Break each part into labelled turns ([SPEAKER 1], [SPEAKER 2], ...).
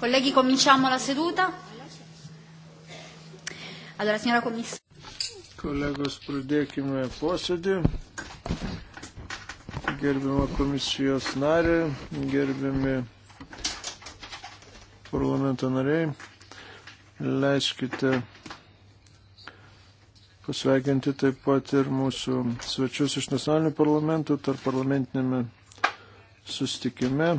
[SPEAKER 1] Colleghi, cominciamo la seduta. Allora, signora Commissaria.
[SPEAKER 2] Kolegos, pradėkime posėdį. Gerbimo komisijos narė, gerbimi parlamento nariai, leiskite pasveikinti taip pat ir mūsų svečius iš nacionalinių parlamentų tarp parlamentinėme sustikime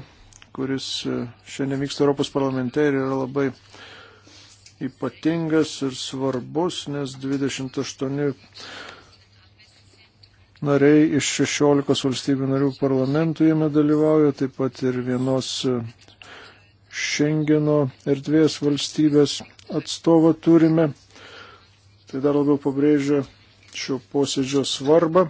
[SPEAKER 2] kuris e, šiandien vyksta Europos parlamente ir yra labai ypatingas ir svarbus, nes 28 nariai iš 16 valstybių narių parlamentų jame dalyvauja, taip pat ir vienos e, Šengeno erdvės valstybės atstovą turime. Tai dar labiau pabrėžia šio posėdžio svarbą.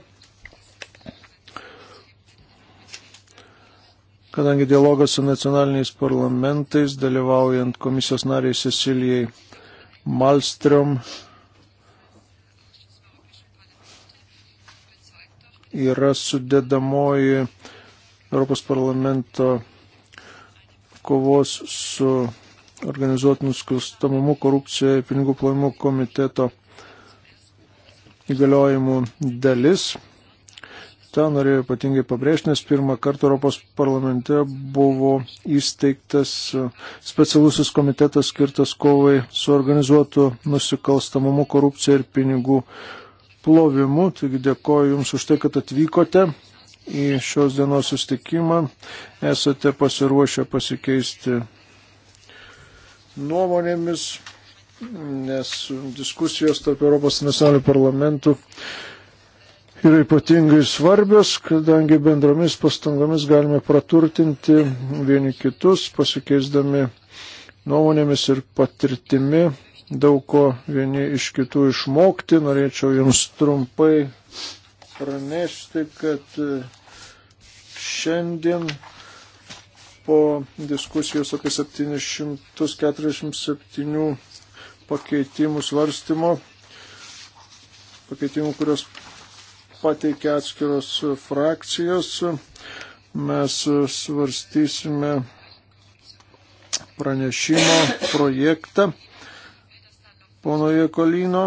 [SPEAKER 2] kadangi dialogas su nacionaliniais parlamentais, dalyvaujant komisijos nariai Cecilijai Malstrom, yra sudėdamoji Europos parlamento kovos su organizuotų nusikalstamumu, korupcija ir pinigų plovimu komiteto įgaliojimų dalis tą norėjau ypatingai pabrėžti, nes pirmą kartą Europos parlamente buvo įsteigtas e, specialusis komitetas skirtas kovai su organizuotu nusikalstamumu, korupcija ir pinigų plovimu. Taigi dėkoju Jums už tai, kad atvykote į šios dienos sustikimą. Esate pasiruošę pasikeisti nuomonėmis, nes diskusijos tarp Europos nacionalinių parlamentų yra ypatingai svarbios, kadangi bendromis pastangomis galime praturtinti vieni kitus, pasikeisdami nuomonėmis ir patirtimi, daug ko vieni iš kitų išmokti. Norėčiau Jums trumpai pranešti, kad e, šiandien po diskusijos apie 747 pakeitimų svarstymo, pakeitimų, kurios pateikė atskiros frakcijos. Mes svarstysime pranešimo projektą pono Jekolino,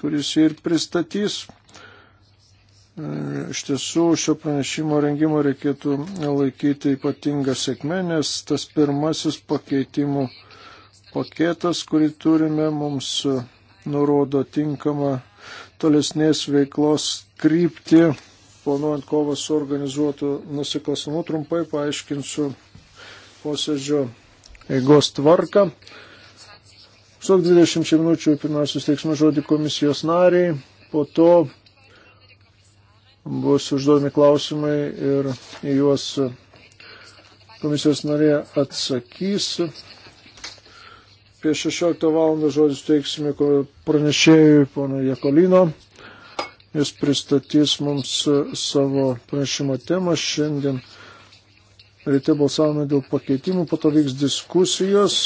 [SPEAKER 2] kuris ir pristatys. Iš tiesų šio pranešimo rengimo reikėtų laikyti ypatingą sėkmę, nes tas pirmasis pakeitimų paketas, kurį turime, mums nurodo tinkamą tolesnės veiklos krypti, planuojant kovą su organizuotu nusikalstamu. Trumpai paaiškinsiu posėdžio eigos tvarką. Suok 20 minučių pirmiausia suteiksime žodį komisijos nariai, po to bus užduodami klausimai ir į juos komisijos narė atsakys apie 16 valandą žodžius teiksime pranešėjui pono Jekolino. Jis pristatys mums e, savo pranešimo temą. Šiandien ryte balsavome dėl pakeitimų, po to vyks diskusijos.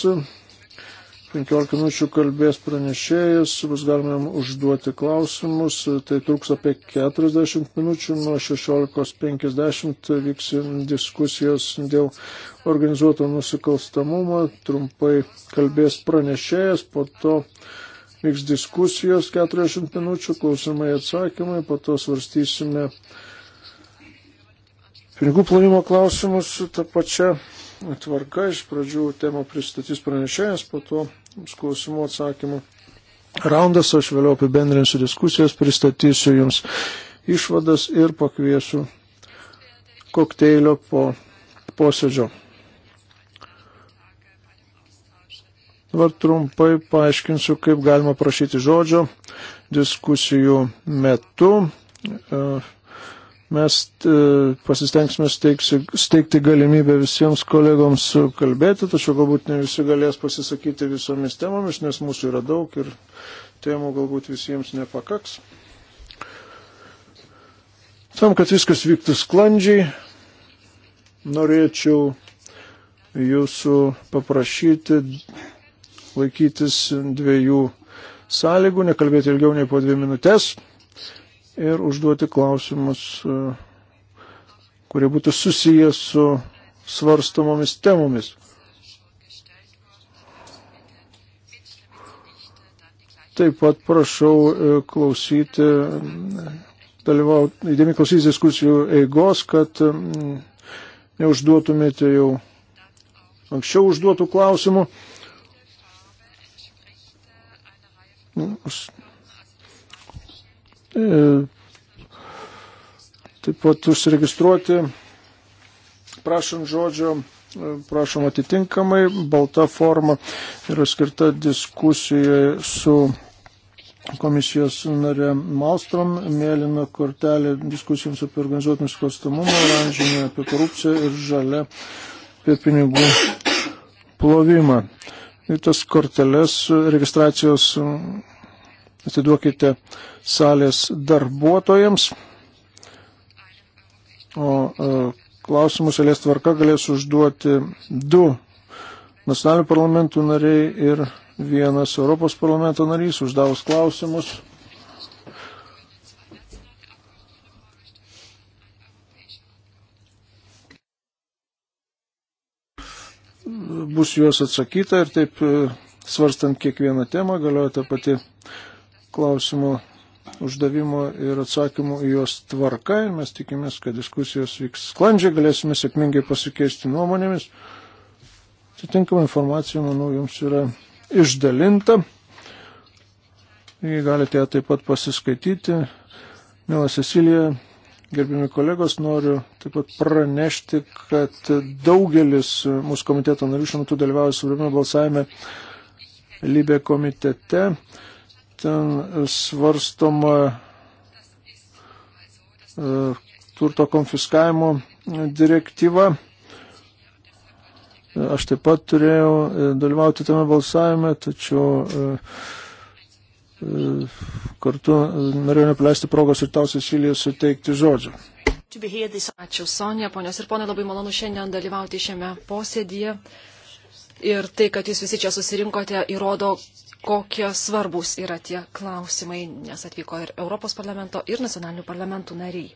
[SPEAKER 2] 15 minučių kalbės pranešėjas, bus galima jam užduoti klausimus, tai truks apie 40 minučių, nuo 16.50 vyks diskusijos dėl organizuoto nusikalstamumo, trumpai kalbės pranešėjas, po to vyks diskusijos 40 minučių, klausimai atsakymai, po to svarstysime pinigų plovimo klausimus tą pačią tvarka. Iš pradžių temą pristatys pranešėjas, po to klausimų atsakymų raundas, aš vėliau apibendrinsiu diskusijas, pristatysiu jums išvadas ir pakviesiu kokteilio po posėdžio. Dabar trumpai paaiškinsiu, kaip galima prašyti žodžio diskusijų metu. Mes e, pasistengsime steigti galimybę visiems kolegoms kalbėti, tačiau galbūt ne visi galės pasisakyti visomis temomis, nes mūsų yra daug ir temų galbūt visiems nepakaks. Tam, kad viskas vyktų sklandžiai, norėčiau jūsų paprašyti laikytis dviejų sąlygų, nekalbėti ilgiau nei po dvi minutės ir užduoti klausimus, e, kurie būtų susijęs su svarstomomis temomis. Taip pat prašau e, klausyti, dalyvauti, įdėmiai klausyti diskusijų eigos, kad e, neužduotumėte jau anksčiau užduotų klausimų. E, taip pat užsiregistruoti, prašant žodžio, e, prašom atitinkamai, balta forma yra skirta diskusijai su komisijos narė Malstrom, mėlyna kortelė diskusijoms apie organizuotų nusikalstamumą, oranžinė apie korupciją ir žalia apie pinigų plovimą. Ir tas korteles registracijos atiduokite salės darbuotojams, o e, klausimus eilės tvarka galės užduoti du nacionalinių parlamentų nariai ir vienas Europos parlamento narys uždavus klausimus. Bus juos atsakyta ir taip e, svarstant kiekvieną temą galioja ta pati klausimų uždavimo ir atsakymų į juos tvarka ir mes tikimės, kad diskusijos vyks sklandžiai, galėsime sėkmingai pasikeisti nuomonėmis. Atitinkama informacija, manau, jums yra išdalinta. Jei galite ją taip pat pasiskaityti. Mila Cecilija, gerbimi kolegos, noriu taip pat pranešti, kad daugelis mūsų komiteto narių šiuo metu dalyvauja svarbiame balsavime Libė komitete ten svarstoma e, turto konfiskavimo direktyva. Aš taip pat turėjau e, dalyvauti tame balsavime, tačiau e, kartu norėjau nepaleisti progos ir tau, Cecilija, suteikti žodžio.
[SPEAKER 3] Ačiū, Sonija, ponios ir ponai, labai malonu šiandien dalyvauti šiame posėdėje. Ir tai, kad jūs visi čia susirinkote, įrodo, kokie svarbus yra tie klausimai, nes atvyko ir Europos parlamento, ir nacionalinių parlamentų nariai.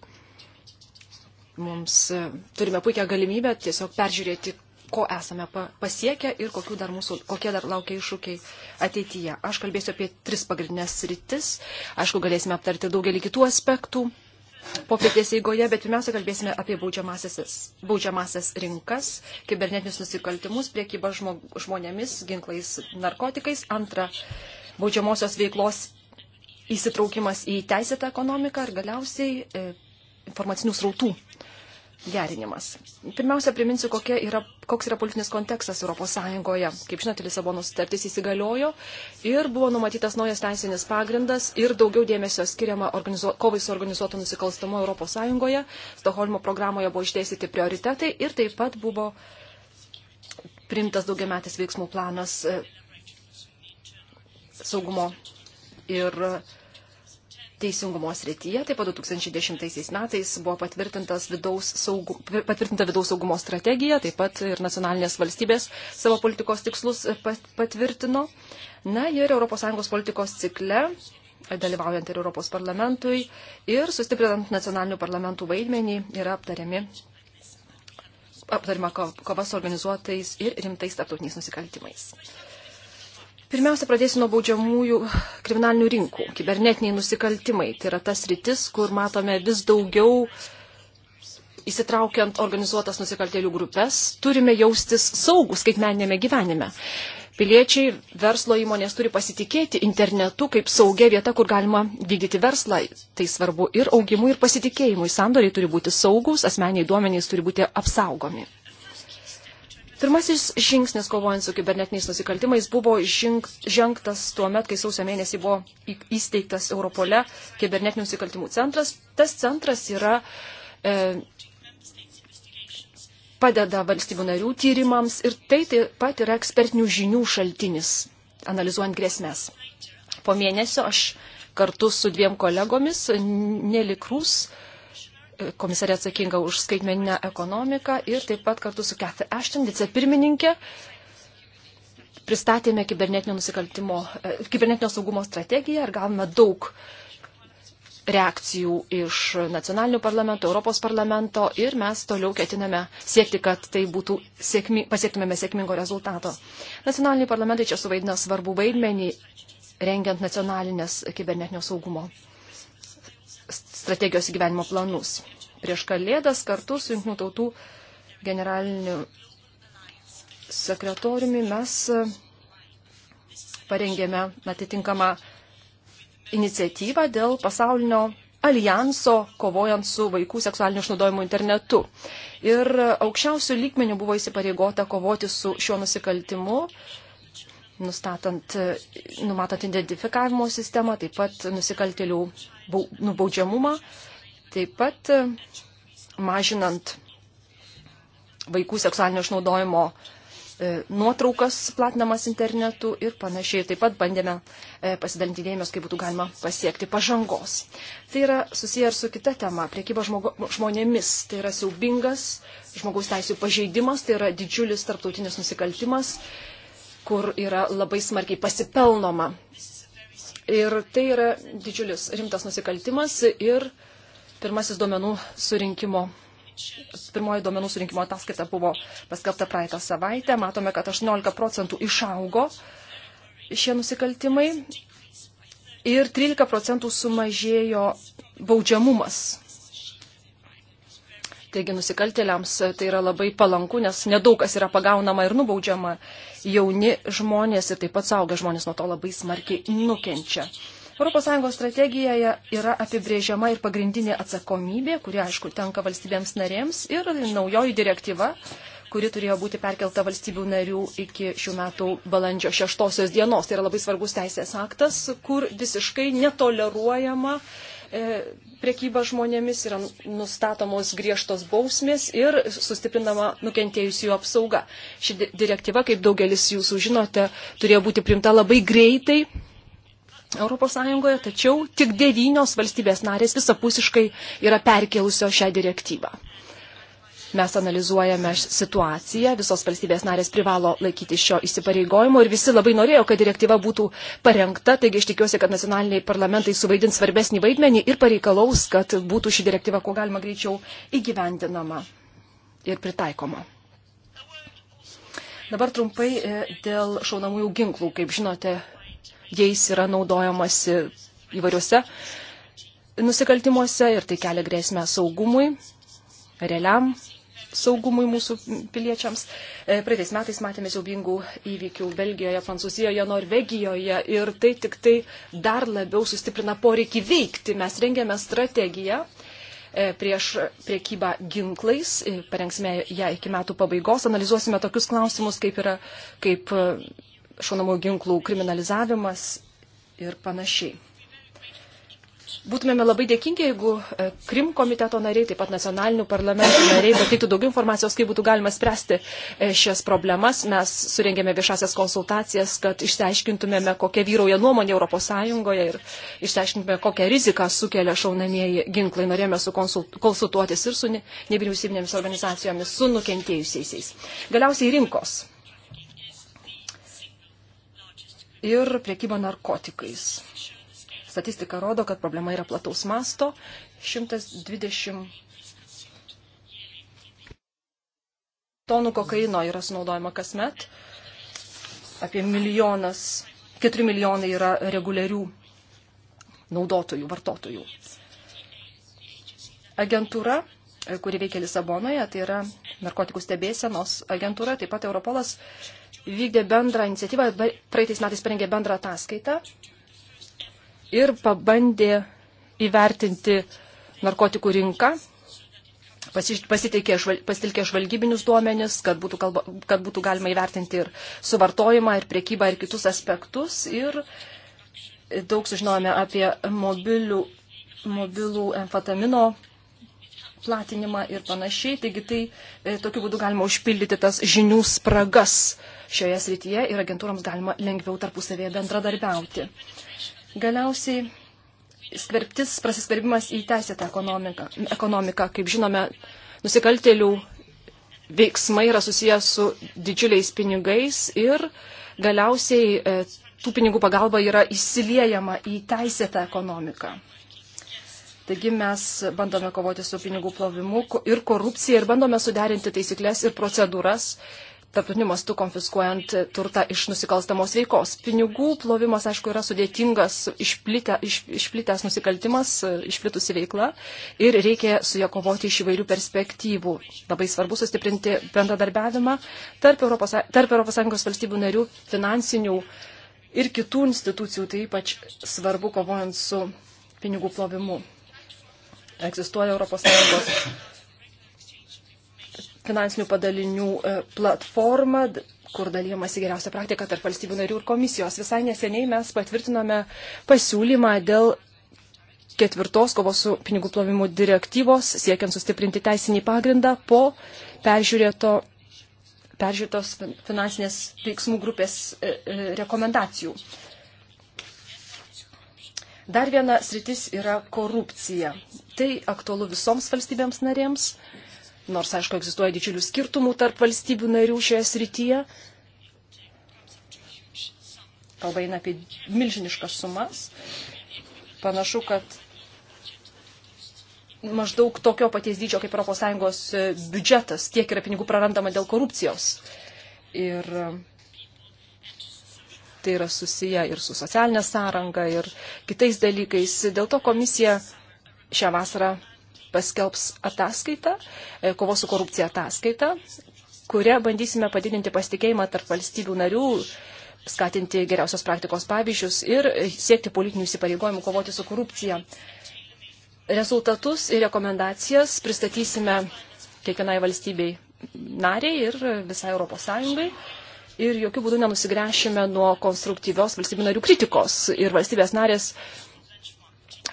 [SPEAKER 3] Mums e, turime puikią galimybę tiesiog peržiūrėti, ko esame pasiekę ir dar mūsų, kokie dar laukia iššūkiai ateityje. Aš kalbėsiu apie tris pagrindinės rytis. Aišku, galėsime aptarti daugelį kitų aspektų popietės eigoje, bet pirmiausia kalbėsime apie baudžiamasias rinkas, kibernetinius nusikaltimus, priekybą žmonėmis, ginklais, narkotikais. Antra, baudžiamosios veiklos įsitraukimas į teisėtą ekonomiką ir galiausiai e, informacinių srautų gerinimas. Pirmiausia, priminsiu, yra, koks yra politinis kontekstas ES. Kaip žinote, Lisabonos sutartis įsigaliojo ir buvo numatytas naujas teisinis pagrindas ir daugiau dėmesio skiriama organizuo, kovai su organizuotu nusikalstamu ES. Stoholmo programoje buvo išdėstyti prioritetai ir taip pat buvo priimtas daugiametis veiksmų planas e, saugumo ir uh, teisingumo srityje. Taip pat 2010 metais buvo vidaus saugu, patvirtinta vidaus saugumo strategija, taip pat ir nacionalinės valstybės savo politikos tikslus patvirtino. Na ir ES politikos cikle dalyvaujant ir Europos parlamentui ir sustiprinant nacionalinių parlamentų vaidmenį yra aptariami aptarima kova su organizuotais ir rimtais tarptautiniais nusikaltimais. Pirmiausia, pradėsiu nuo baudžiamųjų kriminalinių rinkų. Kibernetiniai nusikaltimai tai yra tas rytis, kur matome vis daugiau įsitraukiant organizuotas nusikaltėlių grupės, turime jaustis saugus skaitmeninėme gyvenime. Piliečiai, verslo įmonės turi pasitikėti internetu kaip saugia vieta, kur galima vykdyti verslą. Tai svarbu ir augimui, ir pasitikėjimui. Sandoriai turi būti saugus, asmeniai duomenys turi būti apsaugomi. Pirmasis žingsnis kovojant su kibernetiniais nusikaltimais buvo žing, žengtas tuo met, kai sausio mėnesį buvo įsteigtas Europole kibernetinių nusikaltimų centras. Tas centras yra e, padeda valstybių narių tyrimams ir tai taip pat yra ekspertinių žinių šaltinis, analizuojant grėsmės. Po mėnesio aš kartu su dviem kolegomis, Nelikrus, e, komisarė atsakinga už skaitmeninę ekonomiką ir taip pat kartu su Kathy Ashton, vicepirmininkė, pristatėme kibernetinio, e, kibernetinio saugumo strategiją ir gavome daug reakcijų iš nacionalinių parlamentų, Europos parlamento ir mes toliau ketiname siekti, kad tai būtų sėkmi, pasiektumėme sėkmingo rezultato. Nacionaliniai parlamentai čia suvaidina svarbų vaidmenį rengiant nacionalinės kibernetinio saugumo strategijos įgyvenimo planus. Prieš kalėdas kartu su Junktinių tautų generaliniu sekretoriumi mes e, parengėme atitinkamą iniciatyvą dėl pasaulinio alijanso kovojant su vaikų seksualiniu išnaudojimu internetu. Ir aukščiausių lygmenių buvo įsipareigota kovoti su šiuo nusikaltimu, nustatant, numatant identifikavimo sistemą, taip pat nusikaltėlių nubaudžiamumą, taip pat e, mažinant vaikų seksualinio išnaudojimo e, nuotraukas platinamas internetu ir panašiai. Taip pat bandėme e, pasidalinti dėmesio, kaip būtų galima pasiekti pažangos. Tai yra susiję ir su kita tema - priekyba žmogu, žmonėmis. Tai yra siaubingas žmogaus teisų pažeidimas, tai yra didžiulis tarptautinis nusikaltimas kur yra labai smarkiai pasipelnoma. Ir tai yra didžiulis rimtas nusikaltimas ir pirmasis duomenų surinkimo. Pirmoji duomenų surinkimo ataskaita buvo paskelbta praeitą savaitę. Matome, kad 18 procentų išaugo šie nusikaltimai ir 13 procentų sumažėjo baudžiamumas Taigi nusikaltėliams tai yra labai palanku, nes nedaug kas yra pagaunama ir nubaudžiama. Jauni žmonės ir taip pat saugia žmonės nuo to labai smarkiai nukenčia. ES strategijoje yra apibrėžiama ir pagrindinė atsakomybė, kuri, aišku, tenka valstybėms narėms ir naujoji direktyva, kuri turėjo būti perkelta valstybių narių iki šių metų balandžio 6 dienos. Tai yra labai svarbus teisės aktas, kur visiškai netoleruojama E, priekybą žmonėmis, yra nustatomos griežtos bausmės ir sustiprinama nukentėjusių apsauga. Ši direktyva, kaip daugelis jūsų žinote, turėjo būti primta labai greitai. ES, tačiau tik devynios valstybės narės visapusiškai yra perkėlusios šią direktyvą. Mes analizuojame situaciją, visos valstybės narės privalo laikyti šio įsipareigojimo ir visi labai norėjo, kad direktyva būtų parengta, taigi aš tikiuosi, kad nacionaliniai parlamentai suvaidins svarbesnį vaidmenį ir pareikalaus, kad būtų ši direktyva kuo galima greičiau įgyvendinama ir pritaikoma. Dabar trumpai e, dėl šaunamųjų ginklų. Kaip žinote, jais yra naudojamasi įvairiuose nusikaltimuose ir tai kelia grėsmę saugumui, realiam saugumui mūsų piliečiams. E, praeitais metais matėme siaubingų įvykių Belgijoje, Prancūzijoje, Norvegijoje ir tai tik tai dar labiau sustiprina poreikį veikti. Mes rengėme strategiją e, prieš priekybą ginklais, e, parengsime ją iki metų pabaigos, analizuosime tokius klausimus, kaip yra kaip šaunamų ginklų kriminalizavimas ir panašiai. Būtumėme labai dėkingi, jeigu e, Krim komiteto nariai, taip pat nacionalinių parlamentų nariai pateiktų daugiau informacijos, kaip būtų galima spręsti e, šias problemas. Mes surengėme viešasias konsultacijas, kad išsiaiškintumėme, kokia vyrauja nuomonė ES ir išsiaiškintumėme, kokią riziką sukelia šaunamieji ginklai. Norėjome konsultuotis ir su nevyriausybinėmis organizacijomis, su nukentėjusiais. Galiausiai rinkos. Ir priekyba narkotikais Statistika rodo, kad problema yra plataus masto. 120 tonų kokaino yra sunaudojama kasmet. Apie milijonas, 4 milijonai yra reguliarių naudotojų, vartotojų. Agentūra, kuri veikia Lisabonoje, tai yra narkotikų stebėsenos agentūra, taip pat Europolas vykdė bendrą iniciatyvą, praeitais metais parengė bendrą ataskaitą ir pabandė įvertinti narkotikų rinką, pasitelkė žvalgybinius duomenis, kad būtų, kalba, kad būtų galima įvertinti ir suvartojimą, ir priekybą, ir kitus aspektus. Ir daug sužinojome apie mobilių, mobilų amfetamino platinimą ir panašiai. Taigi tai e, tokiu būdu galima užpildyti tas žinių spragas šioje srityje ir agentūrams galima lengviau tarpusavėje bendradarbiauti. Galiausiai skverbtis, prasiskverbimas į teisėtą ekonomiką. ekonomiką. Kaip žinome, nusikaltėlių veiksmai yra susijęs su didžiuliais pinigais ir galiausiai e, tų pinigų pagalba yra įsiliejama į teisėtą ekonomiką. Taigi mes bandome kovoti su pinigų plovimu ir korupcija ir bandome suderinti taisyklės ir procedūras, tarptautiniu mastu konfiskuojant turtą iš nusikalstamos veikos. Pinigų plovimas, aišku, yra sudėtingas, išplitę, iš, išplitęs nusikaltimas, išplitusi veikla ir reikia su ja kovoti iš įvairių perspektyvų. Labai svarbu sustiprinti bendradarbiavimą tarp ES, tarp ES valstybių narių finansinių ir kitų institucijų, tai ypač svarbu kovojant su pinigų plovimu. Egzistuoja ES finansinių padalinių e, platformą, kur dalyjamasi geriausia praktika tarp valstybių narių ir komisijos. Visai neseniai mes patvirtinome pasiūlymą dėl ketvirtos kovos su pinigų plovimu direktyvos, siekiant sustiprinti teisinį pagrindą po peržiūrėto, peržiūrėtos finansinės veiksmų grupės e, e, rekomendacijų. Dar viena sritis yra korupcija. Tai aktualu visoms valstybėms narėms nors, aišku, egzistuoja didžiulių skirtumų tarp valstybių narių šioje srityje. Kalba eina apie milžiniškas sumas. Panašu, kad maždaug tokio paties dydžio kaip ES e, biudžetas, tiek yra pinigų prarandama dėl korupcijos. Ir e, tai yra susiję ir su socialinė sąranga, ir kitais dalykais. Dėl to komisija šią vasarą paskelbs ataskaitą, e, kovos su korupcija ataskaitą, kuria bandysime padidinti pasitikėjimą tarp valstybių narių, skatinti geriausios praktikos pavyzdžius ir e, siekti politinių įsipareigojimų kovoti su korupcija. Rezultatus ir rekomendacijas pristatysime kiekvienai valstybei nariai ir visai Europos Sąjungai. Ir jokių būdų nenusigręšime nuo konstruktyvios valstybių narių kritikos. Ir valstybės narės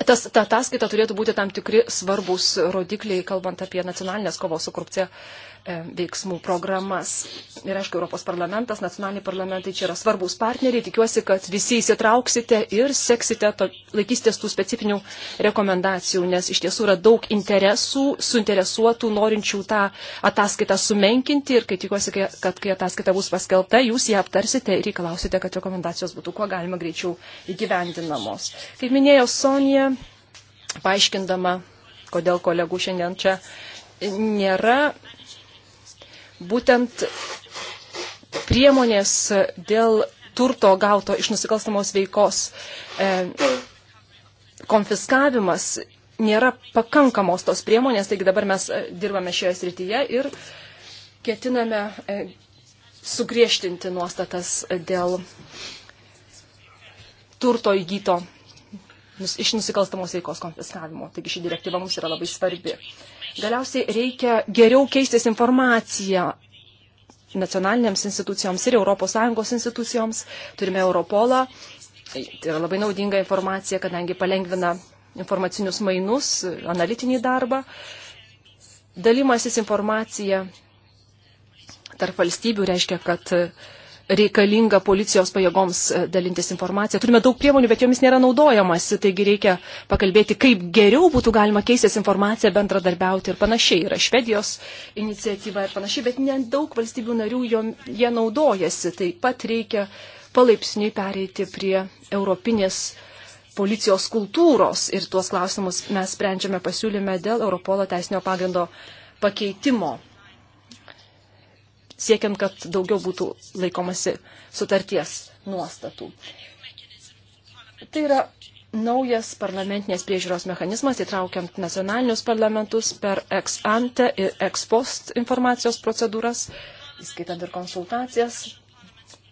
[SPEAKER 3] tas, ta ataskaita turėtų būti tam tikri svarbus rodikliai, kalbant apie nacionalinės kovos su korupcija E, veiksmų programas. Ir aišku, Europos parlamentas, nacionaliniai parlamentai čia yra svarbus partneriai. Tikiuosi, kad visi įsitrauksite ir seksite, to, laikysite tų specifinių rekomendacijų, nes iš tiesų yra daug interesų, suinteresuotų, norinčių tą ataskaitą sumenkinti ir kai tikiuosi, kad kai ataskaita bus paskelbta, jūs ją aptarsite ir reikalausite, kad rekomendacijos būtų kuo galima greičiau įgyvendinamos. Kaip minėjo Sonija, paaiškindama, kodėl kolegų šiandien čia nėra, būtent priemonės dėl turto gauto iš nusikalstamos veikos e, konfiskavimas nėra pakankamos tos priemonės, taigi dabar mes e, dirbame šioje srityje ir ketiname e, sugriežtinti nuostatas dėl turto įgyto iš nusikalstamos veikos konfiskavimo. Taigi ši direktyva mums yra labai svarbi. Galiausiai reikia geriau keistis informaciją nacionalinėms institucijoms ir ES institucijoms. Turime Europolą. Tai yra labai naudinga informacija, kadangi palengvina informacinius mainus, analitinį darbą. Dalimasis informacija tarp valstybių reiškia, kad reikalinga policijos pajėgoms e, dalintis informacija. Turime daug priemonių, bet jomis nėra naudojamasi, taigi reikia pakalbėti, kaip geriau būtų galima keistis informaciją, bendradarbiauti ir panašiai. Yra Švedijos iniciatyva ir panašiai, bet nedaug valstybių narių jo, jie naudojasi. Taip pat reikia palaipsniui pereiti prie europinės policijos kultūros ir tuos klausimus mes sprendžiame pasiūlyme dėl Europolo teisinio pagrindo pakeitimo siekiant, kad daugiau būtų laikomasi sutarties nuostatų. Tai yra naujas parlamentinės priežiūros mechanizmas, įtraukiant nacionalinius parlamentus per ex ante ir ex post informacijos procedūras, įskaitant ir konsultacijas.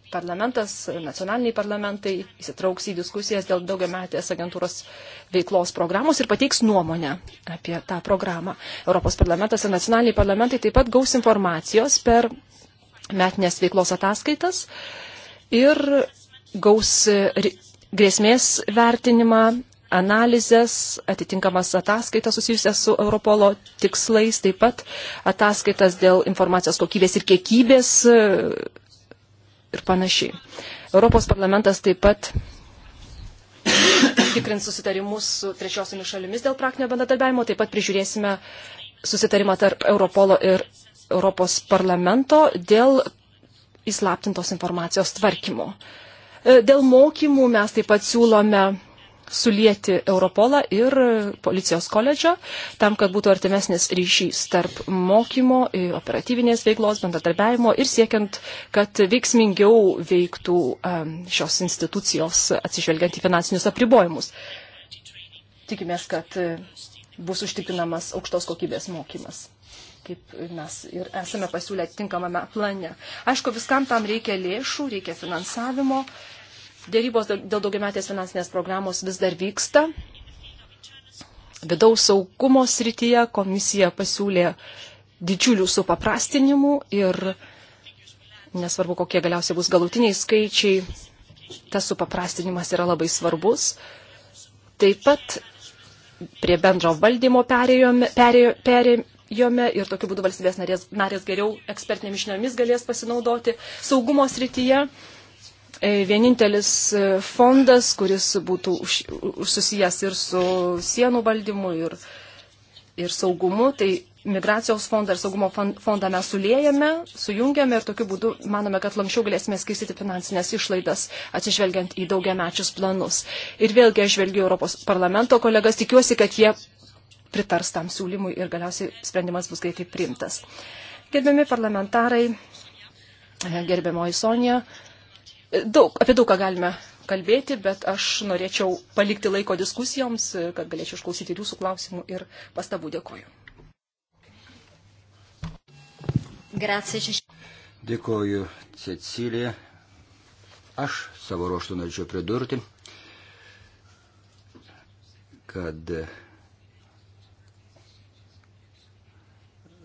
[SPEAKER 3] Parlamentas, nacionaliniai parlamentai įsitrauks į diskusijas dėl daugiametės agentūros veiklos programos ir pateiks nuomonę apie tą programą. Europos parlamentas ir nacionaliniai parlamentai taip pat gaus informacijos per metinės veiklos ataskaitas ir gaus grėsmės vertinimą, analizės, atitinkamas ataskaitas susijusias su Europolo tikslais, taip pat ataskaitas dėl informacijos kokybės ir kiekybės e, ir panašiai. Europos parlamentas taip pat tikrins susitarimus su trečiosiomis šalimis dėl praktinio bendradarbiavimo, taip pat prižiūrėsime susitarimą tarp Europolo ir Europos parlamento dėl įslaptintos informacijos tvarkymo. E, dėl mokymų mes taip pat siūlome sulieti Europolą ir policijos koledžą, tam, kad būtų artimesnis ryšys tarp mokymo, e, operatyvinės veiklos, bendradarbiavimo ir siekiant, kad veiksmingiau veiktų e, šios institucijos atsižvelgiant į finansinius apribojimus. Tikimės, kad bus užtikrinamas aukštos kokybės mokymas kaip mes ir esame pasiūlę tinkamame plane. Aišku, viskam tam reikia lėšų, reikia finansavimo. Dėrybos dėl daugiametės finansinės programos vis dar vyksta. Vidaus saugumo srityje komisija pasiūlė didžiulių supaprastinimų ir nesvarbu, kokie galiausiai bus galutiniai skaičiai, tas supaprastinimas yra labai svarbus. Taip pat prie bendro valdymo perėjome, perėjo, perė, jome ir tokiu būdu valstybės narės, narės geriau ekspertinėmis žiniomis galės pasinaudoti saugumo srityje. E, vienintelis e, fondas, kuris būtų už, susijęs ir su sienų valdymu, ir, ir saugumu, tai migracijos fondą ir saugumo fondą mes sulėjame, sujungiame ir tokiu būdu manome, kad lankščiau galėsime skirstyti finansinės išlaidas, atsižvelgiant į daugiamečius planus. Ir vėlgi aš žvelgiu Europos parlamento kolegas, tikiuosi, kad jie pritars tam siūlymui ir galiausiai sprendimas bus greitai priimtas. Gerbiami parlamentarai, e, gerbiamoji Sonija, e, daug, apie daug ką galime kalbėti, bet aš norėčiau palikti laiko diskusijoms, e, kad galėčiau išklausyti ir jūsų klausimų ir pastabų. Dėkoju.
[SPEAKER 1] Gracias.
[SPEAKER 4] Dėkoju, Cecilija. Aš savo ruoštų norėčiau pridurti, kad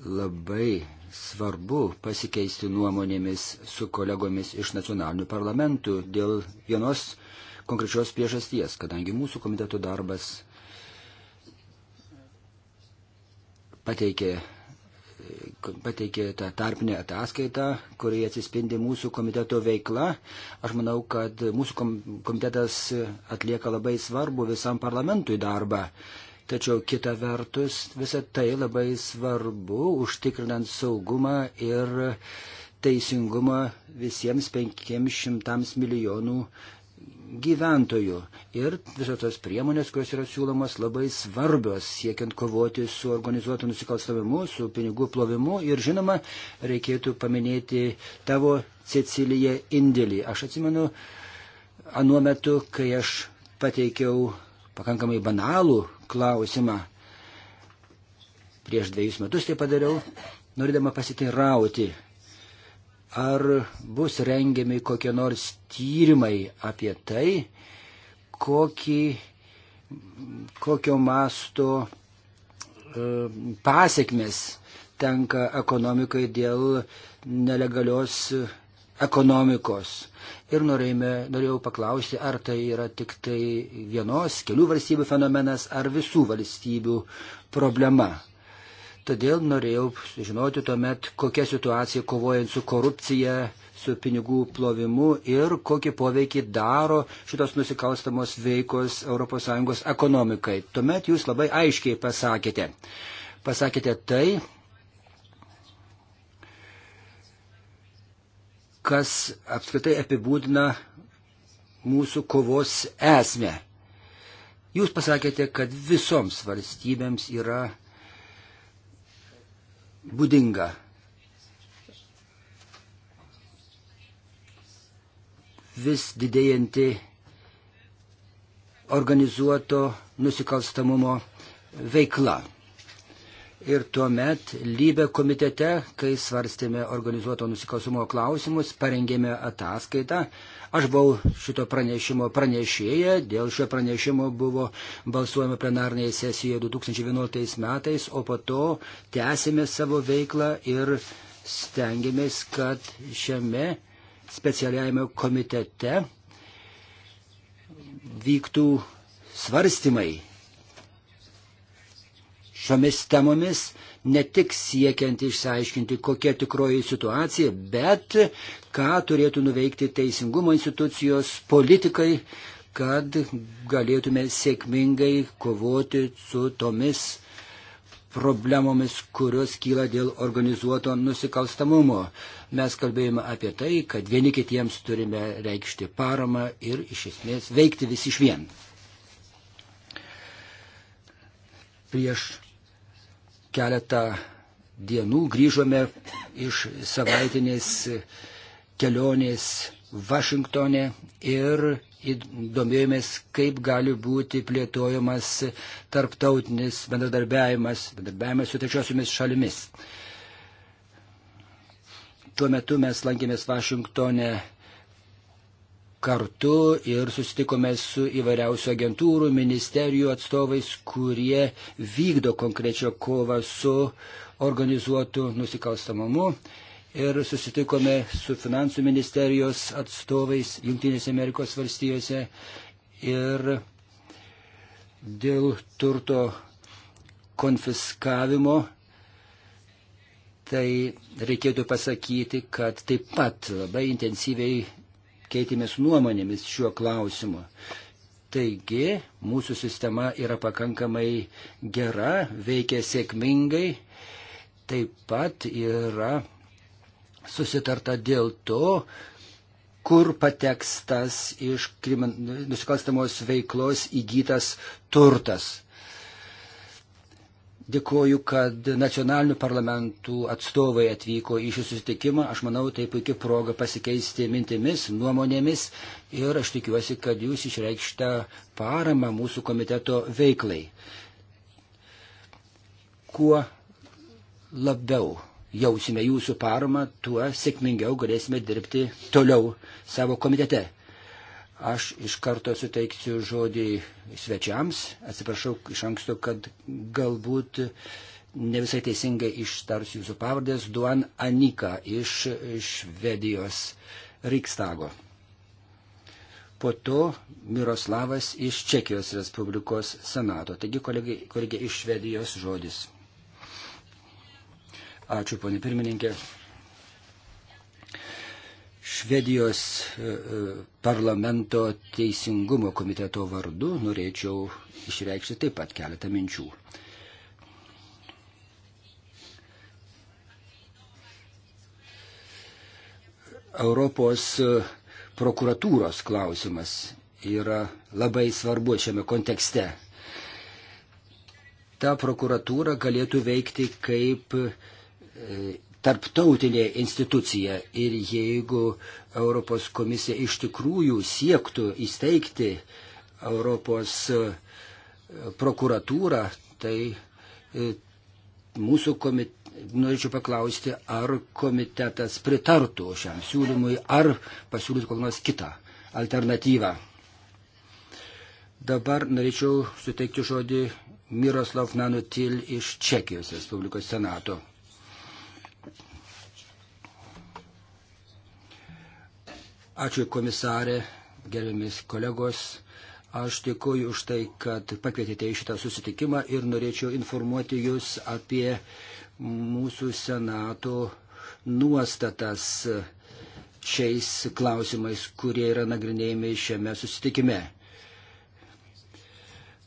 [SPEAKER 4] labai svarbu pasikeisti nuomonėmis su kolegomis iš nacionalinių parlamentų dėl vienos konkrečios priežasties, kadangi mūsų komiteto darbas pateikė, pateikė tą tarpinę ataskaitą, kurioje atsispindi mūsų komiteto veikla. Aš manau, kad mūsų komitetas atlieka labai svarbu visam parlamentui darbą Tačiau kita vertus visą tai labai svarbu užtikrinant saugumą ir teisingumą visiems 500 milijonų gyventojų. Ir visos tos priemonės, kurios yra siūlomas, labai svarbios siekiant kovoti su organizuotu nusikalstamimu, su pinigų plovimu. Ir žinoma, reikėtų paminėti tavo Ceciliją indėlį. Aš atsimenu, anuo metu, kai aš pateikiau pakankamai banalų klausimą. Prieš dviejus metus tai padariau, norėdama pasiteirauti, ar bus rengiami kokie nors tyrimai apie tai, kokį, kokio masto e, pasiekmes tenka ekonomikai dėl nelegalios ekonomikos ir norėjome, norėjau paklausti, ar tai yra tik tai vienos, kelių valstybių fenomenas, ar visų valstybių problema. Todėl norėjau žinoti tuomet, kokia situacija kovojant su korupcija, su pinigų plovimu ir kokį poveikį daro šitos nusikalstamos veikos ES ekonomikai. Tuomet jūs labai aiškiai pasakėte. Pasakėte tai, kas apskritai apibūdina mūsų kovos esmę. Jūs pasakėte, kad visoms valstybėms yra būdinga vis didėjanti organizuoto nusikalstamumo veikla. Ir tuomet lybė komitete, kai svarstėme organizuoto nusikalsumo klausimus, parengėme ataskaitą. Aš buvau šito pranešimo pranešėja, dėl šio pranešimo buvo balsuojama plenarnėje sesijoje 2011 metais, o po to tęsėme savo veiklą ir stengiamės, kad šiame specialiajame komitete vyktų svarstymai šiomis temomis, ne tik siekiant išsiaiškinti, kokia tikroji situacija, bet ką turėtų nuveikti teisingumo institucijos, politikai, kad galėtume sėkmingai kovoti su tomis problemomis, kurios kyla dėl organizuoto nusikalstamumo. Mes kalbėjome apie tai, kad vieni kitiems turime reikšti paramą ir iš esmės veikti visi iš vien. Prieš keletą dienų grįžome iš savaitinės kelionės Vašingtonė ir domėjomės, kaip gali būti plėtojamas tarptautinis bendradarbiavimas, bendradarbiavimas su trečiosiomis šalimis. Tuo metu mes lankėmės Vašingtonė kartu ir susitikome su įvairiausių agentūrų, ministerijų atstovais, kurie vykdo konkrečią kovą su organizuotu nusikalstamumu. Ir susitikome su finansų ministerijos atstovais Junktinėse Amerikos valstijose ir dėl turto konfiskavimo tai reikėtų pasakyti, kad taip pat labai intensyviai keitėmės nuomonėmis šiuo klausimu. Taigi, mūsų sistema yra pakankamai gera, veikia sėkmingai, taip pat yra susitarta dėl to, kur pateks tas iš nusikalstamos veiklos įgytas turtas. Dėkoju, kad nacionalinių parlamentų atstovai atvyko į šį susitikimą. Aš manau, tai puikia proga pasikeisti mintimis, nuomonėmis ir aš tikiuosi, kad jūs išreikštą paramą mūsų komiteto veiklai. Kuo labiau jausime jūsų paramą, tuo sėkmingiau galėsime dirbti toliau savo komitete. Aš iš karto suteiksiu žodį svečiams. Atsiprašau iš anksto, kad galbūt ne visai teisingai ištars jūsų pavardės. Duan Anika iš Švedijos Rikstago. Po to Miroslavas iš Čekijos Respublikos Senato. Taigi, kolegė, kolegė iš Švedijos žodis. Ačiū, ponė pirmininkė. Švedijos e, e, parlamento teisingumo komiteto vardu norėčiau išreikšti taip pat keletą minčių. Europos e, prokuratūros klausimas yra labai svarbus šiame kontekste. Ta prokuratūra galėtų veikti kaip tarptautinė institucija ir jeigu Europos komisija iš tikrųjų siektų įsteigti Europos e, prokuratūrą, tai e, mūsų komitetas. Norėčiau paklausti, ar komitetas pritartų šiam siūlymui, ar pasiūlytų kokią nors kitą alternatyvą. Dabar norėčiau suteikti žodį Miroslav Nanutil iš Čekijos Respublikos Senato. Ačiū komisarė, gerbiamis kolegos. Aš dėkuoju už tai, kad pakvietėte į šitą susitikimą ir norėčiau informuoti Jūs apie mūsų Senato nuostatas šiais klausimais, kurie yra nagrinėjami šiame susitikime.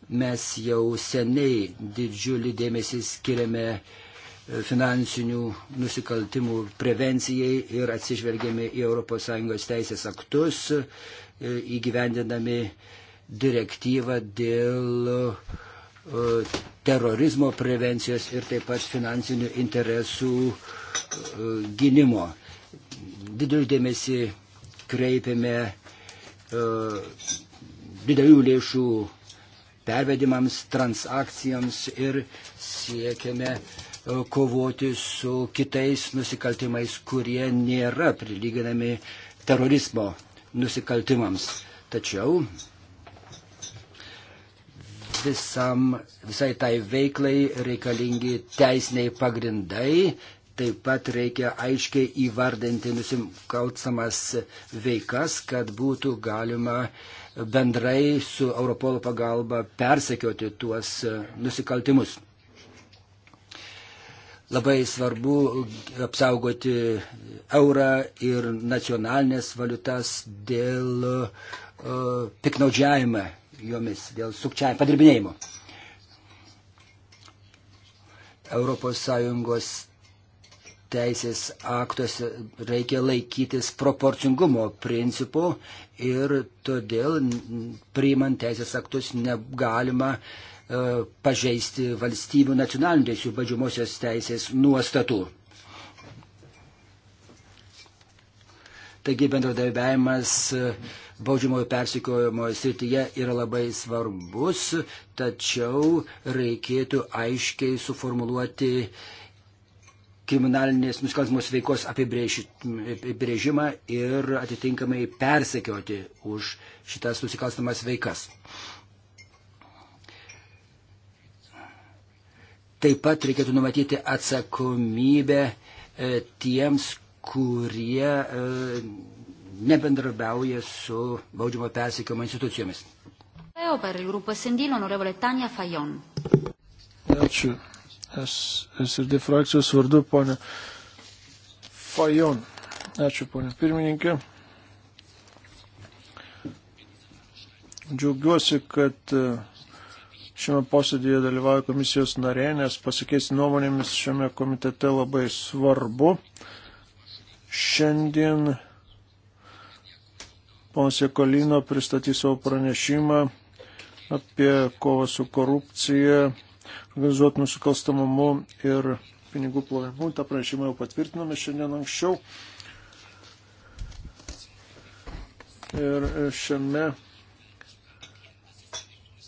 [SPEAKER 4] Mes jau seniai didžiulį dėmesį skiriame E, finansinių nusikaltimų prevencijai ir atsižvelgėme į ES teisės aktus, e, įgyvendinami direktyvą dėl e, terorizmo prevencijos ir taip pat finansinių interesų gynimo. Didelį dėmesį kreipiame didelių lėšų pervedimams, transakcijams ir siekiame uh, kovoti su kitais nusikaltimais, kurie nėra prilyginami terorizmo nusikaltimams. Tačiau visam, visai tai veiklai reikalingi teisiniai pagrindai, taip pat reikia aiškiai įvardinti nusikaltsamas veikas, kad būtų galima bendrai su Europolo pagalba persekioti tuos nusikaltimus. Labai svarbu apsaugoti eurą ir nacionalinės valiutas dėl uh, piknaudžiavimą jomis, dėl sukčiavimo, padirbinėjimo. ES teisės aktuose reikia laikytis proporcingumo principų ir todėl priimant teisės aktus negalima uh, E, pažeisti valstybių nacionalinių teisų baudžiamosios teisės nuostatų. Taigi bendradarbiavimas e, baudžiamojo persikojimo srityje yra labai svarbus, tačiau reikėtų aiškiai suformuluoti kriminalinės nusikalstamos veikos apibrėžimą ir atitinkamai persekioti už šitas nusikalstamas veikas. Taip pat reikėtų numatyti atsakomybę e, tiems, kurie e, nebendrabiauja su baudžiamo persikėjimo institucijomis.
[SPEAKER 2] Ačiū. SRD frakcijos vardu, ponė Fajon. Ačiū, ponė pirmininkė. Džiaugiuosi, kad uh, Šiame posėdėje dalyvauja komisijos narė, nes pasikeisti nuomonėmis šiame komitete labai svarbu. Šiandien ponas Jekolino pristatys savo pranešimą apie kovą su korupcija, organizuotų nusikalstamumu ir pinigų plovimu. Ta pranešimą jau patvirtinome šiandien anksčiau. Ir šiame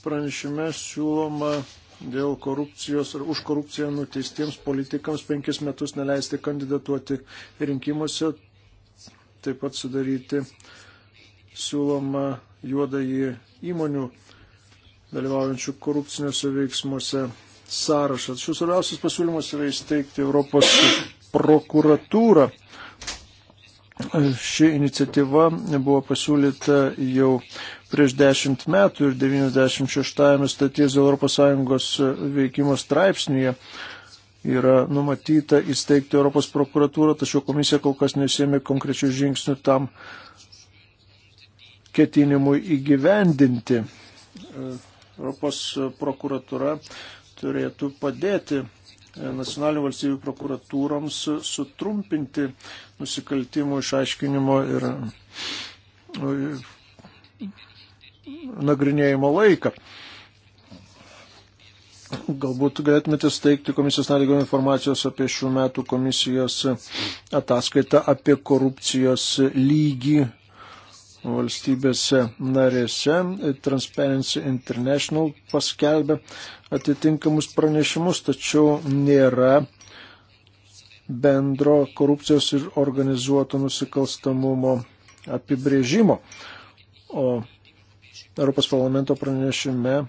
[SPEAKER 2] Pranešime siūloma dėl korupcijos ar už korupciją nuteistiems politikams penkis metus neleisti kandidatuoti rinkimuose, taip pat sudaryti siūloma juodąjį įmonių dalyvaujančių korupciniuose veiksmuose sąrašas. Šių svarbiausias pasiūlymas yra įsteigti Europos prokuratūrą Ši iniciatyva buvo pasiūlyta jau prieš dešimt metų ir 96 statys ES veikimo straipsnėje yra numatyta įsteigti Europos prokuratūrą, tačiau komisija kol kas nesėmė konkrečių žingsnių tam ketinimui įgyvendinti. Europos prokuratūra turėtų padėti E, nacionalinių valstybių prokuratūroms sutrumpinti nusikaltimų išaiškinimo ir e, nagrinėjimo laiką. Galbūt galėtumėte steigti komisijos narigo informacijos apie šių metų komisijos ataskaitą apie korupcijos lygį valstybėse narėse. Transparency International paskelbė atitinkamus pranešimus, tačiau nėra bendro korupcijos ir organizuoto nusikalstamumo apibrėžimo. O Europos parlamento pranešime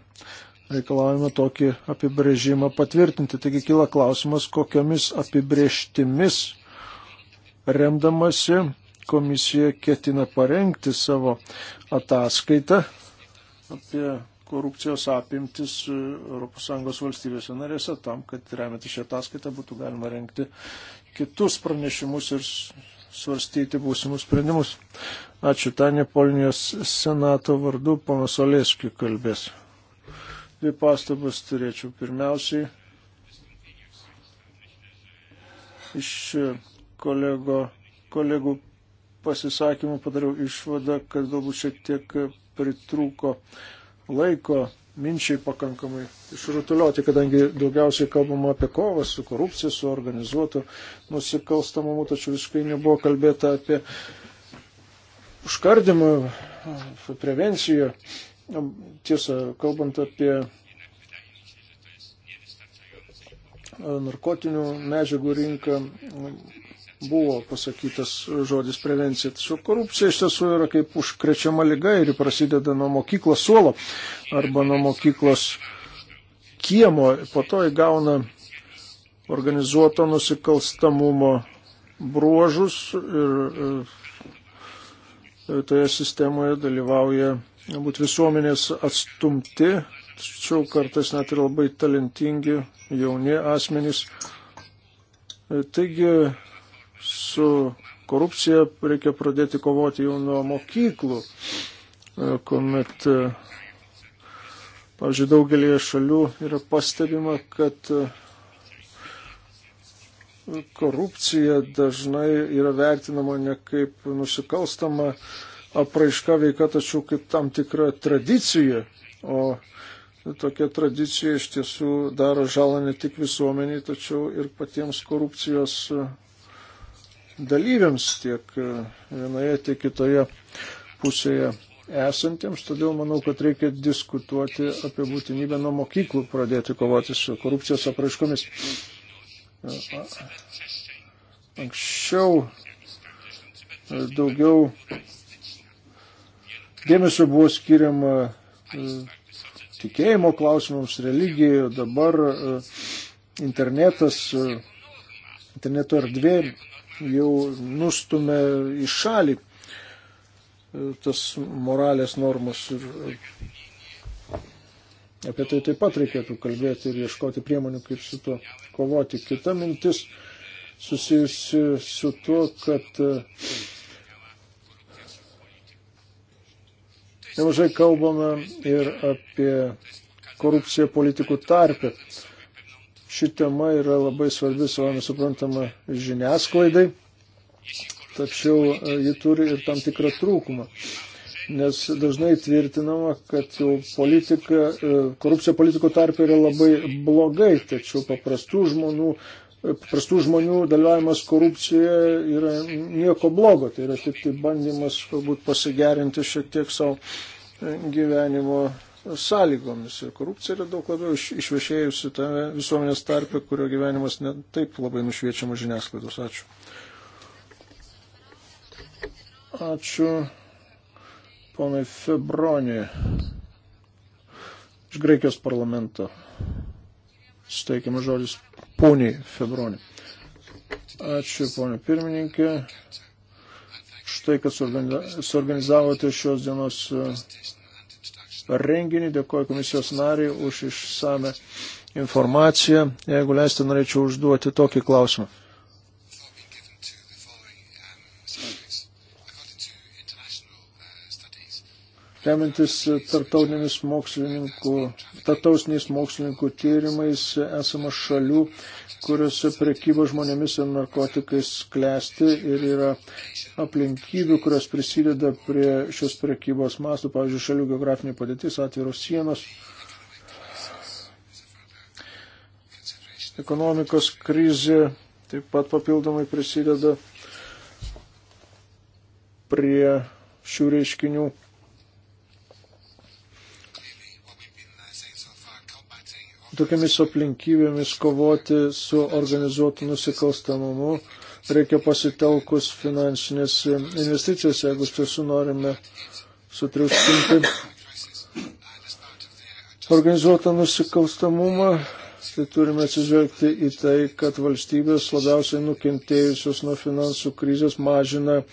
[SPEAKER 2] reikalavimą tokį apibrėžimą patvirtinti. Taigi kyla klausimas, kokiamis apibrėžtimis remdamasi komisija ketina parengti savo ataskaitą apie korupcijos apimtis ES valstybėse narėse tam, kad remiantį šią ataskaitą būtų galima rengti kitus pranešimus ir svarstyti būsimus sprendimus. Ačiū Tanė Polnijos senato vardu, panas Oleskiu kalbės. Dvi pastabas turėčiau. Pirmiausiai, iš kolego, kolegų pasisakymų padariau išvadą, kad galbūt šiek tiek pritrūko laiko minčiai pakankamai išrutulioti, kadangi daugiausiai kalbama apie kovą su korupcija, su organizuotu nusikalstamumu, tačiau visiškai nebuvo kalbėta apie užkardimą, apie prevenciją. Tiesa, kalbant apie e, narkotinių medžiagų rinką, buvo pasakytas žodis prevencija. Tačiau korupcija iš tiesų yra kaip užkrečiama lyga ir prasideda nuo mokyklos suolo arba nuo mokyklos kiemo, po to įgauna organizuoto nusikalstamumo bruožus ir toje sistemoje dalyvauja galbūt visuomenės atstumti, tačiau kartais net ir labai talentingi jauni asmenys. Taigi su korupcija reikia pradėti kovoti jau nuo mokyklų, e, kuomet, e, pavyzdžiui, daugelėje šalių yra pastebima, kad e, korupcija dažnai yra vertinama ne kaip nusikalstama apraiška veika, tačiau kaip tam tikra tradicija. O tokia tradicija iš tiesų daro žalą ne tik visuomeniai, tačiau ir patiems korupcijos dalyviams, tiek e, vienoje, tiek kitoje pusėje esantiems. Todėl manau, kad reikia diskutuoti apie būtinybę nuo mokyklų pradėti kovoti su korupcijos apraiškomis. E, anksčiau e, daugiau dėmesio buvo skiriama tikėjimo klausimams, religijai, dabar internetas, interneto erdvė jau nustumė į šalį e, tas moralės normas ir e, apie tai taip pat reikėtų kalbėti ir ieškoti priemonių, kaip su tuo kovoti. Kita mintis susijusi su tuo, kad e, nemažai kalbame ir apie korupciją politikų tarpę ši tema yra labai svarbi savame suprantama žiniasklaidai, tačiau e, ji turi ir tam tikrą trūkumą. Nes dažnai tvirtinama, kad jau politika, e, korupcija politikų tarp yra labai blogai, tačiau paprastų žmonių, e, paprastų žmonių dalyvavimas korupcijoje yra nieko blogo, tai yra tik tai bandymas galbūt pasigerinti šiek tiek savo gyvenimo sąlygomis. Ir korupcija yra daug labiau išvešėjusi tame visuomenės tarpe, kurio gyvenimas netaip labai nušviečiama žiniasklaidos. Ačiū. Ačiū ponai Febronė iš Graikijos parlamento. Steikiamas žodis poniai Febronė. Ačiū ponė pirmininkė. Štai, kad suorganizavote šios dienos renginį. Dėkuoju komisijos nariai už išsame informaciją. Jeigu leisti, norėčiau užduoti tokį klausimą. Remiantis e, tarptautiniais mokslininkų, tarptautiniais mokslininkų tyrimais e, esama šalių, kuriuose prekyba žmonėmis ir narkotikais klesti ir yra aplinkybių, kurios prisideda prie šios prekybos mastų, pavyzdžiui, šalių geografinė padėtis, atviros sienos, ekonomikos krizė taip pat papildomai prisideda prie šių reiškinių tokiamis aplinkybėmis kovoti su organizuotu nusikalstamumu reikia pasitelkus finansinės investicijas, jeigu iš tiesų norime sutriuškinti organizuotą nusikalstamumą, tai turime atsižvelgti į tai, kad valstybės labiausiai nukentėjusios nuo finansų krizės mažina uh,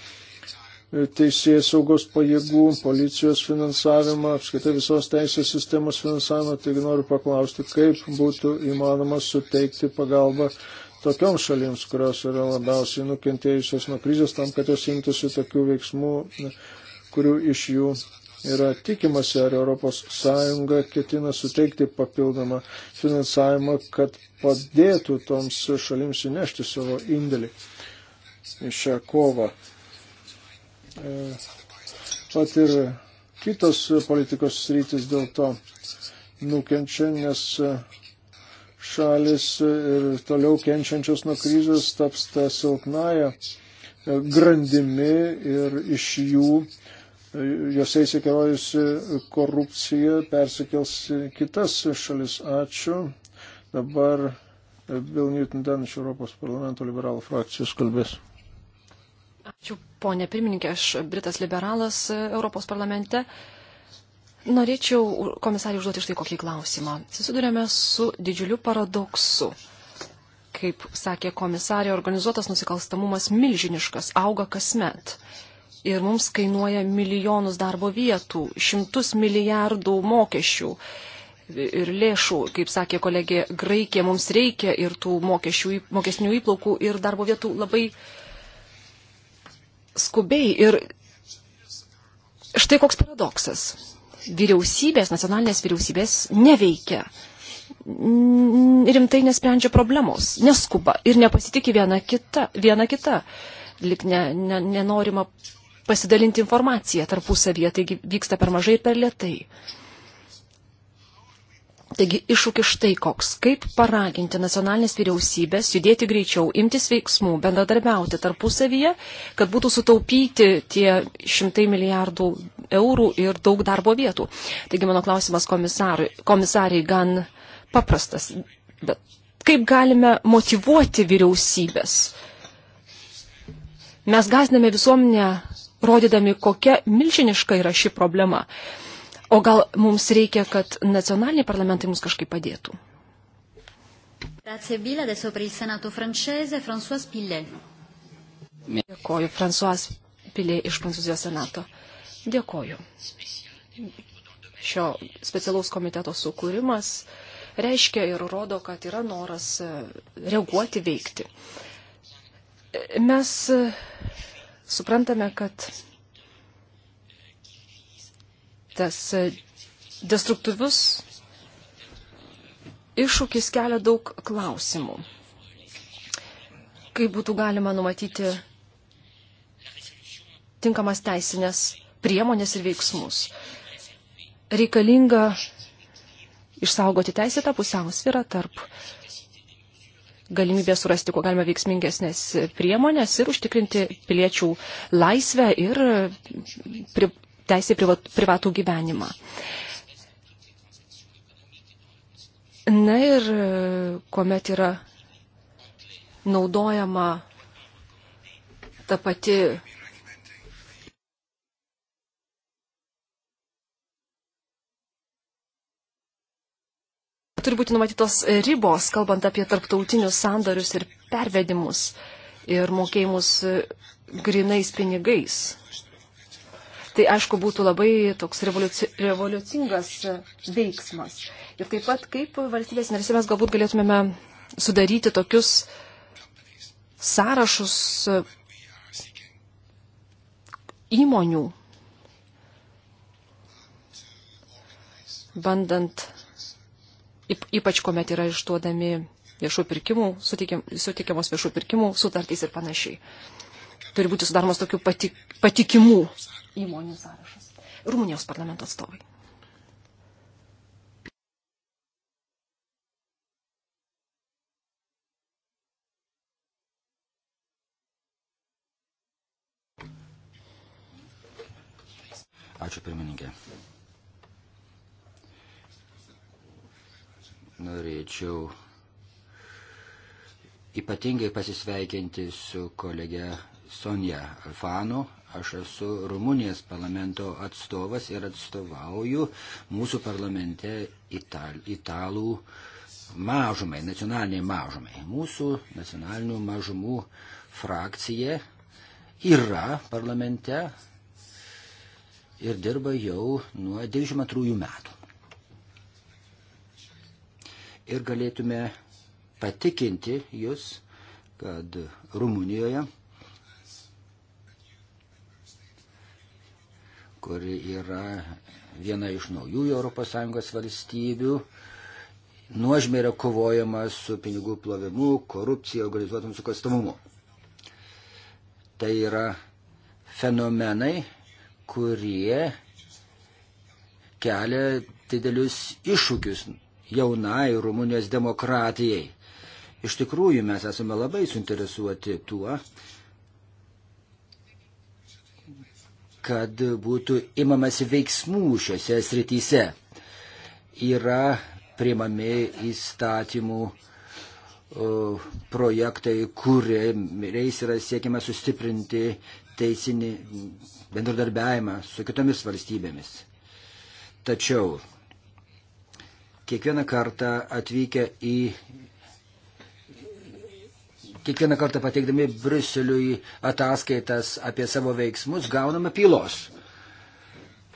[SPEAKER 2] teisėjai saugos pajėgų, policijos finansavimą, apskaitai visos teisės sistemos finansavimą, taigi noriu paklausti, kaip būtų įmanoma suteikti pagalbą tokioms šalims, kurios yra labiausiai nukentėjusios nuo krizės, tam, kad jos imtųsi tokių veiksmų, kurių iš jų yra tikimasi, ar ES ketina suteikti papildomą finansavimą, kad padėtų toms šalims įnešti savo indėlį į šią kovą. E, pat ir kitos politikos sritis dėl to nukenčia, nes šalis ir toliau kenčiančios nuo krizės taps tą silpnąją grandimi ir iš jų jose įsikerojusi korupcija persikels kitas šalis. Ačiū. Dabar Bill Newton Dan iš Europos parlamento liberalų frakcijos kalbės.
[SPEAKER 3] Ačiū, ponė pirmininkė, aš Britas liberalas e, Europos parlamente. Norėčiau komisarį užduoti štai kokį klausimą. Susidurėme su didžiuliu paradoksu. Kaip sakė komisarė, organizuotas nusikalstamumas milžiniškas, auga kasmet. Ir mums kainuoja milijonus darbo vietų, šimtus milijardų mokesčių ir lėšų, kaip sakė kolegė Graikija, mums reikia ir tų mokesčių, mokesnių įplaukų ir darbo vietų labai skubiai ir štai koks paradoksas. Vyriausybės, nacionalinės vyriausybės neveikia, rimtai nesprendžia problemos, neskuba ir nepasitikė viena kita, viena kita. lik ne, ne, nenorima pasidalinti informaciją tarpusavyje, taigi vyksta per mažai ir per lietai. Taigi iššūkis štai koks. Kaip paraginti nacionalinės vyriausybės judėti greičiau, imtis veiksmų, bendradarbiauti tarpusavyje, kad būtų sutaupyti tie šimtai milijardų eurų ir daug darbo vietų. Taigi mano klausimas komisariai gan paprastas. Bet kaip galime motivuoti vyriausybės? Mes gazdame visuomenę, rodydami, kokia milžiniška yra ši problema. O gal mums reikia, kad nacionaliniai parlamentai mums kažkaip padėtų?
[SPEAKER 1] Grazie Bila, adesso per il Senato francese François Pillet.
[SPEAKER 3] Dėkoju, François Pillet iš Prancūzijos Senato. Dėkoju. Šio specialaus komiteto sukūrimas reiškia ir rodo, kad yra noras e, reaguoti, veikti. E, mes e, suprantame, kad tas e, destruktyvus iššūkis kelia daug klausimų. Kaip būtų galima numatyti tinkamas teisinės priemonės ir veiksmus. Reikalinga išsaugoti teisėtą pusiausvyrą tarp galimybės surasti, kuo galima veiksmingesnės priemonės ir užtikrinti piliečių laisvę ir pri, teisė privatų gyvenimą. Na ir e, kuomet yra naudojama ta pati turi būti numatytos ribos, kalbant apie tarptautinius sandarius ir pervedimus ir mokėjimus e, grinais pinigais. Tai aišku būtų labai toks revoliuci revoliucingas veiksmas. Ir taip pat kaip valstybės narėse mes galbūt galėtumėme sudaryti tokius sąrašus įmonių, bandant, ypač kuomet yra išduodami viešų pirkimų, sutikiamos viešų pirkimų sutartys ir panašiai turi būti sudaromas tokių patik, patikimų įmonių sąrašas. Rumunijos parlamento atstovai.
[SPEAKER 4] Ačiū pirmininkė. Norėčiau ypatingai pasisveikinti su kolege Sonja Alfano. Aš esu Rumunijos parlamento atstovas ir atstovauju mūsų parlamente ital, italų mažumai, nacionaliniai mažumai. Mūsų nacionalinių mažumų frakcija yra parlamente ir dirba jau nuo 92 metų. Ir galėtume patikinti jūs, kad Rumunijoje, kuri yra viena iš naujųjų ES valstybių, nuožmė yra kovojama su pinigų plovimu, korupcija, organizuotam sukastamumu. Tai yra fenomenai, kurie kelia didelius iššūkius jaunai Rumunijos demokratijai. Iš tikrųjų, mes esame labai suinteresuoti tuo, kad būtų imamasi veiksmų šiuose srityse. Yra priimami įstatymų projektai, kuriais yra siekiama sustiprinti teisinį bendradarbiavimą su kitomis valstybėmis. Tačiau kiekvieną kartą atvykę į kiekvieną kartą pateikdami Bruseliui ataskaitas apie savo veiksmus gauname pylos.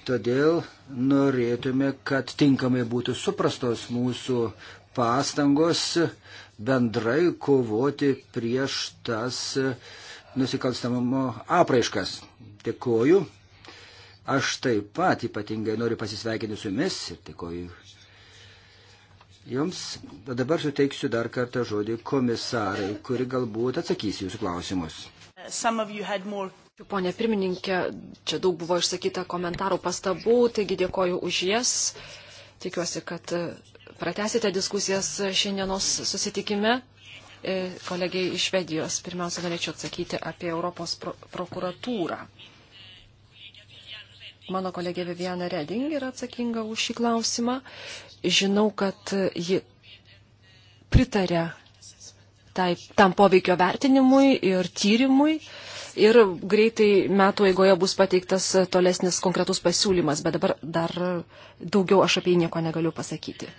[SPEAKER 4] Todėl norėtume, kad tinkamai būtų suprastos mūsų pastangos bendrai kovoti prieš tas nusikalstamumo apraiškas. Dėkoju. Aš taip pat ypatingai noriu pasisveikinti su jumis ir dėkoju Jums dabar suteiksiu dar kartą žodį komisarai, kuri galbūt atsakys jūsų klausimus.
[SPEAKER 3] More... Pone pirmininkė, čia daug buvo išsakyta komentarų pastabų, taigi dėkoju už jas. Tikiuosi, kad e, pratesite diskusijas šiandienos susitikime. E, kolegiai iš Švedijos, pirmiausia, norėčiau atsakyti apie Europos pro prokuratūrą. Mano kolegė Viviana Reding yra atsakinga už šį klausimą žinau, kad ji pritarė tai, tam poveikio vertinimui ir tyrimui. Ir greitai metų eigoje bus pateiktas tolesnis konkretus pasiūlymas, bet dabar dar daugiau aš apie jį nieko negaliu pasakyti.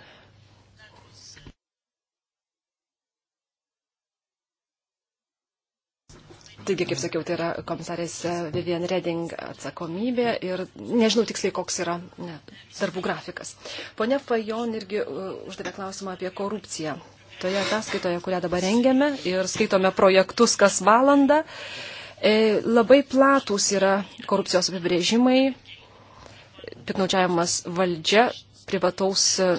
[SPEAKER 3] Taigi, kaip sakiau, tai yra komisarės e, Vivian Reding atsakomybė ir nežinau tiksliai, koks yra ne, darbų grafikas. Pone Fajon irgi e, uždavė klausimą apie korupciją. Toje ataskaitoje, kurią dabar rengiame ir skaitome projektus kas valandą, e, labai platūs yra korupcijos apibrėžimai, piknaudžiavimas valdžia, privataus e,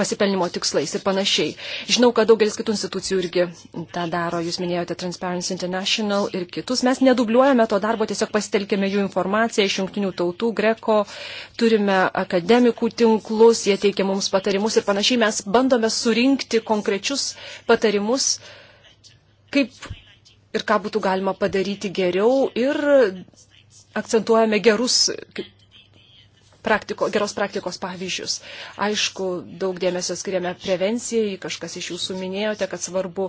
[SPEAKER 3] pasipelnimo tikslais ir panašiai. Žinau, kad daugelis kitų institucijų irgi tą daro, jūs minėjote Transparency International ir kitus. Mes nedubliuojame to darbo, tiesiog pasitelkėme jų informaciją iš jungtinių tautų, greko, turime akademikų tinklus, jie teikia mums patarimus ir panašiai. Mes bandome surinkti konkrečius patarimus, kaip ir ką būtų galima padaryti geriau ir akcentuojame gerus praktiko, geros praktikos pavyzdžius. Aišku, daug dėmesio skiriame prevencijai, kažkas iš jūsų minėjote, kad svarbu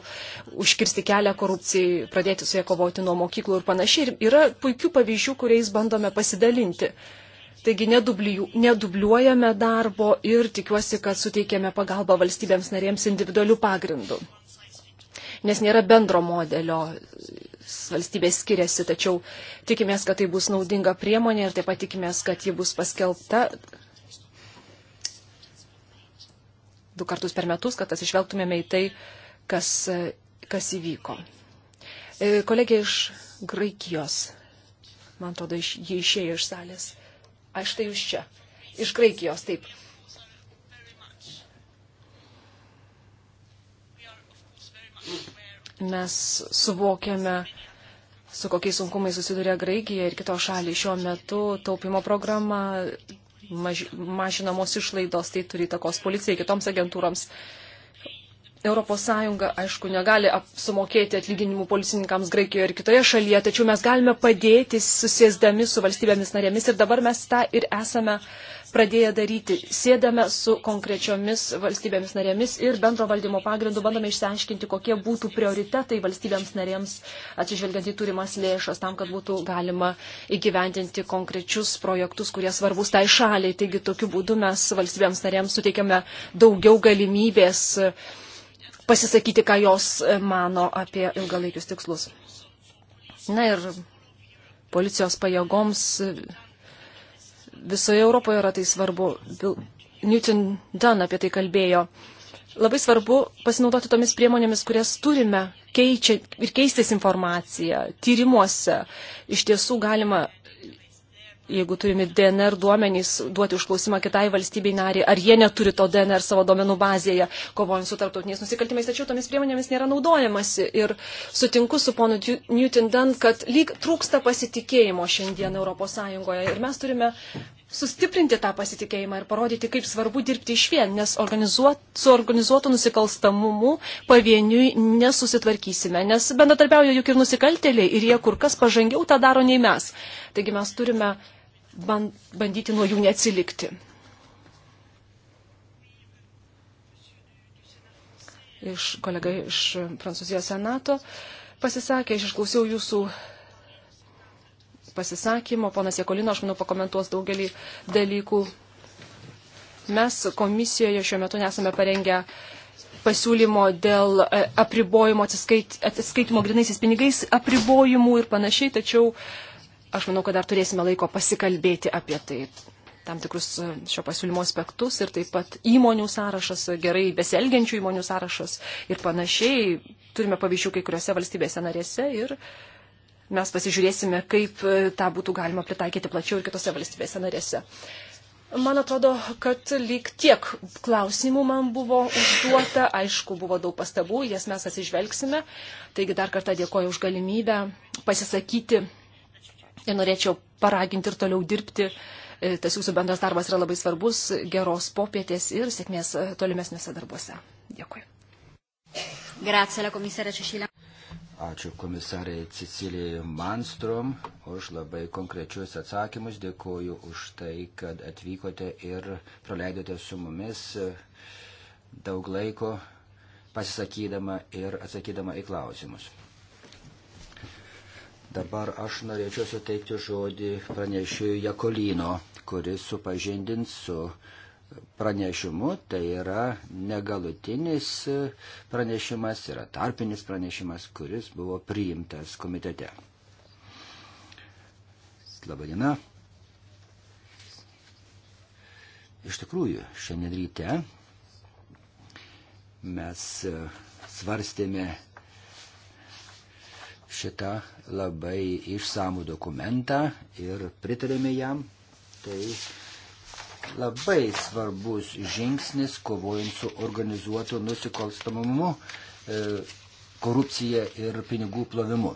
[SPEAKER 3] užkirsti kelią korupcijai, pradėti su ją kovoti nuo mokyklų ir panašiai. Ir yra puikių pavyzdžių, kuriais bandome pasidalinti. Taigi nedubliju, nedubliuojame darbo ir tikiuosi, kad suteikėme pagalbą valstybėms narėms individualių pagrindų. Nes nėra bendro modelio valstybės skiriasi, tačiau tikimės, kad tai bus naudinga priemonė ir taip pat tikimės, kad ji bus paskelbta du kartus per metus, kad atsižvelgtumėme į tai, kas, kas įvyko. E, kolegė iš Graikijos, man atrodo, ji išėjo iš salės. Aš tai jūs čia. Iš Graikijos, taip. mes suvokiame, su kokiais sunkumais susiduria Graikija ir kitos šaliai šiuo metu taupimo programa, maž, mažinamos išlaidos, tai turi takos policijai, kitoms agentūroms. ES, aišku, negali sumokėti atlyginimų policininkams Graikijoje ir kitoje šalyje, tačiau mes galime padėti susėsdami su valstybėmis narėmis ir dabar mes tą ir esame pradėję daryti. Sėdame su konkrečiomis valstybėmis narėmis ir bendro valdymo pagrindu bandome išsiaiškinti, kokie būtų prioritetai valstybėms narėms atsižvelgiant į turimas lėšas tam, kad būtų galima įgyvendinti konkrečius projektus, kurie svarbus tai šaliai. Taigi tokiu būdu mes valstybėms narėms suteikiame daugiau galimybės pasisakyti, ką jos mano apie ilgalaikius tikslus. Na ir policijos pajėgoms visoje Europoje yra tai svarbu. Bill Newton Dunn apie tai kalbėjo. Labai svarbu pasinaudoti tomis priemonėmis, kurias turime keičia, ir keistis informaciją tyrimuose. Iš tiesų galima jeigu turime DNR duomenys, duoti užklausimą kitai valstybei nariai, ar jie neturi to DNR savo duomenų bazėje, kovojant su tarptautiniais nusikaltimais, tačiau tomis priemonėmis nėra naudojamasi. Ir sutinku su ponu Newton Dunn, kad lyg trūksta pasitikėjimo šiandien ES. Ir mes turime sustiprinti tą pasitikėjimą ir parodyti, kaip svarbu dirbti iš vien, nes organizuot, su organizuotu nusikalstamumu pavieniui nesusitvarkysime, nes bendratarbiauja juk ir nusikaltėliai ir jie kur kas pažangiau tą daro nei mes. Taigi mes turime bandyti nuo jų neatsilikti. Iš kolega iš Prancūzijos senato pasisakė, aš išklausiau jūsų pasisakymo, ponas Jekolino, aš manau, pakomentuos daugelį dalykų. Mes komisijoje šiuo metu nesame parengę pasiūlymo dėl e, apribojimo atsiskait, atsiskaitimo grinaisiais pinigais, apribojimų ir panašiai, tačiau uh, Aš manau, kad dar turėsime laiko pasikalbėti apie tai tam tikrus e, šio pasiūlymo aspektus ir taip pat įmonių sąrašas, e, gerai beselgiančių įmonių sąrašas ir panašiai. Turime pavyzdžių kai kuriuose valstybėse narėse ir mes pasižiūrėsime, kaip e, tą būtų galima pritaikyti plačiau ir kitose valstybėse narėse. Man atrodo, kad lyg tiek klausimų man buvo užduota, aišku, buvo daug pastabų, jas mes atsižvelgsime. Taigi dar kartą dėkoju už galimybę pasisakyti ir norėčiau paraginti ir toliau dirbti. E, tas jūsų bendras darbas yra labai svarbus. Geros popietės ir sėkmės e, tolimesniuose darbuose. Dėkui.
[SPEAKER 1] Grazie, la komisarė Češilė.
[SPEAKER 4] Ačiū komisarė Cecilijai Manstrom už labai konkrečius atsakymus. Dėkuoju už tai, kad atvykote ir praleidote su mumis e, daug laiko pasisakydama ir atsakydama į klausimus. Dabar aš norėčiau suteikti žodį pranešėjui Jakolino, kuris supažindins su pranešimu, tai yra negalutinis pranešimas, yra tarpinis pranešimas, kuris buvo priimtas komitete. Labadiena. Iš tikrųjų, šiandien ryte mes svarstėme šitą labai išsamų dokumentą ir pritarėme jam. Tai labai svarbus žingsnis kovojant su organizuotu nusikalstamumu, e, korupcija ir pinigų plovimu.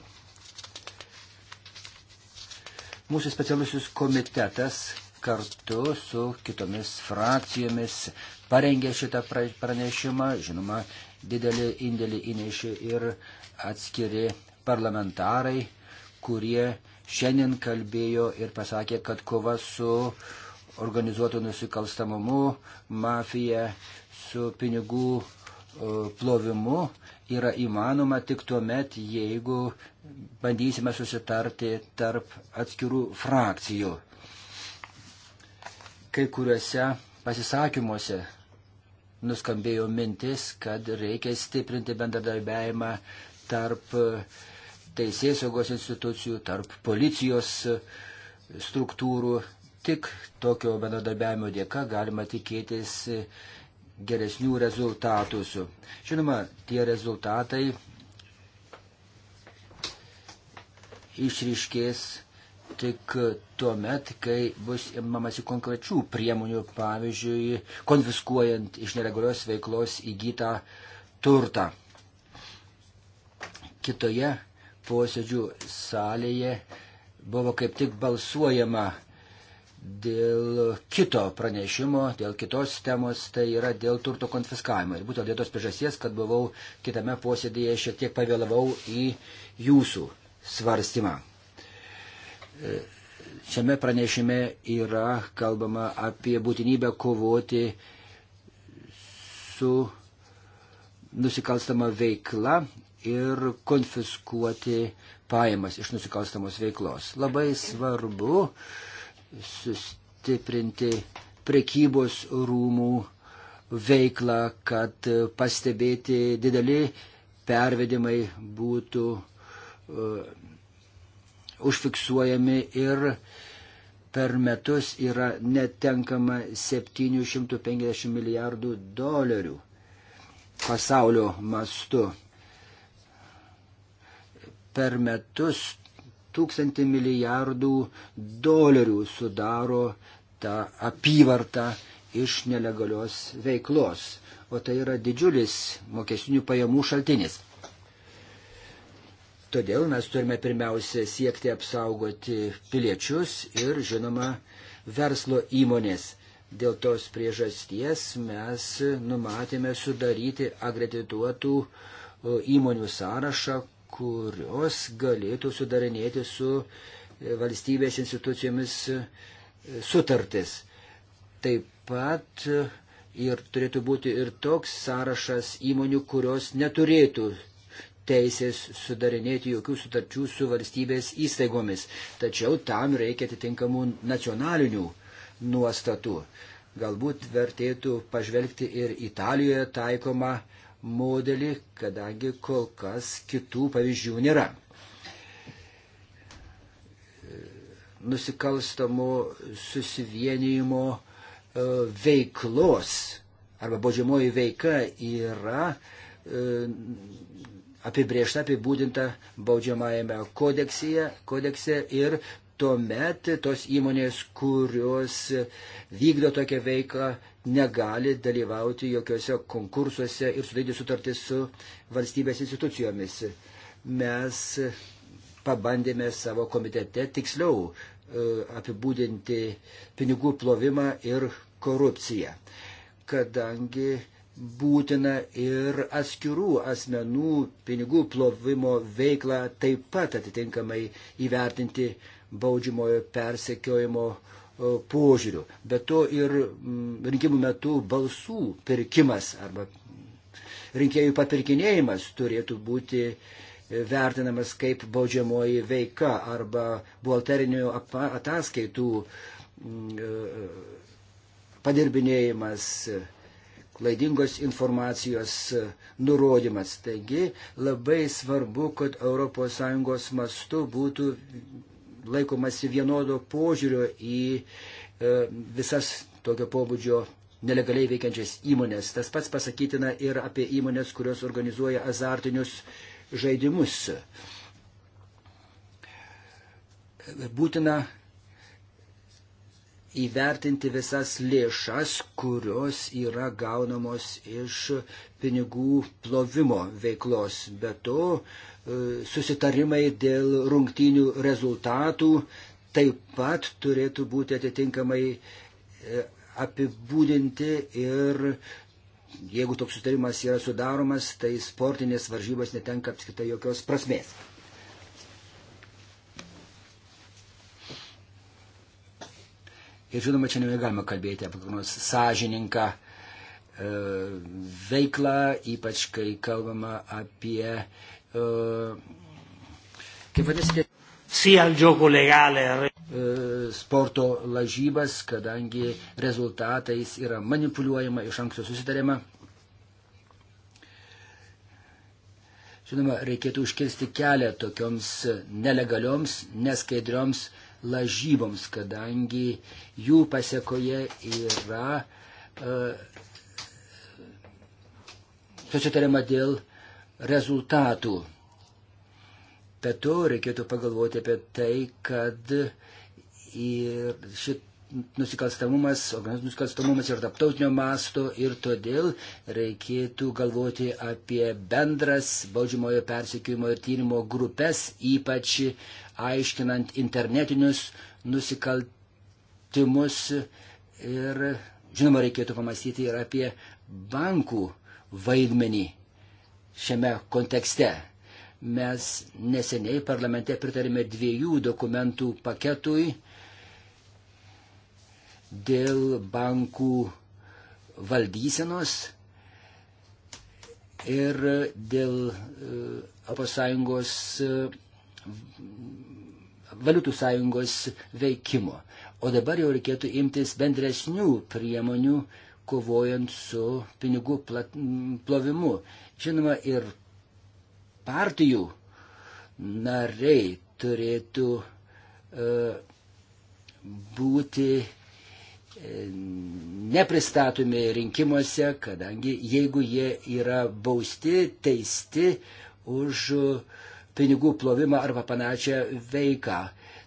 [SPEAKER 4] Mūsų specialusis komitetas kartu su kitomis frakcijomis parengė šitą pranešimą. Žinoma, didelį indėlį įnešė ir atskiri parlamentarai, kurie šiandien kalbėjo ir pasakė, kad kova su organizuotu nusikalstamumu, mafija, su pinigų e, plovimu yra įmanoma tik tuo met, jeigu bandysime susitarti tarp atskirų frakcijų. Kai kuriuose pasisakymuose nuskambėjo mintis, kad reikia stiprinti bendradarbiavimą tarp uh, teisės saugos institucijų, tarp policijos e, struktūrų. Tik tokio bendradarbiavimo dėka galima tikėtis e, geresnių rezultatų. Žinoma, tie rezultatai išriškės tik tuo met, kai bus imamasi konkrečių priemonių, pavyzdžiui, konfiskuojant iš neregulios veiklos įgytą turtą. Kitoje posėdžių salėje buvo kaip tik balsuojama dėl kito pranešimo, dėl kitos temos, tai yra dėl turto konfiskavimo. Ir būtent dėl tos priežasties, kad buvau kitame posėdėje, šiek tiek pavėlavau į jūsų svarstymą. E, šiame pranešime yra kalbama apie būtinybę kovoti su nusikalstama veikla ir konfiskuoti pajamas iš nusikalstamos veiklos. Labai svarbu sustiprinti prekybos rūmų veiklą, kad pastebėti dideli pervedimai būtų uh, užfiksuojami ir per metus yra netenkama 750 milijardų dolerių pasaulio mastu per metus tūkstantį milijardų dolerių sudaro tą apyvartą iš nelegalios veiklos, o tai yra didžiulis mokesinių pajamų šaltinis. Todėl mes turime pirmiausia siekti apsaugoti piliečius ir, žinoma, verslo įmonės. Dėl tos priežasties mes numatėme sudaryti agredituotų įmonių sąrašą, kurios galėtų sudarinėti su e, valstybės institucijomis e, sutartis. Taip pat e, ir turėtų būti ir toks sąrašas įmonių, kurios neturėtų teisės sudarinėti jokių sutarčių su valstybės įstaigomis. Tačiau tam reikia atitinkamų nacionalinių nuostatų. Galbūt vertėtų pažvelgti ir Italijoje taikomą modelį, kadangi kol kas kitų pavyzdžių nėra. Nusikalstamo susivienijimo e, veiklos arba baudžiamoji veika yra e, apibriešta, apibūdinta baudžiamajame kodekse, kodekse ir tuomet tos įmonės, kurios vykdo tokią veiklą, negali dalyvauti jokiuose konkursuose ir sudaryti sutartį su valstybės institucijomis. Mes pabandėme savo komitete tiksliau e, apibūdinti pinigų plovimą ir korupciją, kadangi būtina ir atskirų asmenų pinigų plovimo veiklą taip pat atitinkamai įvertinti baudžiamojo persekiojimo e, požiūrių. Bet to ir rinkimų metu balsų pirkimas arba rinkėjų papirkinėjimas turėtų būti e, vertinamas kaip baudžiamoji veika arba buhalterinių ataskaitų e, padirbinėjimas, klaidingos informacijos nurodymas. Taigi labai svarbu, kad ES mastu būtų laikomasi vienodo požiūrio į e, visas tokio pobūdžio nelegaliai veikiančias įmonės. Tas pats pasakytina ir apie įmonės, kurios organizuoja azartinius žaidimus. Būtina įvertinti visas lėšas, kurios yra gaunamos iš pinigų plovimo veiklos. Be to, e, susitarimai dėl rungtynių rezultatų taip pat turėtų būti atitinkamai e, apibūdinti ir jeigu toks sutarimas yra sudaromas, tai sportinės varžybos netenka apskritai jokios prasmės. Ir žinoma, čia negalima kalbėti apie kokį nors sąžininką E, veiklą, ypač kai kalbama apie. E, kaip vadinasi? Sia il gioco legale. E, sporto lažybas, kadangi rezultatais yra manipuliuojama, iš anksto susitarima. Žinoma, reikėtų užkirsti kelią tokioms nelegalioms, neskaidrioms lažyboms, kadangi jų pasiekoje yra uh, susitarėma dėl rezultatų. Bet to reikėtų pagalvoti apie tai, kad ir šit nusikalstamumas, organizuotas nusikalstamumas ir taptautinio masto ir todėl reikėtų galvoti apie bendras baudžiamojo persikėjimo ir tyrimo grupės, ypač aiškinant internetinius nusikaltimus ir žinoma reikėtų pamastyti ir apie bankų vaidmenį šiame kontekste. Mes neseniai parlamente pritarėme dviejų dokumentų paketui dėl bankų valdysenos ir dėl ES e, valiutų sąjungos veikimo. O dabar jau reikėtų imtis bendresnių priemonių kovojant su pinigų plovimu. Žinoma, ir partijų nariai turėtų uh, būti e, nepristatomi rinkimuose, kadangi jeigu jie yra bausti, teisti už pinigų plovimą arba panašią veiką,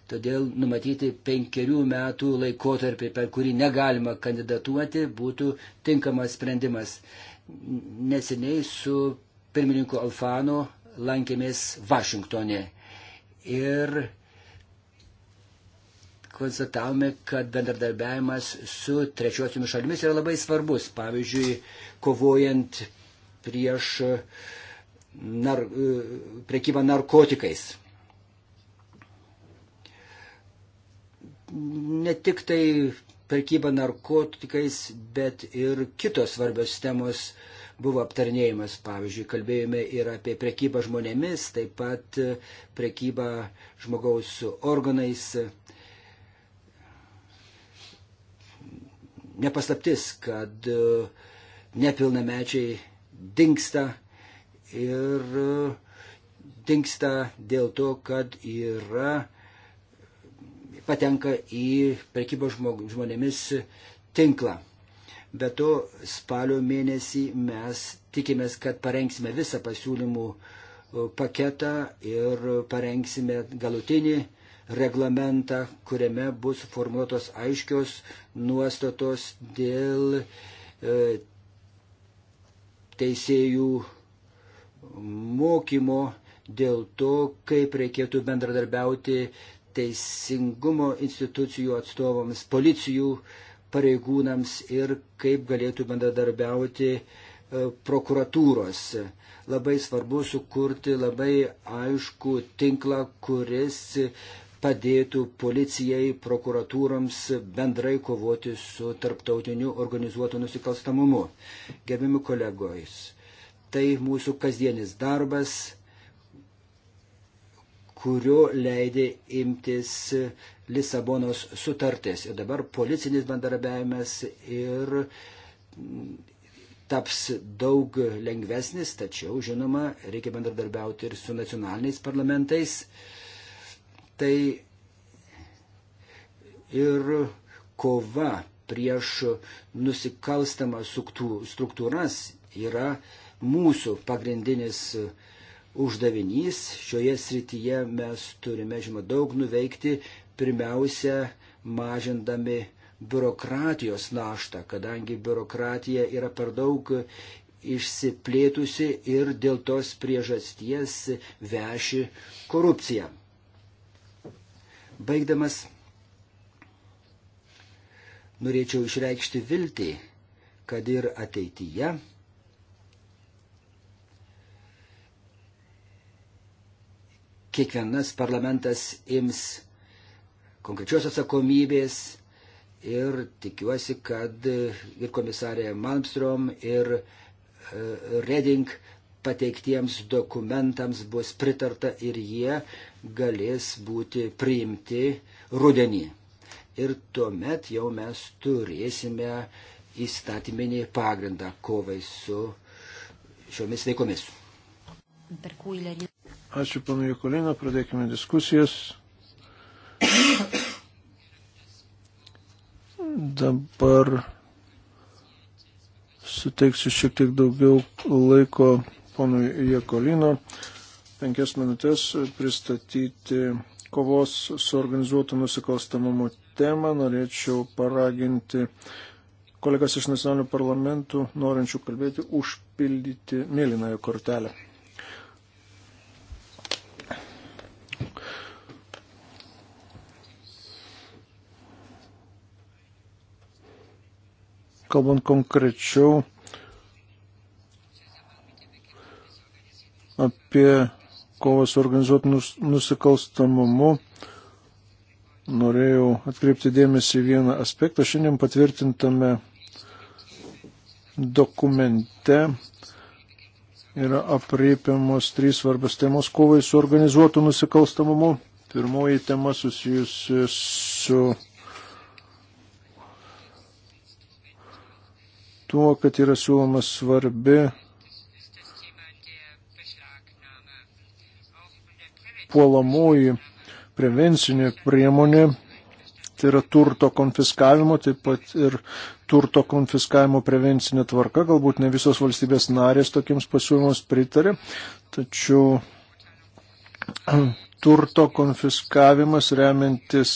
[SPEAKER 4] Todėl numatyti penkerių metų laikotarpį, per kurį negalima kandidatuoti, būtų tinkamas sprendimas. Neseniai su pirmininku Alfano lankėmės Vašingtonė ir konstatavome, kad bendradarbiavimas su trečiosiomis šalimis yra labai svarbus. Pavyzdžiui, kovojant prieš nar, e, prekybą narkotikais. ne tik tai prekyba narkotikais, bet ir kitos svarbios temos buvo aptarnėjimas. Pavyzdžiui, kalbėjome ir apie prekybą žmonėmis, taip pat prekybą žmogaus organais. Nepaslaptis, kad e, nepilnamečiai dinksta ir e, dinksta dėl to, kad yra patenka į prekybos žmonėmis tinklą. Be to, spalio mėnesį mes tikimės, kad parengsime visą pasiūlymų paketą ir parengsime galutinį reglamentą, kuriame bus formuotos aiškios nuostatos dėl e, teisėjų mokymo, dėl to, kaip reikėtų bendradarbiauti teisingumo institucijų atstovams, policijų pareigūnams ir kaip galėtų bendradarbiauti e, prokuratūros. Labai svarbu sukurti labai aišku tinklą, kuris padėtų policijai, prokuratūroms bendrai kovoti su tarptautiniu organizuotu nusikalstamumu. Gerbimi kolegojus, tai mūsų kasdienis darbas kurio leidė imtis Lisabonos sutartis. Ir dabar policinis bendarbiavimas ir taps daug lengvesnis, tačiau, žinoma, reikia bendradarbiauti ir su nacionaliniais parlamentais. Tai ir kova prieš nusikalstamą struktūras yra mūsų pagrindinis uh, uždavinys. Šioje srityje mes turime, žinoma, daug nuveikti, pirmiausia, mažindami biurokratijos naštą, kadangi biurokratija yra per daug išsiplėtusi ir dėl tos priežasties veši korupcija. Baigdamas, norėčiau išreikšti viltį, kad ir ateityje kiekvienas parlamentas ims konkrečios atsakomybės ir tikiuosi, kad ir komisarė Malmstrom, ir e, Reding pateiktiems dokumentams bus pritarta ir jie galės būti priimti rudenį. Ir tuomet jau mes turėsime įstatyminį pagrindą kovai su
[SPEAKER 2] šiomis veikomis. Ačiū pana Jekolino, pradėkime diskusijas. Dabar suteiksiu šiek tiek daugiau laiko ponui Jekolino, penkias minutės pristatyti kovos su organizuotu nusikalstamumu temą. Norėčiau paraginti kolegas iš nacionalinių parlamentų, norinčių kalbėti, užpildyti mėlynąją kortelę. kalbant konkrečiau apie kovą su organizuotų nusikalstamumu, norėjau atkreipti dėmesį į vieną aspektą. Šiandien patvirtintame dokumente yra apriepiamos trys svarbios temos kovai su organizuotų nusikalstamumu. Pirmoji tema susijusi su tuo, kad yra siūloma svarbi puolamoji prevencinė priemonė, tai yra turto konfiskavimo, taip pat ir turto konfiskavimo prevencinė tvarka. Galbūt ne visos valstybės narės tokiems pasiūlymams pritarė, tačiau turto konfiskavimas remiantis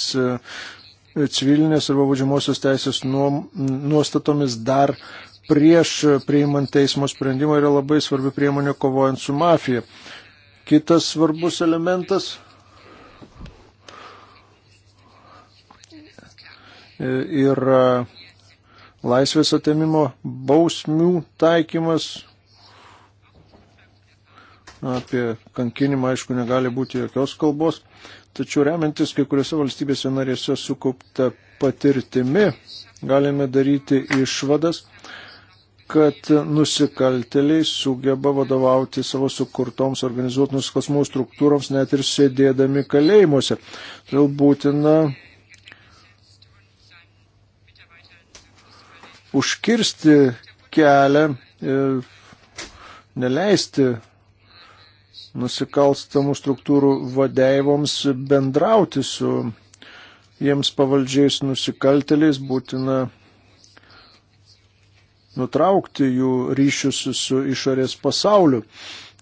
[SPEAKER 2] civilinės arba vadžiamosios teisės nuostatomis dar prieš priimant teismo sprendimą yra labai svarbi priemonė kovojant su mafija. Kitas svarbus elementas e, yra laisvės atėmimo bausmių taikymas. Apie kankinimą, aišku, negali būti jokios kalbos. Tačiau remiantis kai kuriuose valstybėse narėse sukaupta patirtimi, galime daryti išvadas, kad nusikalteliai sugeba vadovauti savo sukurtoms organizuotų nusikalsmų struktūroms net ir sėdėdami kalėjimuose. Todėl būtina užkirsti kelią, e, neleisti nusikalstamų struktūrų vadeivoms bendrauti su jiems pavaldžiais nusikalteliais, būtina nutraukti jų ryšius su išorės pasauliu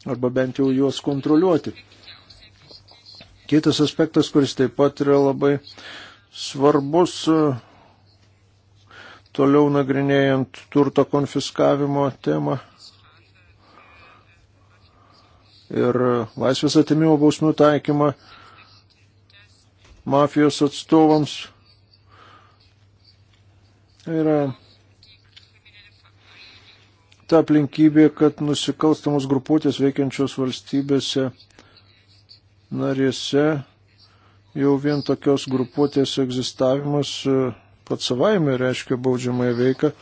[SPEAKER 2] arba bent jau juos kontroliuoti. Kitas aspektas, kuris taip pat yra labai svarbus toliau nagrinėjant turto konfiskavimo temą ir laisvės atimimo bausmių taikymą mafijos atstovams. Tai yra ta aplinkybė, kad nusikalstamos grupuotės veikiančios valstybėse narėse jau vien tokios grupuotės egzistavimas e, pats savaime reiškia baudžiamąją veiką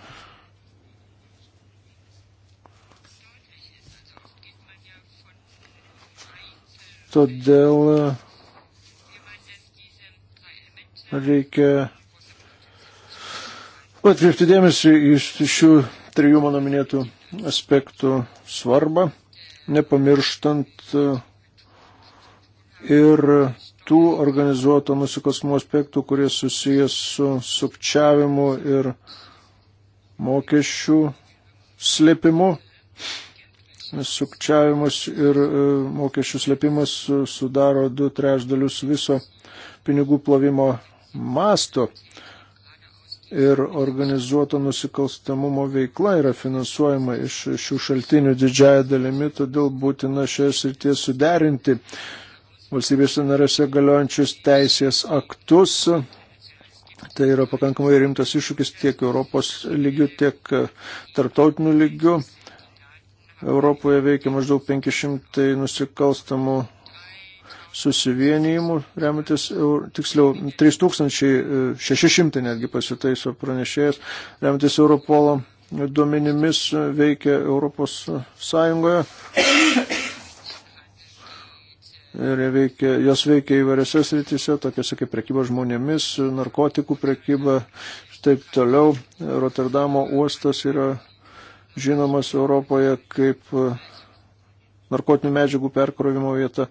[SPEAKER 2] Todėl reikia atkreipti dėmesį iš šių trijų mano minėtų aspektų svarbą, nepamirštant ir tų organizuoto nusikosmų aspektų, kurie susijęs su sukčiavimu ir mokesčių slėpimu sukčiavimas ir e, mokesčių slėpimas sudaro du trešdalius viso pinigų plovimo masto ir organizuoto nusikalstamumo veikla yra finansuojama iš šių šaltinių didžiaja dalimi, todėl būtina šioje srityje suderinti valstybėse narėse galiojančius teisės aktus. Tai yra pakankamai rimtas iššūkis tiek Europos lygių, tiek tarptautinių lygių. Europoje veikia maždaug 500 nusikalstamų susivienijimų, remiantis, tiksliau, 3600 e, netgi pasitaiso pranešėjas, remiantis Europolo duomenimis e, veikia Europos Sąjungoje. Ir veikia, jos veikia įvairiose srityse, tokiose kaip prekyba žmonėmis, narkotikų prekyba ir taip toliau. Rotterdamo uostas yra žinomas Europoje kaip e, narkotinių medžiagų perkrovimo vieta.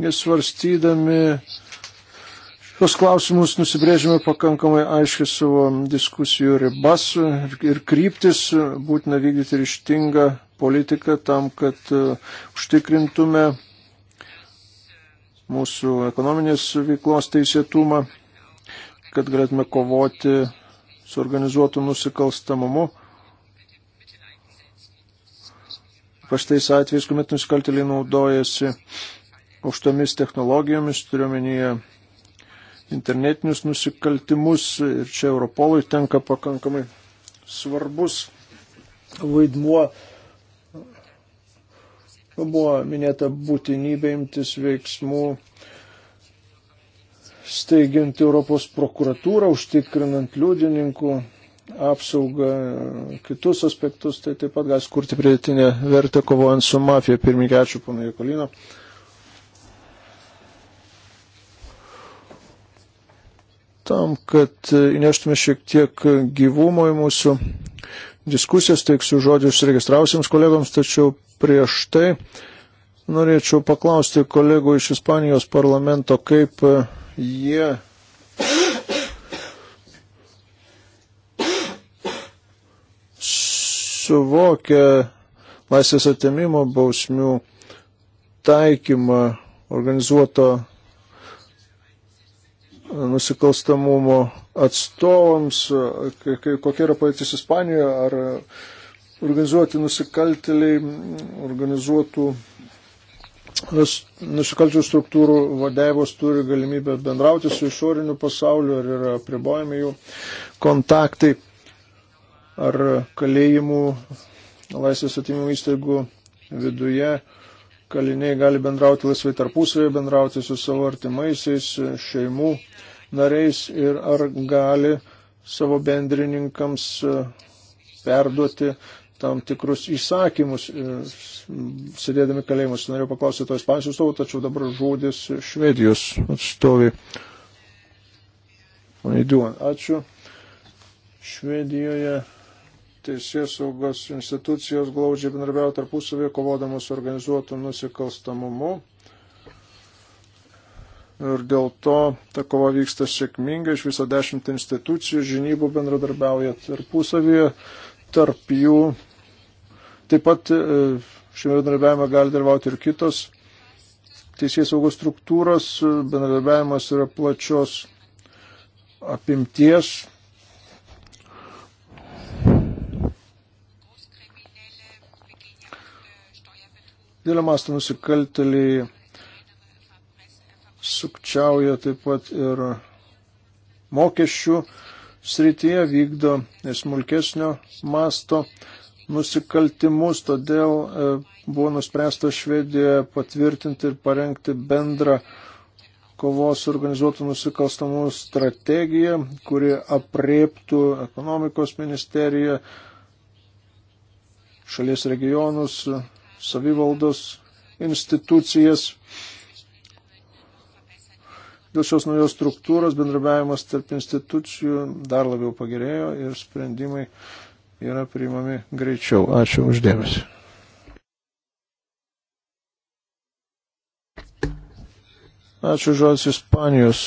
[SPEAKER 2] Svarstydami šios klausimus nusibrėžime pakankamai aiškiai savo diskusijų ribas ir, ir kryptis, būtina vykdyti ryštingą politiką tam, kad e, užtikrintume mūsų ekonominės veiklos teisėtumą, kad galėtume kovoti su organizuotu nusikalstamumu. Paštais atvejais, kuomet nusikaltėliai naudojasi aukštomis technologijomis, turiuomenyje internetinius nusikaltimus ir čia Europolui tenka pakankamai svarbus vaidmuo Buvo minėta būtinybė imtis veiksmų steigiant Europos prokuratūrą, užtikrinant liudininkų apsaugą, kitus aspektus, tai taip pat gali skurti pridėtinę vertę kovojant su mafija. Pirmininkė, ačiū pana Jekolino. Tam, kad įneštume šiek tiek gyvumo į mūsų diskusijas, teiksiu žodžius registrausiems kolegoms, tačiau prieš tai norėčiau paklausti kolegų iš Ispanijos parlamento, kaip e, jie suvokia laisvės atėmimo bausmių taikymą organizuoto nusikalstamumo atstovams, kokia yra patys Ispanijoje, ar organizuoti nusikaltėliai, organizuotų nusikalčių struktūrų vadovas turi galimybę bendrauti su išoriniu pasauliu, ar yra pribojami jų kontaktai, ar kalėjimų laisvės atimimų įstaigų viduje kaliniai gali bendrauti laisvai tarpusavėje, bendrauti su savo artimaisiais, šeimų nariais ir ar gali savo bendrininkams e, perduoti tam tikrus įsakymus, e, sėdėdami kalėjimus. Norėjau paklausyti to ispanijos atstovų, tačiau dabar žodis Švedijos atstovai. Ačiū. Švedijoje teisės saugos institucijos glaudžiai bendrabiavo tarpusavį, kovodamos su organizuotu nusikalstamumu. Ir dėl to ta kova vyksta sėkmingai, iš viso dešimt institucijų žinybų bendradarbiauja tarpusavyje, tarp jų taip pat e, šiame bendradarbiavime gali dalyvauti ir kitos teisės saugos struktūros, bendradarbiavimas yra plačios apimties, Didelio masto nusikalteliai sukčiauja taip pat ir mokesčių srityje, vykdo smulkesnio masto nusikaltimus, todėl e, buvo nuspręsta Švedijoje patvirtinti ir parengti bendrą kovos organizuotų nusikalstamų strategiją, kuri apriektų ekonomikos ministeriją, šalies regionus, savivaldos institucijas. Dėl šios naujos struktūros bendrabiavimas tarp institucijų dar labiau pagerėjo ir sprendimai yra priimami greičiau. Ačiū uždėmesi. Ačiū žodis Ispanijos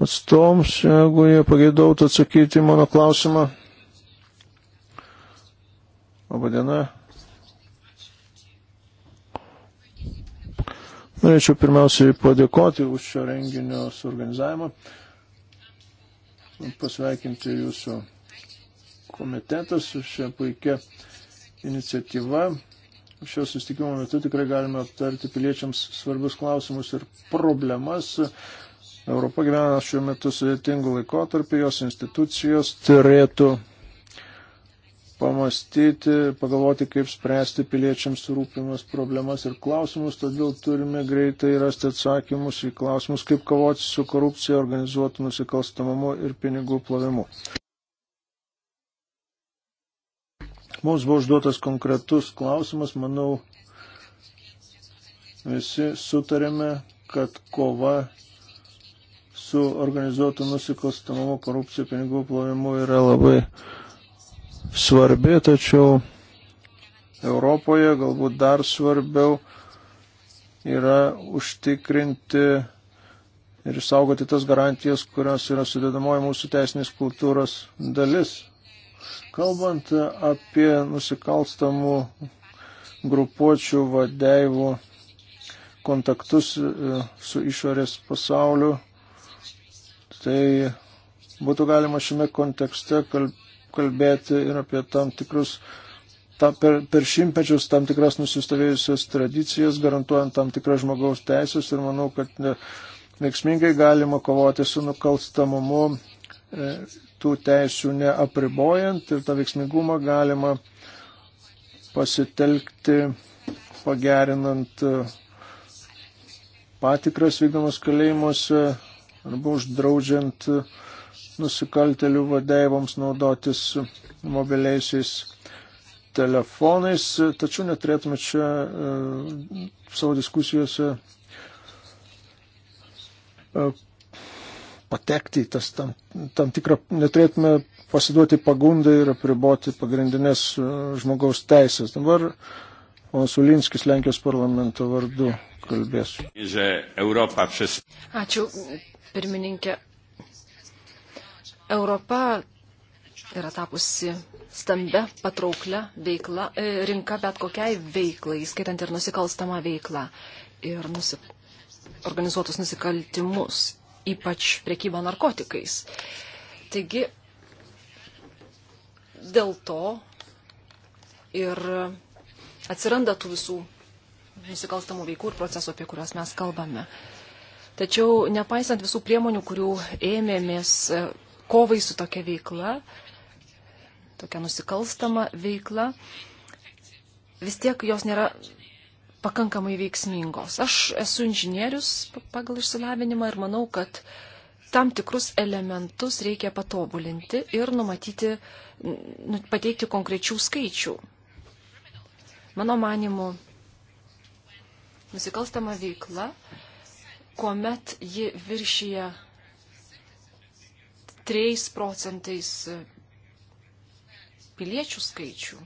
[SPEAKER 2] atstovams, jeigu jie pageidautų atsakyti mano klausimą. Labadiena. Norėčiau pirmiausiai padėkoti už šio renginio suorganizavimą, pasveikinti jūsų komitetas už šią puikią iniciatyvą. Šio sustikimo metu tikrai galime aptarti piliečiams svarbius klausimus ir problemas. Europa gyvena šiuo metu sudėtingų laikotarpį, jos institucijos turėtų pamastyti, pagalvoti, kaip spręsti piliečiams rūpimas problemas ir klausimus, todėl turime greitai rasti atsakymus į klausimus, kaip kovoti su korupcija, organizuotų nusikalstamumu ir pinigų plovimu. Mums buvo užduotas konkretus klausimas, manau, visi sutarėme, kad kova su organizuotų nusikalstamumu, korupcija, pinigų plovimu yra labai svarbi, tačiau Europoje galbūt dar svarbiau yra užtikrinti ir išsaugoti tas garantijas, kurios yra sudėdamoji mūsų teisinės kultūros dalis. Kalbant apie nusikalstamų grupuočių vadeivų kontaktus e, su išorės pasauliu, tai būtų galima šiame kontekste kalbėti kalbėti ir apie tam tikrus ta, per, per šimtmečius tam tikras nusistovėjusias tradicijas, garantuojant tam tikras žmogaus teisės ir manau, kad e, veiksmingai galima kovoti su nukalstamumu e, tų teisių neapribojant ir tą veiksmingumą galima pasitelkti pagerinant e, patikras vykdomas kalėjimuose arba uždraudžiant uh, nusikaltelių vadėjams naudotis mobiliaisiais telefonais, tačiau neturėtume čia e, savo diskusijose e, patekti į tas tam, tam tikrą, neturėtume pasiduoti pagundai ir apriboti pagrindinės e, žmogaus teisės. Dabar ponas Ulinskis Lenkijos parlamento vardu kalbės. Ačiū, pirmininkė.
[SPEAKER 3] Europa yra tapusi stambia, patrauklia veikla, e, rinka bet kokiai veiklai, skaitant ir nusikalstamą veiklą ir nusip, organizuotus nusikaltimus, ypač priekybą narkotikais. Taigi, dėl to ir atsiranda tų visų nusikalstamų veikų ir procesų, apie kuriuos mes kalbame. Tačiau, nepaisant visų priemonių, kurių ėmėmės kovai su tokia veikla, tokia nusikalstama veikla, vis tiek jos nėra pakankamai veiksmingos. Aš esu inžinierius pagal išsilavinimą ir manau, kad tam tikrus elementus reikia patobulinti ir numatyti, nu, pateikti konkrečių skaičių. Mano manimu, nusikalstama veikla, kuomet ji viršyje 3 procentais piliečių skaičių.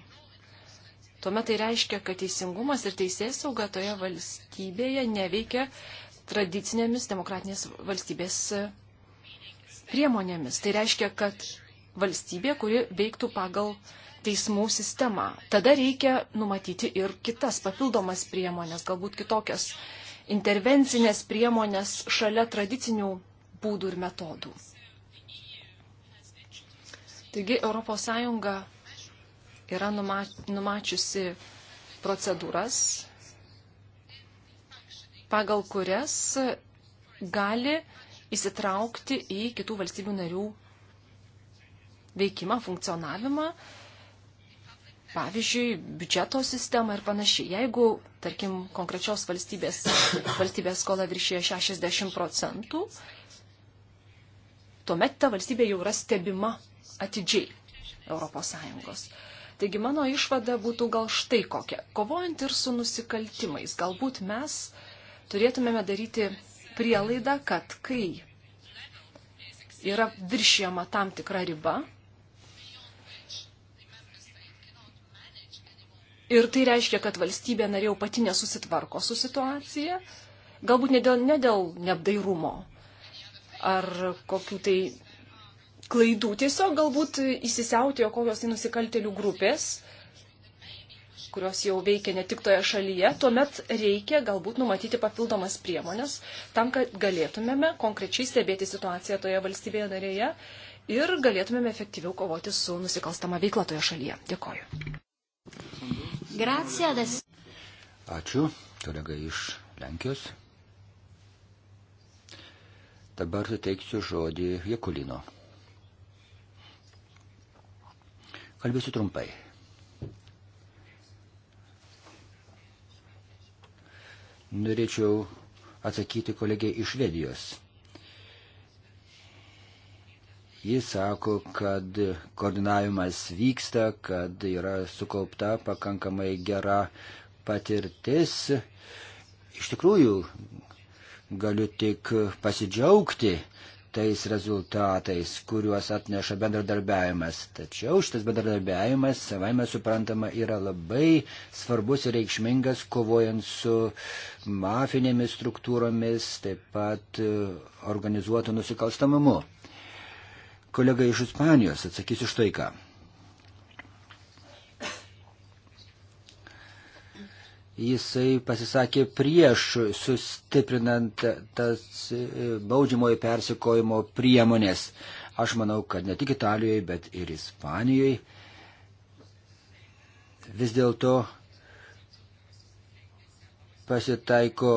[SPEAKER 3] Tuomet tai reiškia, kad teisingumas ir teisės sauga toje valstybėje neveikia tradicinėmis demokratinės valstybės priemonėmis. Tai reiškia, kad valstybė, kuri veiktų pagal teismų sistemą. Tada reikia numatyti ir kitas papildomas priemonės, galbūt kitokias intervencinės priemonės šalia tradicinių būdų ir metodų. Taigi ES yra numačiusi procedūras, pagal kurias gali įsitraukti į kitų valstybių narių veikimą, funkcionavimą, pavyzdžiui, biudžeto sistemą ir panašiai. Jeigu, tarkim, konkrečios valstybės, valstybės skola viršyje 60 procentų, tuomet ta valstybė jau yra stebima atidžiai ES. Taigi mano išvada būtų gal štai kokia. Kovojant ir su nusikaltimais, galbūt mes turėtumėme daryti prielaidą, kad kai yra viršijama tam tikra riba, ir tai reiškia, kad valstybė narė jau pati nesusitvarko su situacija, galbūt ne dėl, ne dėl neapdairumo ar kokių tai klaidų. Tiesiog galbūt įsisiautėjo kokios tai nusikaltelių grupės, kurios jau veikia ne tik toje šalyje, tuomet reikia galbūt numatyti papildomas priemonės tam, kad galėtumėme konkrečiai stebėti situaciją toje valstybėje narėje ir galėtumėme efektyviau kovoti su nusikalstama veikla toje šalyje.
[SPEAKER 1] Dėkoju.
[SPEAKER 4] Ačiū, kolega iš Lenkijos. Dabar suteiksiu žodį Jekulino. Kalbėsiu trumpai. Norėčiau atsakyti kolegiai iš Švedijos. Jis sako, kad koordinavimas vyksta, kad yra sukaupta pakankamai gera patirtis. Iš tikrųjų, galiu tik pasidžiaugti, tais rezultatais, kuriuos atneša bendradarbiavimas. Tačiau šitas bendradarbiavimas, savaime suprantama, yra labai svarbus ir reikšmingas, kovojant su mafinėmis struktūromis, taip pat e, organizuotu nusikalstamumu. Kolega iš Ispanijos atsakys iš tai, ką. jisai pasisakė prieš sustiprinant tas e, baudžiamojo persikojimo priemonės. Aš manau, kad ne tik Italijoje, bet ir Ispanijoje vis dėlto pasitaiko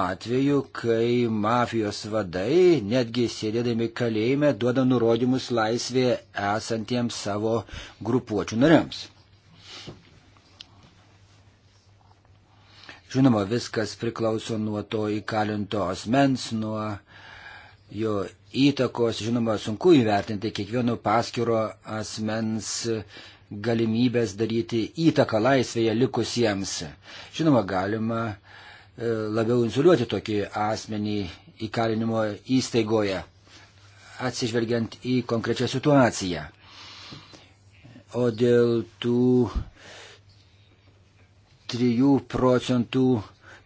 [SPEAKER 4] atveju, kai mafijos vadai, netgi sėdėdami kalėjime, duoda nurodymus laisvėje esantiems savo grupuočių nariams. Žinoma, viskas priklauso nuo to įkalinto asmens, nuo jo įtakos. Žinoma, sunku įvertinti kiekvieno paskiro asmens galimybės daryti įtaką laisvėje likusiems. Žinoma, galima e, labiau insuliuoti tokį asmenį įkalinimo įstaigoje, atsižvelgiant į konkrečią situaciją. O dėl tų 3 procentų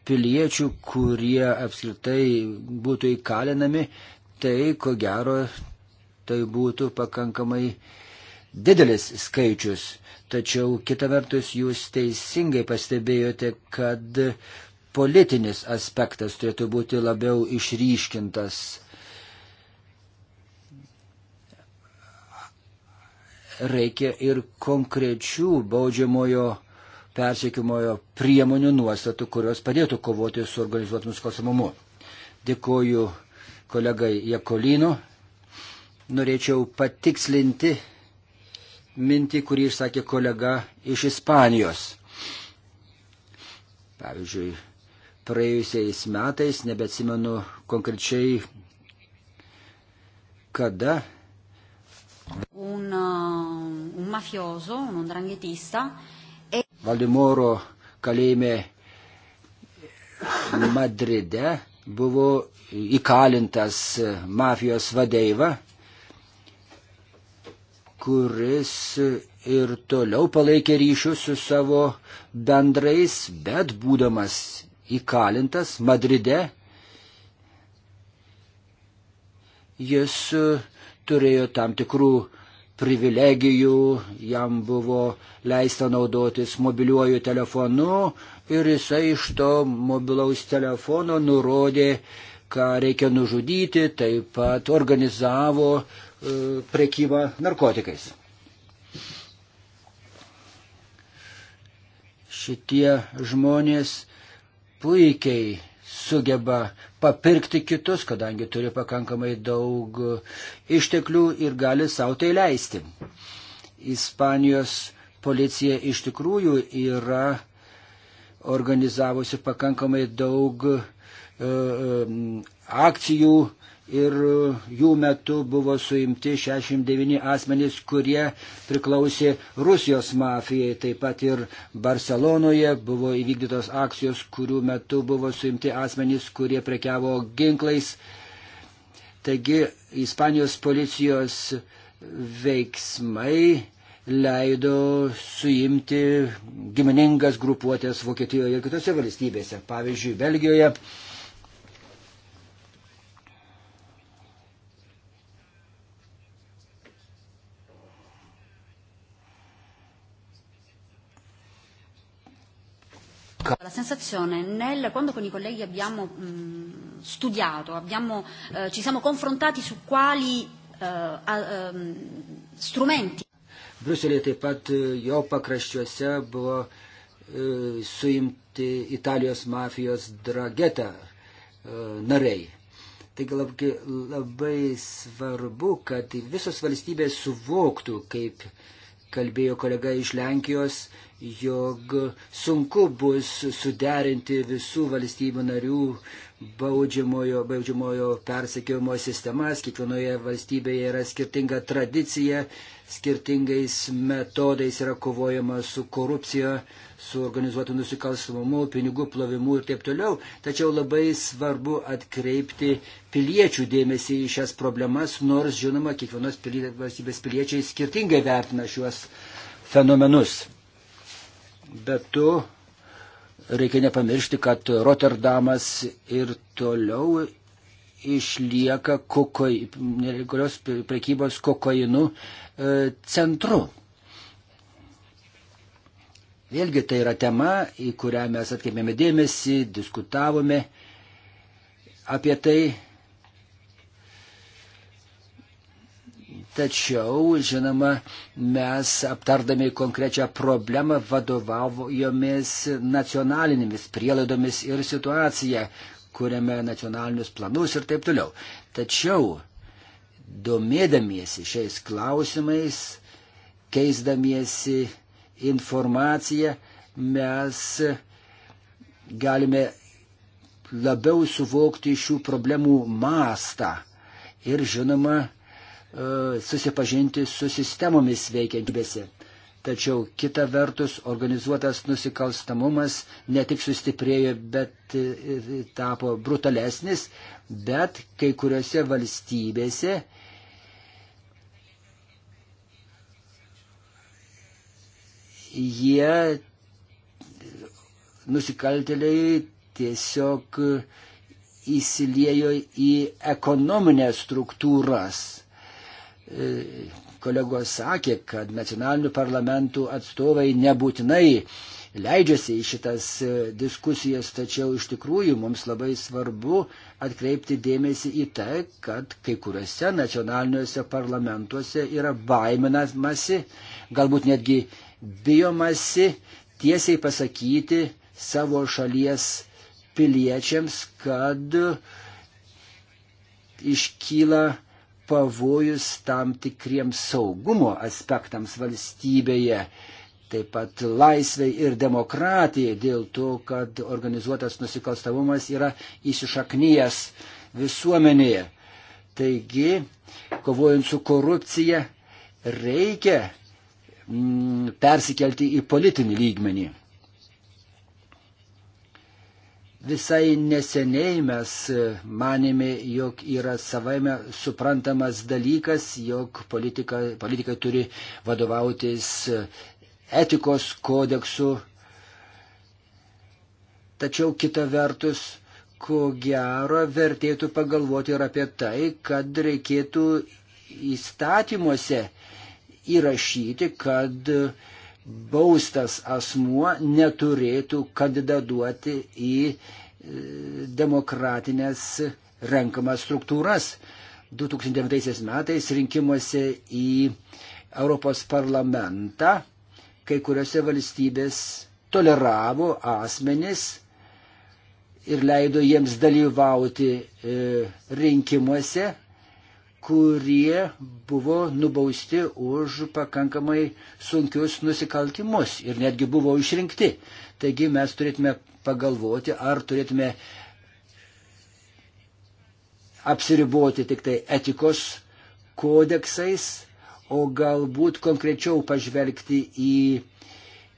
[SPEAKER 4] piliečių, kurie apskritai būtų įkalinami, tai ko gero tai būtų pakankamai didelis skaičius. Tačiau kita vertus jūs teisingai pastebėjote, kad politinis aspektas turėtų būti labiau išryškintas. Reikia ir konkrečių baudžiamojo persiekimojo priemonių nuostatų, kurios padėtų kovoti su organizuotų nusikalstamumu. Dėkuoju kolegai Jekolino. Norėčiau patikslinti mintį, kurį išsakė kolega iš Ispanijos. Pavyzdžiui, praėjusiais metais, nebeatsimenu konkrečiai kada.
[SPEAKER 1] Un, uh, un mafioso, un dranghetista
[SPEAKER 4] Valdimoro kalėjime Madride buvo įkalintas mafijos vadeiva, kuris ir toliau palaikė ryšius su savo bendrais, bet būdamas įkalintas Madride, jis turėjo tam tikrų privilegijų, jam buvo leista naudotis mobiliuoju telefonu ir jisai iš to mobilaus telefono nurodė, ką reikia nužudyti, taip pat organizavo e, prekybą narkotikais. Šitie žmonės puikiai sugeba papirkti kitus, kadangi turi pakankamai daug išteklių ir gali savo tai leisti. Ispanijos policija iš tikrųjų yra organizavusi pakankamai daug e, e, akcijų ir jų metu buvo suimti 69 asmenys, kurie priklausė Rusijos mafijai. Taip pat ir Barcelonoje buvo įvykdytos akcijos, kurių metu buvo suimti asmenys, kurie prekiavo ginklais. Taigi Ispanijos policijos veiksmai leido suimti giminingas grupuotės Vokietijoje ir kitose valstybėse, pavyzdžiui, Belgijoje
[SPEAKER 1] Ką? La sensazione nel, quando con i colleghi abbiamo mh, studiato, abbiamo, eh, ci siamo confrontati su quali eh, a, eh, strumenti.
[SPEAKER 4] Bruselėje taip pat jo eh, pakraščiuose buvo e, suimti Italijos mafijos drageta e, nariai. Taigi labai, labai svarbu, kad visos valstybės suvoktų, kaip e, kalbėjo kolega iš Lenkijos, jog sunku bus suderinti visų valstybių narių baudžiamojo, baudžiamojo persekiojimo sistemas, kiekvienoje valstybėje yra skirtinga tradicija, skirtingais metodais yra kovojama su korupcija, su organizuotu nusikalstamumu, pinigų plovimu ir taip toliau. Tačiau labai svarbu atkreipti piliečių dėmesį į šias problemas, nors, žinoma, kiekvienos pilie, valstybės piliečiai skirtingai vertina šiuos fenomenus. Bet tu Reikia nepamiršti, kad Rotterdamas ir toliau išlieka kokoj, nelegalios prekybos kokainu e, centru. Vėlgi tai yra tema, į kurią mes atkėmėme dėmesį, diskutavome apie tai Tačiau, žinoma, mes aptardami konkrečią problemą vadovaujomės nacionalinėmis prielaidomis ir situacija, kuriame nacionalinius planus ir taip toliau. Tačiau, domėdamiesi šiais klausimais, keisdamiesi informaciją, mes galime labiau suvokti šių problemų mastą ir, žinoma, E, susipažinti su sistemomis veikiantybėse. Tačiau kita vertus organizuotas nusikalstamumas ne tik sustiprėjo, bet e, e, tapo brutalesnis, bet kai kuriuose valstybėse jie nusikaltėliai tiesiog įsiliejo į ekonominę struktūras E, kolegos sakė, kad nacionalinių parlamentų atstovai nebūtinai leidžiasi į šitas e, diskusijas, tačiau iš tikrųjų mums labai svarbu atkreipti dėmesį į tai, kad kai kuriuose nacionaliniuose parlamentuose yra baiminamasi, galbūt netgi bijomasi tiesiai pasakyti savo šalies piliečiams, kad iškyla pavojus tam tikriems saugumo aspektams valstybėje, taip pat laisvai ir demokratijai dėl to, kad organizuotas nusikalstamumas yra įsišaknyjas visuomenėje. Taigi, kovojant su korupcija, reikia mm, persikelti į politinį lygmenį. Visai neseniai mes e, manėme, jog yra savaime suprantamas dalykas, jog politika, politikai turi vadovautis e, etikos kodeksu. Tačiau kita vertus, ko gero, vertėtų pagalvoti ir apie tai, kad reikėtų įstatymuose įrašyti, kad uh, baustas asmuo neturėtų kandidatuoti į e, demokratinės renkamas struktūras. 2009 metais rinkimuose į Europos parlamentą kai kuriuose valstybės toleravo asmenis ir leido jiems dalyvauti e, rinkimuose, kurie buvo nubausti už pakankamai sunkius nusikaltimus ir netgi buvo išrinkti. Taigi mes turėtume pagalvoti, ar turėtume apsiriboti tik tai etikos kodeksais, o galbūt konkrečiau pažvelgti į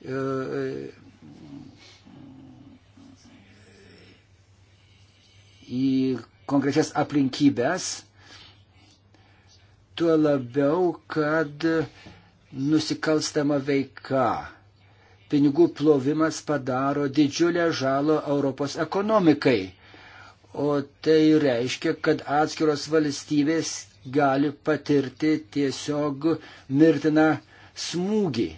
[SPEAKER 4] e, į konkrečias aplinkybės Tuo labiau, kad nusikalstama veika, pinigų plovimas padaro didžiulę žalą Europos ekonomikai. O tai reiškia, kad atskiros valstybės gali patirti tiesiog mirtiną smūgį.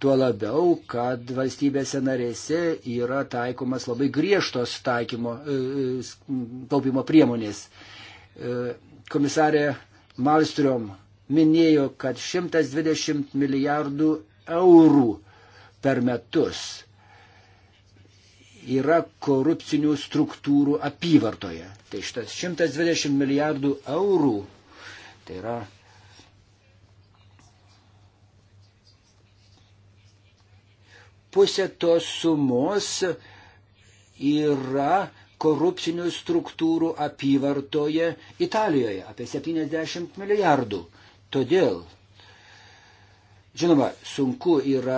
[SPEAKER 4] Tuo labiau, kad valstybėse narėse yra taikomas labai griežtos taikymo, e, e, taupimo priemonės. E, komisarė Malstrom minėjo, kad 120 milijardų eurų per metus yra korupcinių struktūrų apyvartoje. Tai šitas 120 milijardų eurų tai yra pusė tos sumos yra korupcinių struktūrų apyvartoje Italijoje - apie 70 milijardų. Todėl, žinoma, sunku yra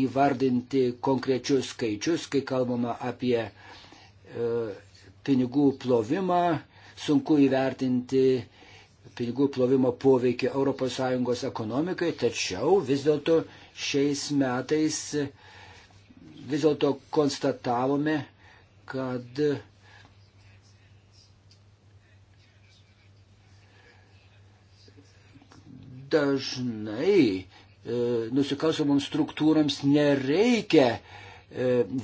[SPEAKER 4] įvardinti konkrečius skaičius, kai kalbama apie e, pinigų plovimą, sunku įvertinti pinigų plovimo poveikį ES ekonomikai, tačiau vis dėlto šiais metais vis dėlto konstatavome, kad dažnai e, nusikalstamoms struktūrams nereikia e,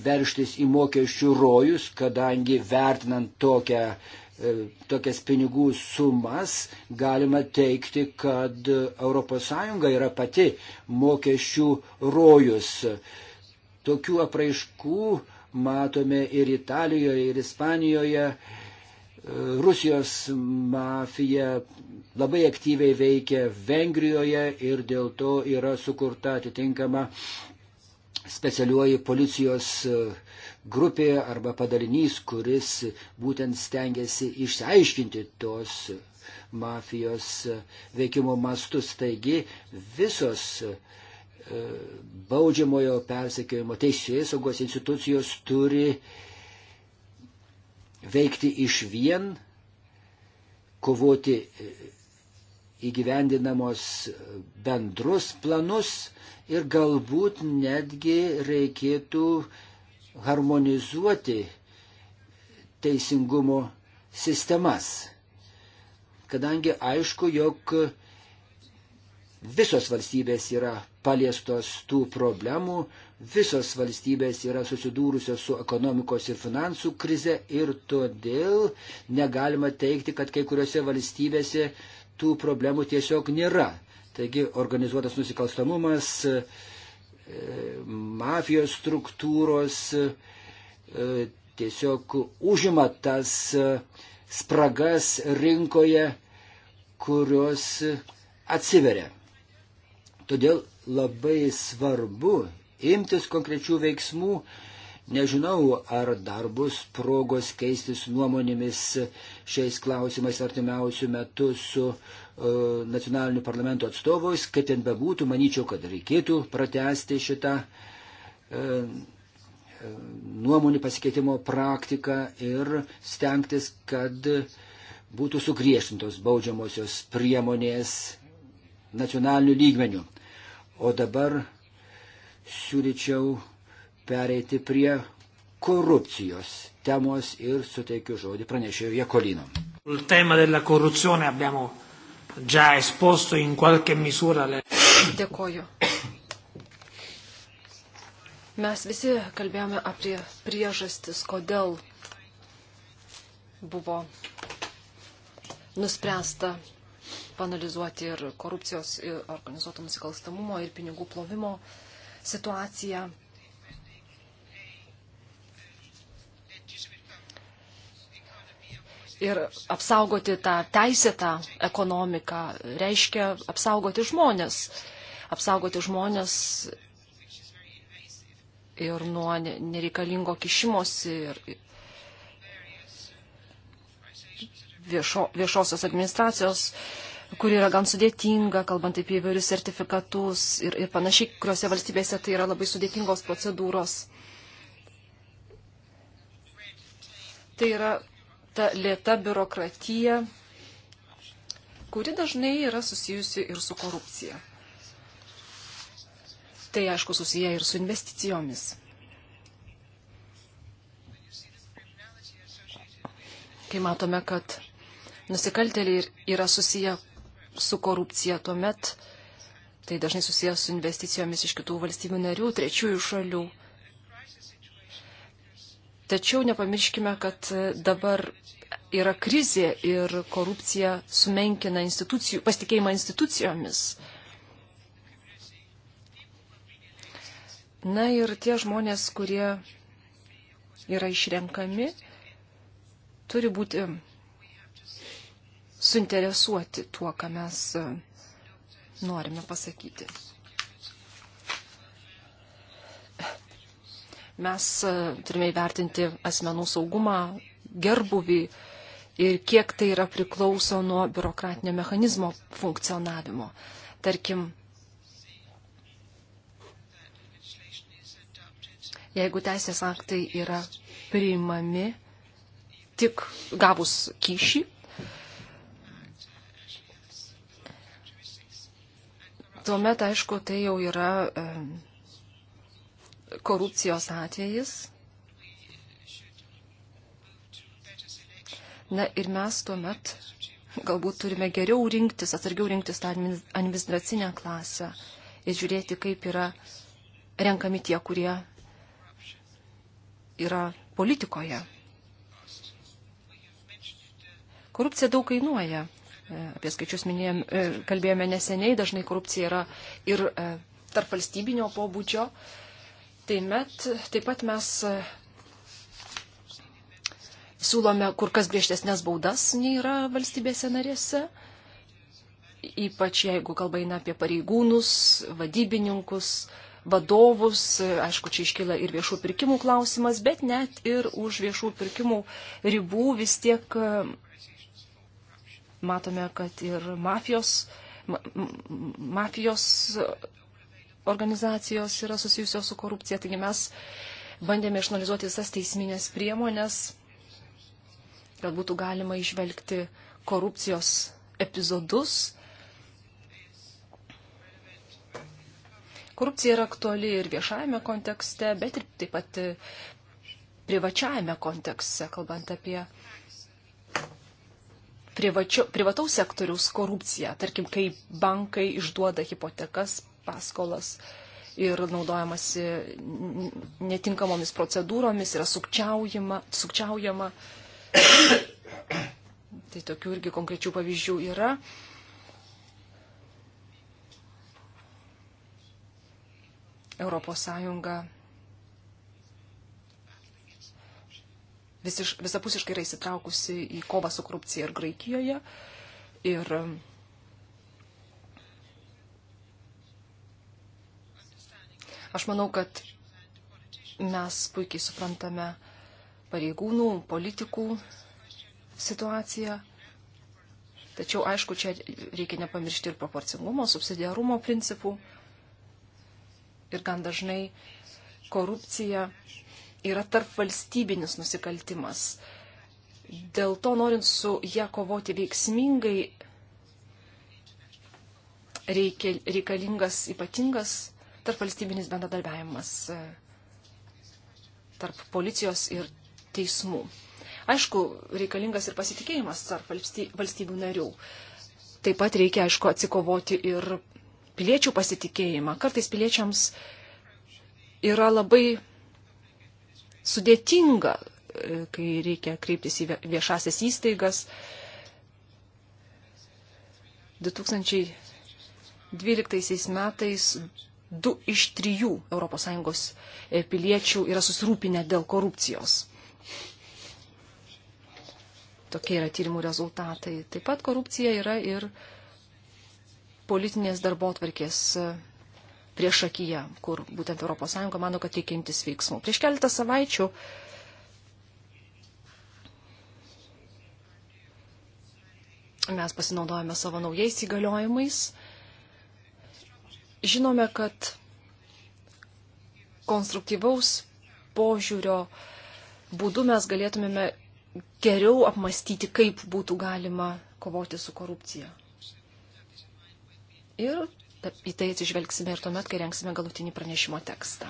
[SPEAKER 4] verštis į mokesčių rojus, kadangi vertinant tokią, e, tokias pinigų sumas galima teikti, kad ES yra pati mokesčių rojus. Tokių apraiškų matome ir Italijoje, ir Ispanijoje, Rusijos mafija labai aktyviai veikia Vengrijoje ir dėl to yra sukurta atitinkama specialioji policijos e, grupė arba padalinys, kuris būtent stengiasi išsiaiškinti tos mafijos e, veikimo mastus. Taigi visos e, baudžiamojo persekiojimo teisėjai saugos institucijos turi uh, veikti iš vien, kovoti e, įgyvendinamos bendrus planus ir galbūt netgi reikėtų harmonizuoti teisingumo sistemas. Kadangi aišku, jog visos valstybės yra paliestos tų problemų, Visos valstybės yra susidūrusios su ekonomikos ir finansų krize ir todėl negalima teikti, kad kai kuriuose valstybėse tų problemų tiesiog nėra. Taigi organizuotas nusikalstamumas, e, mafijos struktūros e, tiesiog užima tas e, spragas rinkoje, kurios atsiveria. Todėl labai svarbu imtis konkrečių veiksmų. Nežinau, ar dar bus progos keistis nuomonėmis šiais klausimais artimiausių metų su uh, nacionaliniu parlamento atstovais, kaip ten bebūtų, manyčiau, kad reikėtų pratesti šitą uh, nuomonių pasikeitimo praktiką ir stengtis, kad būtų sugriežtintos baudžiamosios priemonės nacionaliniu lygmeniu. O dabar siūlyčiau pereiti prie korupcijos temos ir suteikiu žodį pranešėjui Jekolino. Il tema della corruzione abbiamo
[SPEAKER 1] già esposto in qualche misura. Le...
[SPEAKER 3] Dėkoju. Mes visi kalbėjome apie priežastis, kodėl buvo nuspręsta panalizuoti ir korupcijos, ir organizuoto nusikalstamumo, ir pinigų plovimo uh, situaciją. Ir apsaugoti tą teisėtą ekonomiką reiškia apsaugoti žmonės. Apsaugoti žmonės ir nuo nereikalingo kišimosi ir viešo, viešosios administracijos kuri yra gan sudėtinga, kalbant apie įvairius sertifikatus ir, ir panašiai, kuriuose valstybėse tai yra labai sudėtingos procedūros. Tai yra ta lėta biurokratija, kuri dažnai yra susijusi ir su korupcija. Tai aišku susiję ir su investicijomis. Kai matome, kad nusikaltėliai yra susiję su korupcija tuomet. Tai dažnai susijęs su investicijomis iš kitų valstybių narių, trečiųjų šalių. Tačiau nepamirškime, kad dabar yra krizė ir korupcija sumenkina institucijų, pasitikėjimą institucijomis. Na ir tie žmonės, kurie yra išrenkami, turi būti suinteresuoti tuo, ką mes e, norime pasakyti. Mes e, turime įvertinti asmenų saugumą, gerbuvį ir kiek tai yra priklauso nuo biurokratinio mechanizmo funkcionavimo. Tarkim, jeigu teisės aktai yra priimami tik gavus kyšį, Tuomet, aišku, tai jau yra e, korupcijos atvejis. Na ir mes tuomet galbūt turime geriau rinktis, atsargiau rinktis tą administracinę klasę ir žiūrėti, kaip yra renkami tie, kurie yra politikoje. Korupcija daug kainuoja. E, apie skaičius minėjom, e, kalbėjome neseniai, dažnai korupcija yra ir e, tarp valstybinio pobūdžio. Tai met, taip pat mes siūlome kur kas griežtesnės baudas nei yra valstybėse narėse, ypač jeigu kalba eina apie pareigūnus, vadybininkus, vadovus, aišku, čia iškyla ir viešų pirkimų klausimas, bet net ir už viešų pirkimų ribų vis tiek matome, kad ir mafijos, ma, mafijos organizacijos yra susijusios su korupcija. Taigi mes bandėme išanalizuoti visas teisminės priemonės, kad būtų galima išvelgti korupcijos epizodus. Korupcija yra aktuali ir viešajame kontekste, bet ir taip pat privačiajame kontekste, kalbant apie privačio, privataus sektoriaus korupcija, tarkim, kai bankai išduoda hipotekas, paskolas ir naudojamasi netinkamomis procedūromis, yra sukčiaujama. sukčiaujama. tai tokių irgi konkrečių pavyzdžių yra. Europos Sąjunga visiš, visapusiškai yra įsitraukusi į kovą su korupcija ir Graikijoje. Ir um, aš manau, kad mes puikiai suprantame pareigūnų, politikų situaciją. Tačiau, aišku, čia reikia nepamiršti ir proporcingumo, subsidiarumo principų. Ir gan dažnai korupcija yra tarp valstybinis nusikaltimas. Dėl to, norint su ją kovoti veiksmingai, reikia, reikalingas ypatingas tarp valstybinis bendradarbiavimas e, tarp policijos ir teismų. Aišku, reikalingas ir pasitikėjimas tarp valstybių narių. Taip pat reikia, aišku, atsikovoti ir piliečių pasitikėjimą. Kartais piliečiams yra labai sudėtinga, e, kai reikia kreiptis į viešasias įstaigas. 2012 metais du iš trijų ES e, piliečių yra susirūpinę dėl korupcijos. Tokie yra tyrimų rezultatai. Taip pat korupcija yra ir politinės darbo atvarkės e, prieš akiją, kur būtent ES mano, kad reikia imtis veiksmų. Prieš keletą savaičių mes pasinaudojame savo naujais įgaliojimais. Žinome, kad konstruktyvaus požiūrio būdu mes galėtumėme geriau apmastyti, kaip būtų galima kovoti su korupcija. Ir į tai atsižvelgsime ir tuomet, kai rengsime galutinį pranešimo tekstą.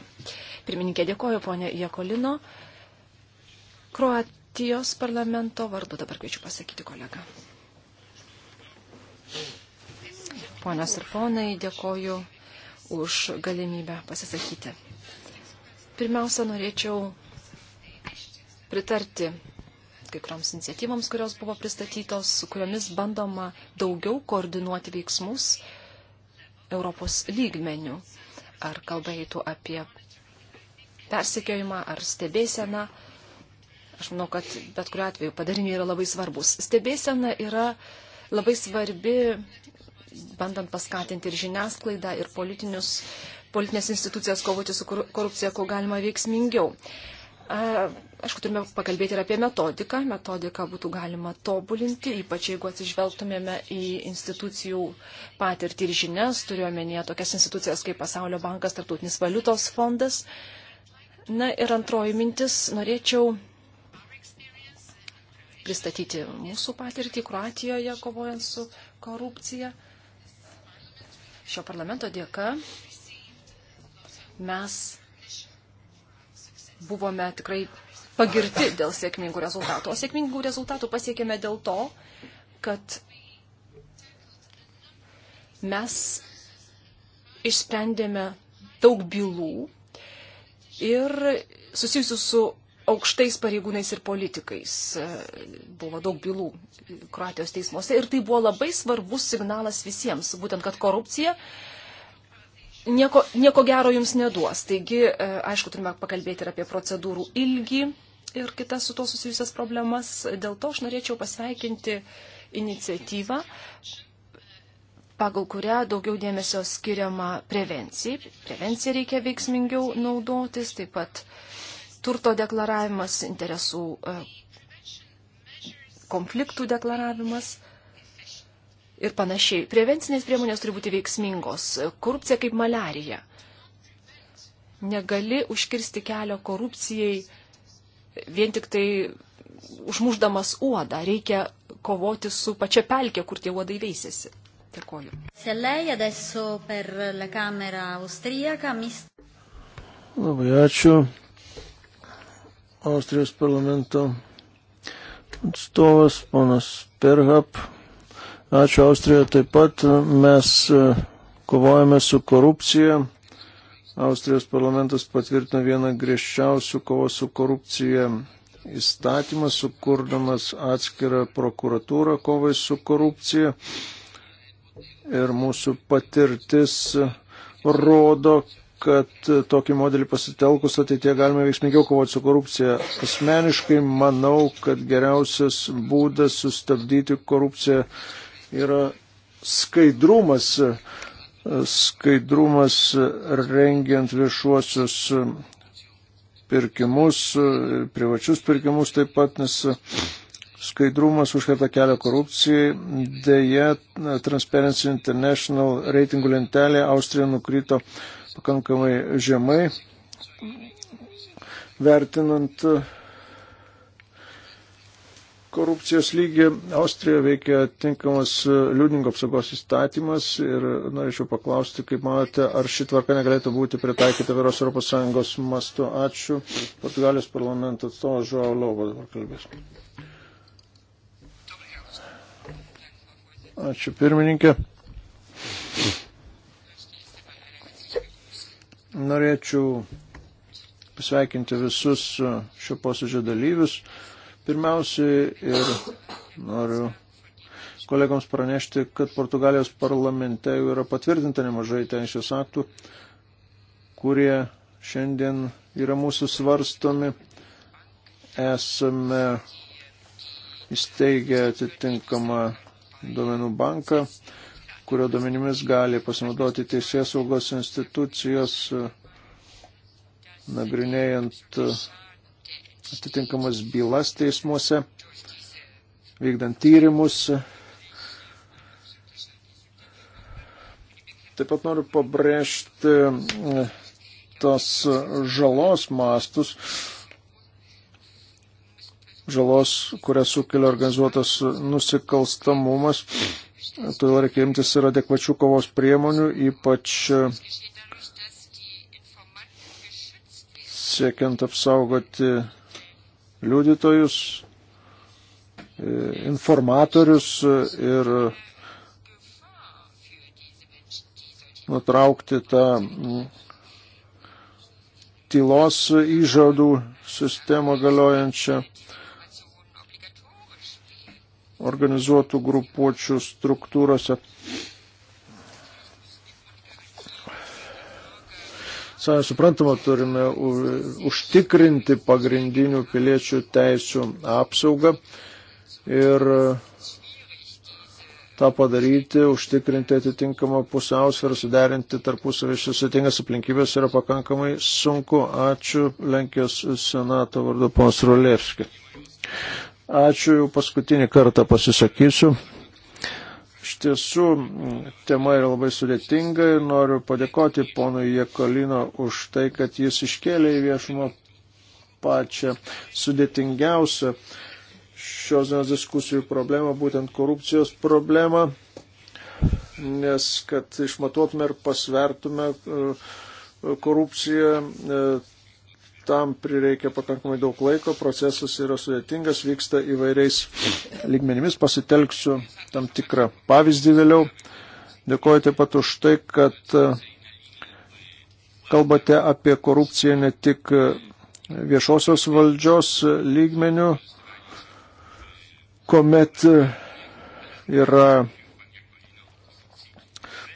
[SPEAKER 3] Pirmininkė dėkoju, ponė Jekolino. Kroatijos parlamento vardu dabar kviečiu pasakyti kolegą. Ponios ir ponai, dėkoju už galimybę pasisakyti. Pirmiausia, norėčiau pritarti kai kurioms iniciatyvams, kurios buvo pristatytos, su kuriomis bandoma daugiau koordinuoti veiksmus Europos lygmenių. Ar kalba eitų apie persekiojimą ar stebėseną. Aš manau, kad bet kuriu atveju padariniai yra labai svarbus. Stebėsena yra labai svarbi, bandant paskatinti ir žiniasklaidą, ir politinės institucijas kovoti su korupcija, kuo galima veiksmingiau. Aišku, turime pakalbėti ir apie metodiką. Metodiką būtų galima tobulinti, ypač jeigu atsižvelgtumėme į institucijų patirtį ir žinias, turiuomenėje tokias institucijas kaip Pasaulio bankas, Tartutinis valiutos fondas. Na ir antroji mintis, norėčiau pristatyti mūsų patirtį Kroatijoje kovojant su korupcija. Šio parlamento dėka mes buvome tikrai pagirti dėl sėkmingų rezultatų. O sėkmingų rezultatų pasiekėme dėl to, kad mes išsprendėme daug bylų ir susijusių su aukštais pareigūnais ir politikais. E, buvo daug bylų Kroatijos teismuose ir tai buvo labai svarbus signalas visiems, būtent kad korupcija nieko, nieko gero jums neduos. Taigi, e, aišku, turime pakalbėti ir apie procedūrų ilgį, ir kitas su to susijusias problemas. Dėl to aš norėčiau pasveikinti iniciatyvą, pagal kurią daugiau dėmesio skiriama prevencijai. Prevenciją reikia veiksmingiau naudotis, taip pat turto deklaravimas, interesų e, konfliktų deklaravimas ir panašiai. Prevencinės priemonės turi būti veiksmingos. Korupcija kaip malarija. Negali užkirsti kelio korupcijai vien tik tai užmuždamas uodą. Reikia kovoti su pačia pelkė, kur tie uodai veisėsi. Dėkoju.
[SPEAKER 2] Labai ačiū. Austrijos parlamento atstovas, ponas Perhap. Ačiū Austrijoje taip pat. Mes e, kovojame su korupcija Austrijos parlamentas patvirtino vieną griežčiausių kovos su korupcija įstatymą, sukurdamas atskirą prokuratūrą kovai su korupcija. Ir mūsų patirtis rodo, kad tokį modelį pasitelkus ateitie galime veiksmingiau kovoti su korupcija. Asmeniškai manau, kad geriausias būdas sustabdyti korupciją yra skaidrumas skaidrumas rengiant viešuosius pirkimus, privačius pirkimus taip pat, nes skaidrumas užkerta kelią korupcijai. Deja, Transparency International reitingų lentelė Austrija nukrito pakankamai žemai, vertinant korupcijos lygį. Austrijoje veikia tinkamas e, liūdingo apsaugos įstatymas ir norėčiau paklausti, kaip manote, ar ši tvarka negalėtų būti pritaikyta vėros ES mastu. Ačiū. Portugalijos parlamento atstovas Žuo Lobo dabar kalbės. Ačiū pirmininkė. Norėčiau pasveikinti visus e, šio posėdžio dalyvius. Pirmiausiai ir noriu kolegoms pranešti, kad Portugalijos parlamente jau yra patvirtinta nemažai teisės aktų, kurie šiandien yra mūsų svarstomi. Esame įsteigę atitinkamą duomenų banką, kurio duomenimis gali pasinaudoti teisės saugos institucijos, nagrinėjant atitinkamas bylas teismuose, vykdant tyrimus. Taip pat noriu pabrėžti e, tos žalos mastus, žalos, kurią sukelia organizuotas nusikalstamumas. Todėl reikia imtis ir adekvačių kovos priemonių, ypač e, siekiant apsaugoti liudytojus, e, informatorius e, ir nutraukti tą tylos įžadų sistemą galiojančią organizuotų grupuočių struktūrose. Savai suprantama, turime užtikrinti pagrindinių piliečių teisų apsaugą ir e, tą padaryti, užtikrinti atitinkamą pusiausvyrą, suderinti tarpusavį šias atingas aplinkybės yra pakankamai sunku. Ačiū Lenkijos senato vardu Pons Rulevski. Ačiū, jau paskutinį kartą pasisakysiu. Iš tiesų, tema yra labai sudėtinga ir noriu padėkoti ponui Jekolino už tai, kad jis iškėlė į viešumą pačią sudėtingiausią šios dienos diskusijų problemą, būtent korupcijos problemą, nes kad išmatuotume ir pasvertume e, korupciją, e, tam prireikia pakankamai daug laiko, procesas yra sudėtingas, vyksta įvairiais lygmenimis, pasitelksiu tam tikrą pavyzdį vėliau. Dėkuoju taip pat už tai, kad e, kalbate apie korupciją ne tik e, viešosios valdžios e, lygmenių, kuomet yra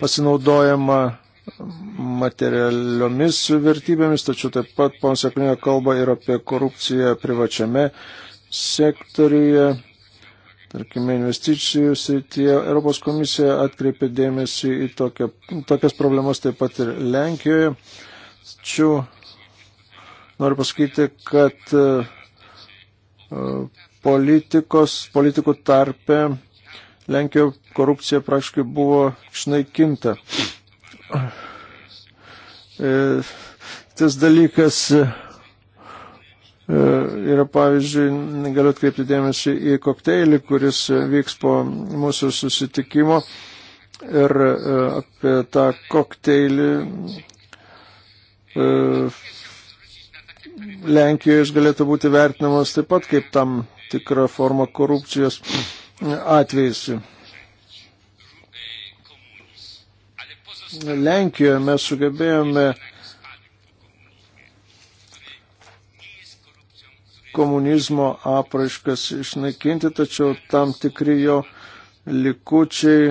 [SPEAKER 2] pasinaudojama materialiomis vertybėmis, tačiau taip pat ponsekminė kalba ir apie korupciją privačiame sektoriuje, tarkime, investicijų srityje. Europos komisija atkreipė dėmesį į tokia, tokias problemas taip pat ir Lenkijoje. Tačiau noriu pasakyti, kad e, politikos, politikų tarpe Lenkijoje korupcija praškai buvo išnaikinta. E, tas dalykas e, yra, pavyzdžiui, galiu atkreipti dėmesį į kokteilį, kuris vyks po mūsų susitikimo ir e, apie tą kokteilį Lenkijoje jis galėtų būti vertinamas taip pat kaip tam tikra forma korupcijos atvejais. Lenkijoje mes sugebėjome komunizmo apraiškas išnaikinti, tačiau tam tikri jo likučiai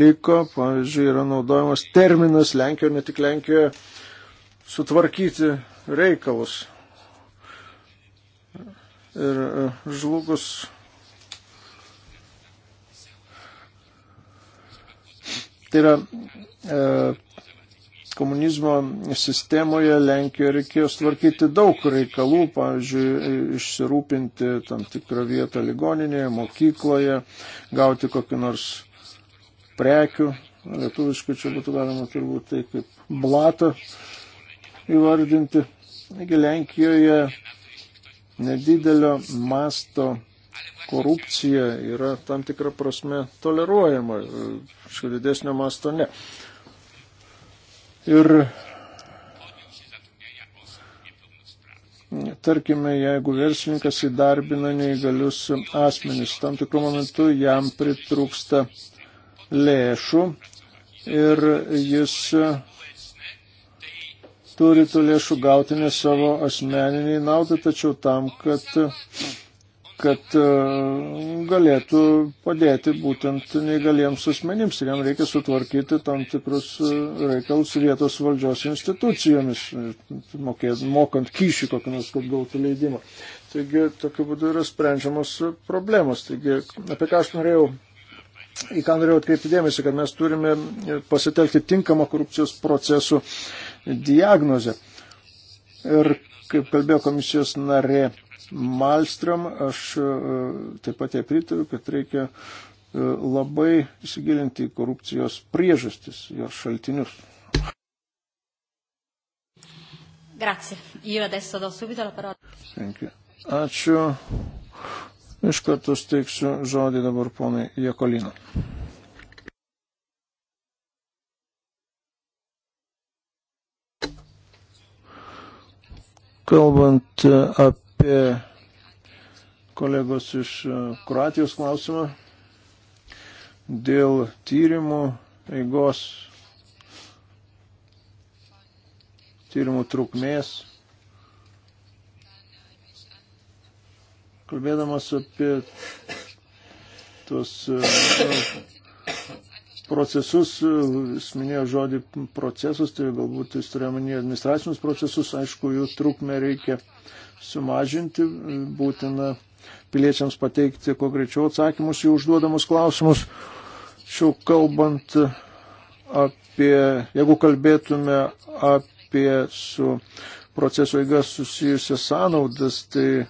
[SPEAKER 2] liko, pavyzdžiui, yra naudojamas terminas Lenkijoje, ne tik Lenkijoje, sutvarkyti reikalus. Ir e, žlugus tai yra E, komunizmo sistemoje Lenkijoje reikėjo tvarkyti daug reikalų, pavyzdžiui, išsirūpinti tam tikrą vietą ligoninėje, mokykloje, gauti kokį nors prekių, lietuviškai čia būtų galima turbūt tai kaip blatą įvardinti. Taigi Lenkijoje nedidelio masto korupcija yra tam tikrą prasme toleruojama, šio didesnio masto ne. Ir tarkime, jeigu verslininkas įdarbina neįgalius asmenys, tam tikrų momentų jam pritrūksta lėšų ir jis turi tų lėšų gauti ne savo asmeniniai naudai, tačiau tam, kad kad e, galėtų padėti būtent neįgaliems asmenims ir jam reikia sutvarkyti tam tikrus e, reikalus vietos valdžios institucijomis, e, mokės, mokant kyšį kokį nors, kad gautų leidimą. Taigi, tokiu būdu yra sprendžiamos problemos. Taigi, apie ką aš norėjau į ką norėjau atkreipti dėmesį, kad mes turime pasitelkti tinkamą korupcijos procesų diagnozę. Ir kaip kalbėjo komisijos narė Malstrom. Aš e, taip pat jai pritariu, kad reikia e, labai įsigilinti į korupcijos priežastis, jos šaltinius.
[SPEAKER 1] Grazie. Io adesso do subito la parola.
[SPEAKER 2] Thank you. Ačiū. Iš karto steiksiu žodį dabar ponai Jekolino. Kalbant apie apie kolegos iš e, Kroatijos klausimą dėl tyrimų eigos, tyrimų trukmės. Kalbėdamas apie tuos e, procesus, e, jis minėjo žodį procesus, tai galbūt jis turėjo minėti administracinius procesus, aišku, jų trukmę reikia sumažinti, būtina piliečiams pateikti kuo greičiau atsakymus į užduodamus klausimus. Šiau kalbant apie, jeigu kalbėtume apie su proceso eiga susijusias sąnaudas, tai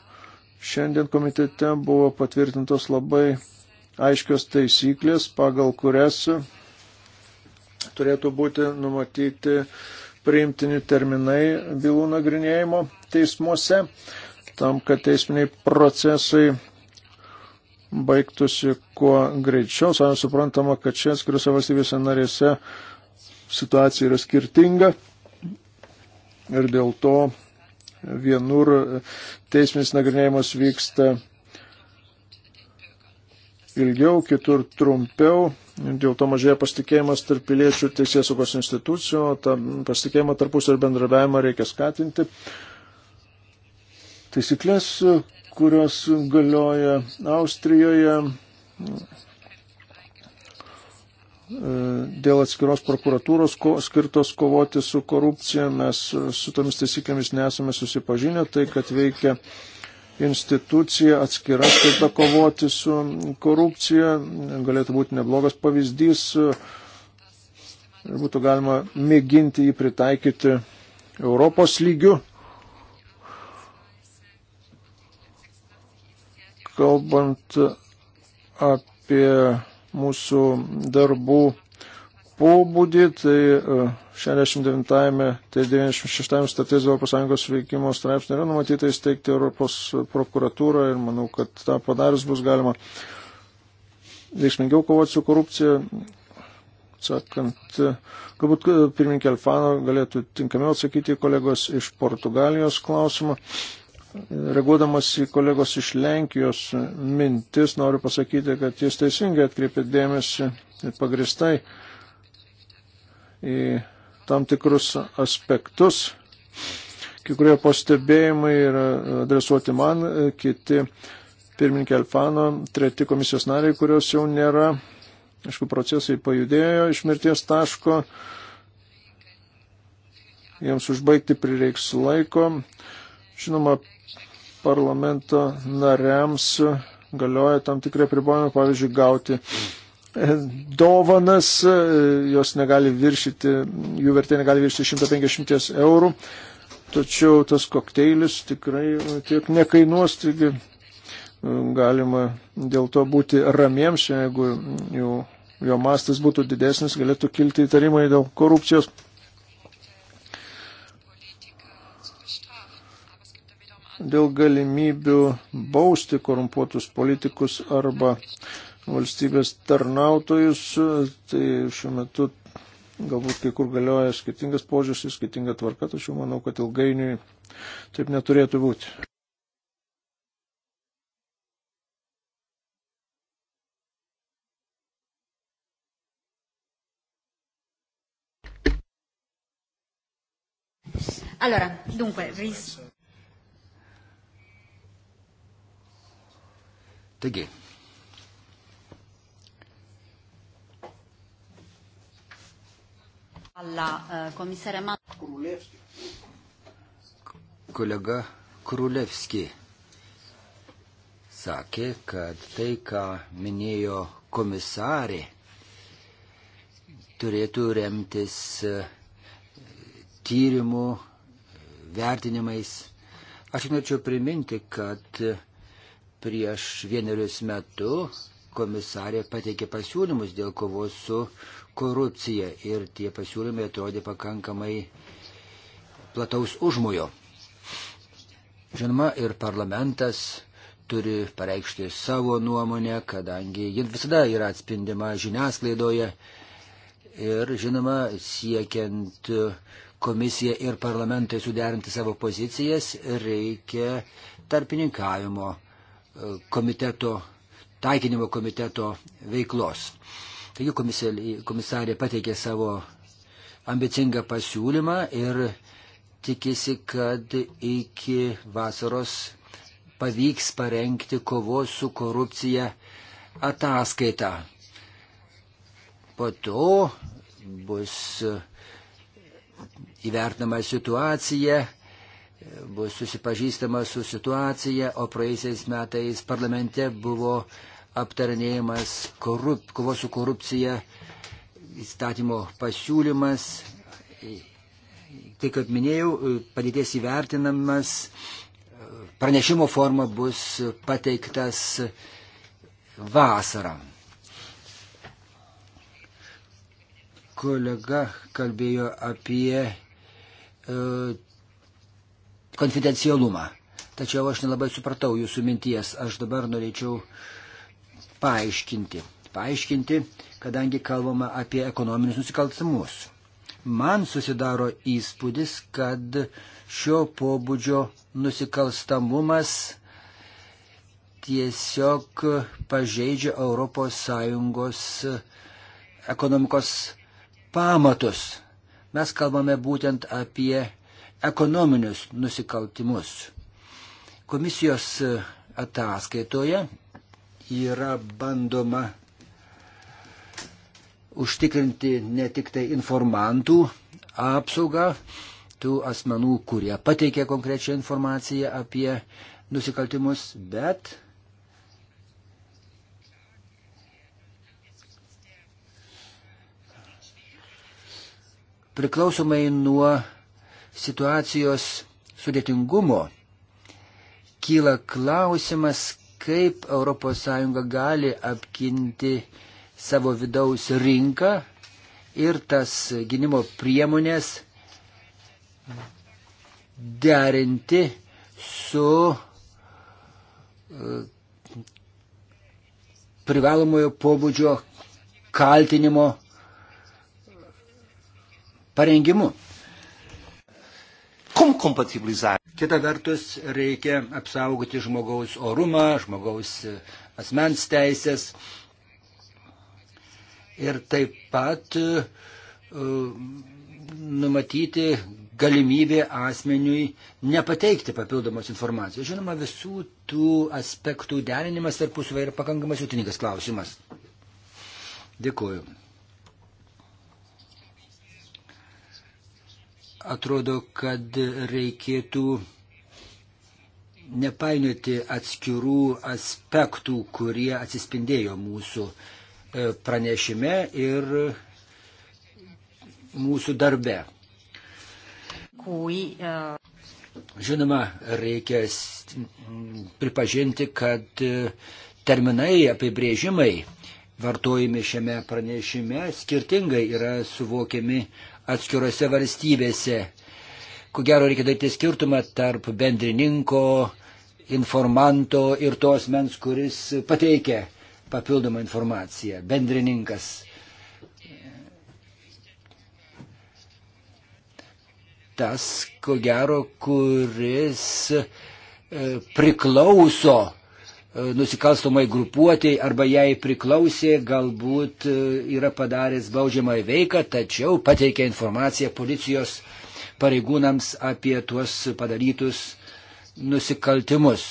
[SPEAKER 2] šiandien komitete buvo patvirtintos labai aiškios taisyklės, pagal kurias turėtų būti numatyti priimtini terminai bylų nagrinėjimo teismuose, tam, kad teisminiai procesai baigtųsi kuo greičiau. Savai suprantama, kad čia atskiriuose valstybėse narėse situacija yra skirtinga ir dėl to vienur teisminis nagrinėjimas vyksta ilgiau, kitur trumpiau dėl to mažėja pasitikėjimas tarp piliečių ir teisėsaugos institucijų, tą pasitikėjimą tarpusio ir bendravimą reikia skatinti. Taisyklės, kurios galioja Austrijoje dėl atskiros prokuratūros ko, skirtos kovoti su korupcija, mes su tomis taisyklėmis nesame susipažinę, tai kad veikia institucija atskira skirta kovoti su korupcija galėtų būti neblogas pavyzdys ir būtų galima mėginti jį pritaikyti Europos lygiu. Kalbant apie mūsų darbų pobūdį, tai 69-ame, tai 96-ame statys ES veikimo straipsnė yra numatyta įsteigti Europos prokuratūrą ir manau, kad tą padarius bus galima veiksmingiau kovoti su korupcija. Sakant, galbūt pirmininkė Alfano galėtų tinkamiau atsakyti kolegos iš Portugalijos klausimą. Reaguodamas į kolegos iš Lenkijos mintis, noriu pasakyti, kad jis teisingai atkreipė dėmesį ir pagristai į tam tikrus aspektus. Kai kurie pastebėjimai yra adresuoti man, kiti pirmininkė Alfano, treti komisijos nariai, kurios jau nėra. Aišku, procesai pajudėjo iš mirties taško. Jiems užbaigti prireiks laiko. Žinoma, parlamento nariams galioja tam tikrai pribojimai, pavyzdžiui, gauti dovanas, e, jos negali viršyti, jų vertė negali viršyti 150 eurų, tačiau tas kokteilis tikrai e, tiek nekainuos, taigi e, galima dėl to būti ramiems, jeigu jų, jo mastas būtų didesnis, galėtų kilti įtarimai dėl korupcijos. Dėl galimybių bausti korumpuotus politikus arba uh, valstybės tarnautojus, tai šiuo metu galbūt kai kur galioja skirtingas požiūris, skirtinga tvarka, tačiau manau, kad ilgainiui taip neturėtų būti.
[SPEAKER 1] Allora, dunque, ris... Taigi, alla eh, komisarė man. Krulevski.
[SPEAKER 4] Kolega Krulevski sakė, kad tai, ką minėjo komisarė, turėtų remtis eh, tyrimų eh, vertinimais. Aš norėčiau priminti, kad prieš vienerius metus komisarė pateikė pasiūlymus dėl kovos su korupcija ir tie pasiūlymai atrodė pakankamai plataus užmojo. Žinoma, ir parlamentas turi pareikšti savo nuomonę, kadangi ji visada yra atspindima žiniasklaidoje ir, žinoma, siekiant komisiją ir parlamentai suderinti savo pozicijas, reikia tarpininkavimo e, komiteto taikinimo komiteto veiklos. Taigi komisarė pateikė savo ambicingą pasiūlymą ir tikisi, kad iki vasaros pavyks parengti kovos su korupcija ataskaitą. Po to bus įvertinama situacija, bus susipažįstama su situacija, o praeisiais metais parlamente buvo aptarinėjimas korup, kovos su korupcija, įstatymo pasiūlymas. Tai, kaip minėjau, padėties įvertinamas, pranešimo forma bus pateiktas vasarą. Kolega kalbėjo apie e, konfidencialumą. Tačiau aš nelabai supratau jūsų minties. Aš dabar norėčiau uh, paaiškinti. Paaiškinti, kadangi kalbama apie ekonominius nusikaltimus. Man susidaro įspūdis, kad šio pobūdžio nusikalstamumas tiesiog pažeidžia ES ekonomikos pamatus. Mes kalbame būtent apie ekonominius nusikaltimus. Komisijos ataskaitoje yra bandoma užtikrinti ne tik tai informantų apsaugą, tų asmenų, kurie pateikė konkrečią informaciją apie nusikaltimus, bet priklausomai nuo situacijos sudėtingumo kyla klausimas, kaip ES gali apginti savo vidaus rinką ir tas gynimo priemonės derinti su e, privalomojo pobūdžio kaltinimo parengimu. Como compatibilizar? Kita vertus, reikia apsaugoti žmogaus orumą, žmogaus e, asmens teisės ir taip pat uh, numatyti galimybė asmeniui nepateikti papildomos informacijos. Žinoma, visų tų aspektų derinimas tarpusavai yra pakankamai sutininkas klausimas. Dėkuoju. atrodo, kad reikėtų nepainioti atskirų aspektų, kurie atsispindėjo mūsų e, pranešime ir mūsų darbe.
[SPEAKER 1] E,
[SPEAKER 4] Žinoma, reikia pripažinti, kad e, terminai apibrėžimai vartojami šiame pranešime skirtingai yra suvokiami atskiruose valstybėse. Ko gero reikia daryti skirtumą tarp bendrininko, informanto ir tos mens, kuris pateikia papildomą informaciją. Bendrininkas. Tas, ko gero, kuris e, priklauso nusikalstamai grupuotėjai arba jai priklausė, galbūt e, yra padaręs baudžiamą veiką, tačiau pateikė informaciją policijos pareigūnams apie tuos padarytus nusikaltimus.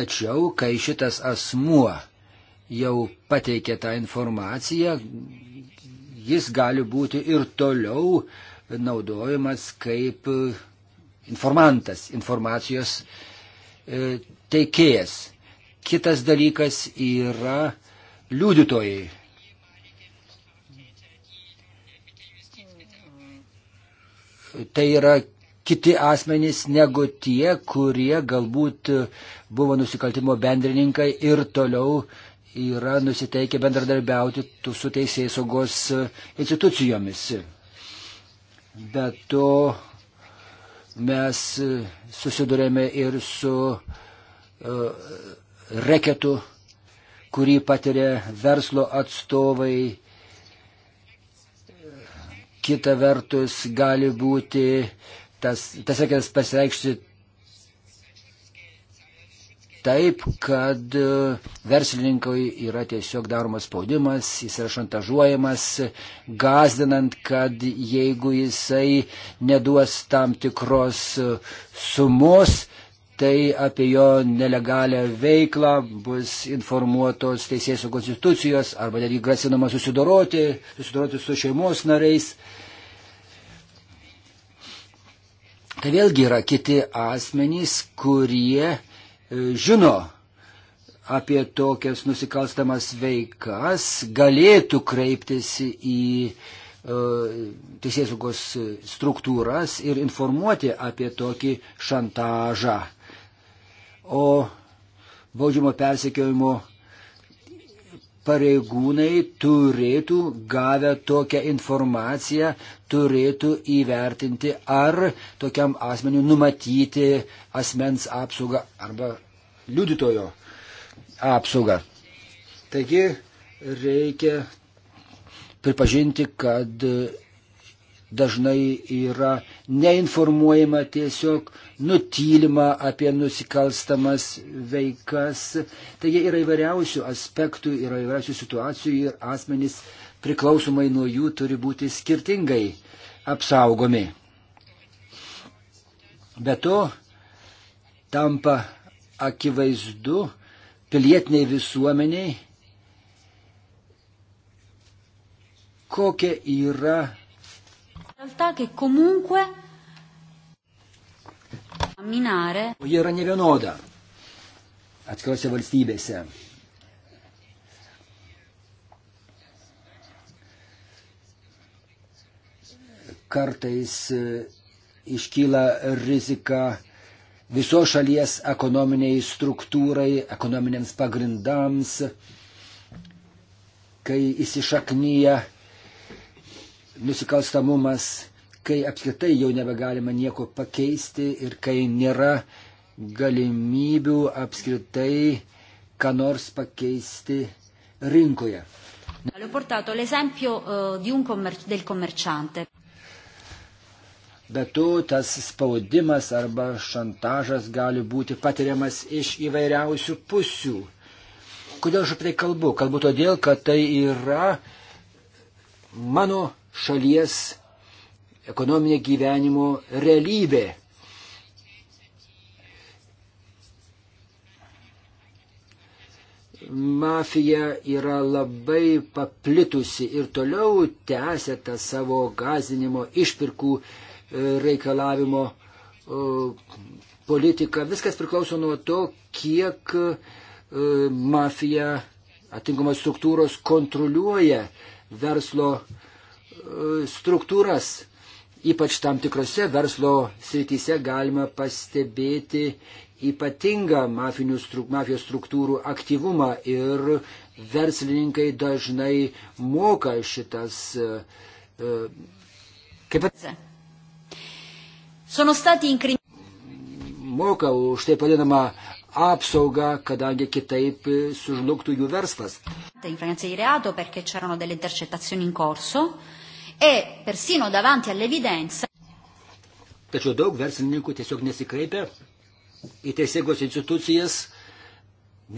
[SPEAKER 4] Tačiau, kai šitas asmuo jau pateikė tą informaciją, jis gali būti ir toliau naudojamas kaip informantas, informacijos e, teikėjas. Kitas dalykas yra liudytojai. Tai yra kiti asmenys negu tie, kurie galbūt buvo nusikaltimo bendrininkai ir toliau yra nusiteikę bendradarbiauti su teisėjai saugos institucijomis. Bet to mes e, susidurėme ir su uh, reketu, kurį patiria verslo atstovai. Kita vertus gali būti tas, tas reketas pasireikšti taip, kad e, verslininkai yra tiesiog daromas spaudimas, jis yra šantažuojamas, gazdinant, kad jeigu jisai neduos tam tikros e, sumos, tai apie jo nelegalią veiklą bus informuotos teisės konstitucijos arba netgi grasinama susidoroti, susidoroti su šeimos nariais. Tai vėlgi yra kiti asmenys, kurie žino apie tokias nusikalstamas veikas, galėtų kreiptis į e, teisėsaugos struktūras ir informuoti apie tokį šantažą. O baudžiamo persekiojimo pareigūnai turėtų gavę tokią informaciją, turėtų įvertinti, ar tokiam asmeniu numatyti asmens apsaugą arba liudytojo apsaugą. Taigi reikia pripažinti, kad dažnai yra neinformuojama tiesiog nutylimą apie nusikalstamas veikas. Taigi yra įvairiausių aspektų, yra įvairiausių situacijų ir asmenys priklausomai nuo jų turi būti skirtingai apsaugomi. Be to, tampa akivaizdu pilietiniai visuomeniai, kokia yra.
[SPEAKER 1] Realtà che comunque minare.
[SPEAKER 4] O jie yra ne vienoda atskirose valstybėse. Kartais e, iškyla rizika visos šalies ekonominiai struktūrai, ekonominiams pagrindams, kai įsišaknyja nusikalstamumas kai apskritai jau nebegalima nieko pakeisti ir kai nėra galimybių apskritai ką nors pakeisti rinkoje.
[SPEAKER 1] Ho portato l'esempio uh, di un commer del commerciante.
[SPEAKER 4] Be to, tas spaudimas arba šantažas gali būti patiriamas iš įvairiausių pusių. Kodėl aš apie tai kalbu? Kalbu todėl, kad tai yra mano šalies ekonominė gyvenimo realybė. mafija yra labai paplitusi ir toliau tęsia tą savo gazinimo išpirkų e, reikalavimo e, politiką. Viskas priklauso nuo to, kiek e, mafija atinkamos struktūros kontroliuoja verslo struktūras ypač tam tikrose verslo srityse galima pastebėti ypatingą struk, mafijos struktūrų aktyvumą ir verslininkai dažnai moka šitas. Uh, kaip at... Moka už taip vadinamą apsaugą, kadangi kitaip sužlugtų jų verslas.
[SPEAKER 1] Tai, e persino davanti all'evidenza.
[SPEAKER 4] Tačiau daug verslininkų tiesiog nesikreipia į teisėgos institucijas,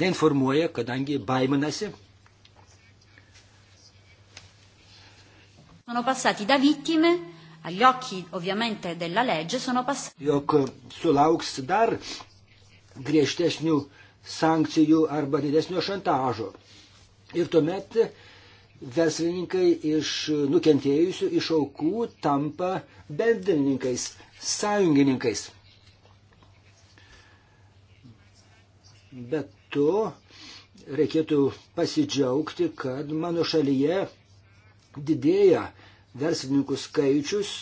[SPEAKER 4] neinformuoja, kadangi baiminasi.
[SPEAKER 1] Sono passati da vittime agli occhi ovviamente della legge sono passati.
[SPEAKER 4] Jok sulauks dar griežtesnių sankcijų arba didesnio šantažo. Ir tuomet verslininkai iš nukentėjusių, iš aukų tampa bendrininkais, sąjungininkais. Bet to reikėtų pasidžiaugti, kad mano šalyje didėja verslininkų skaičius,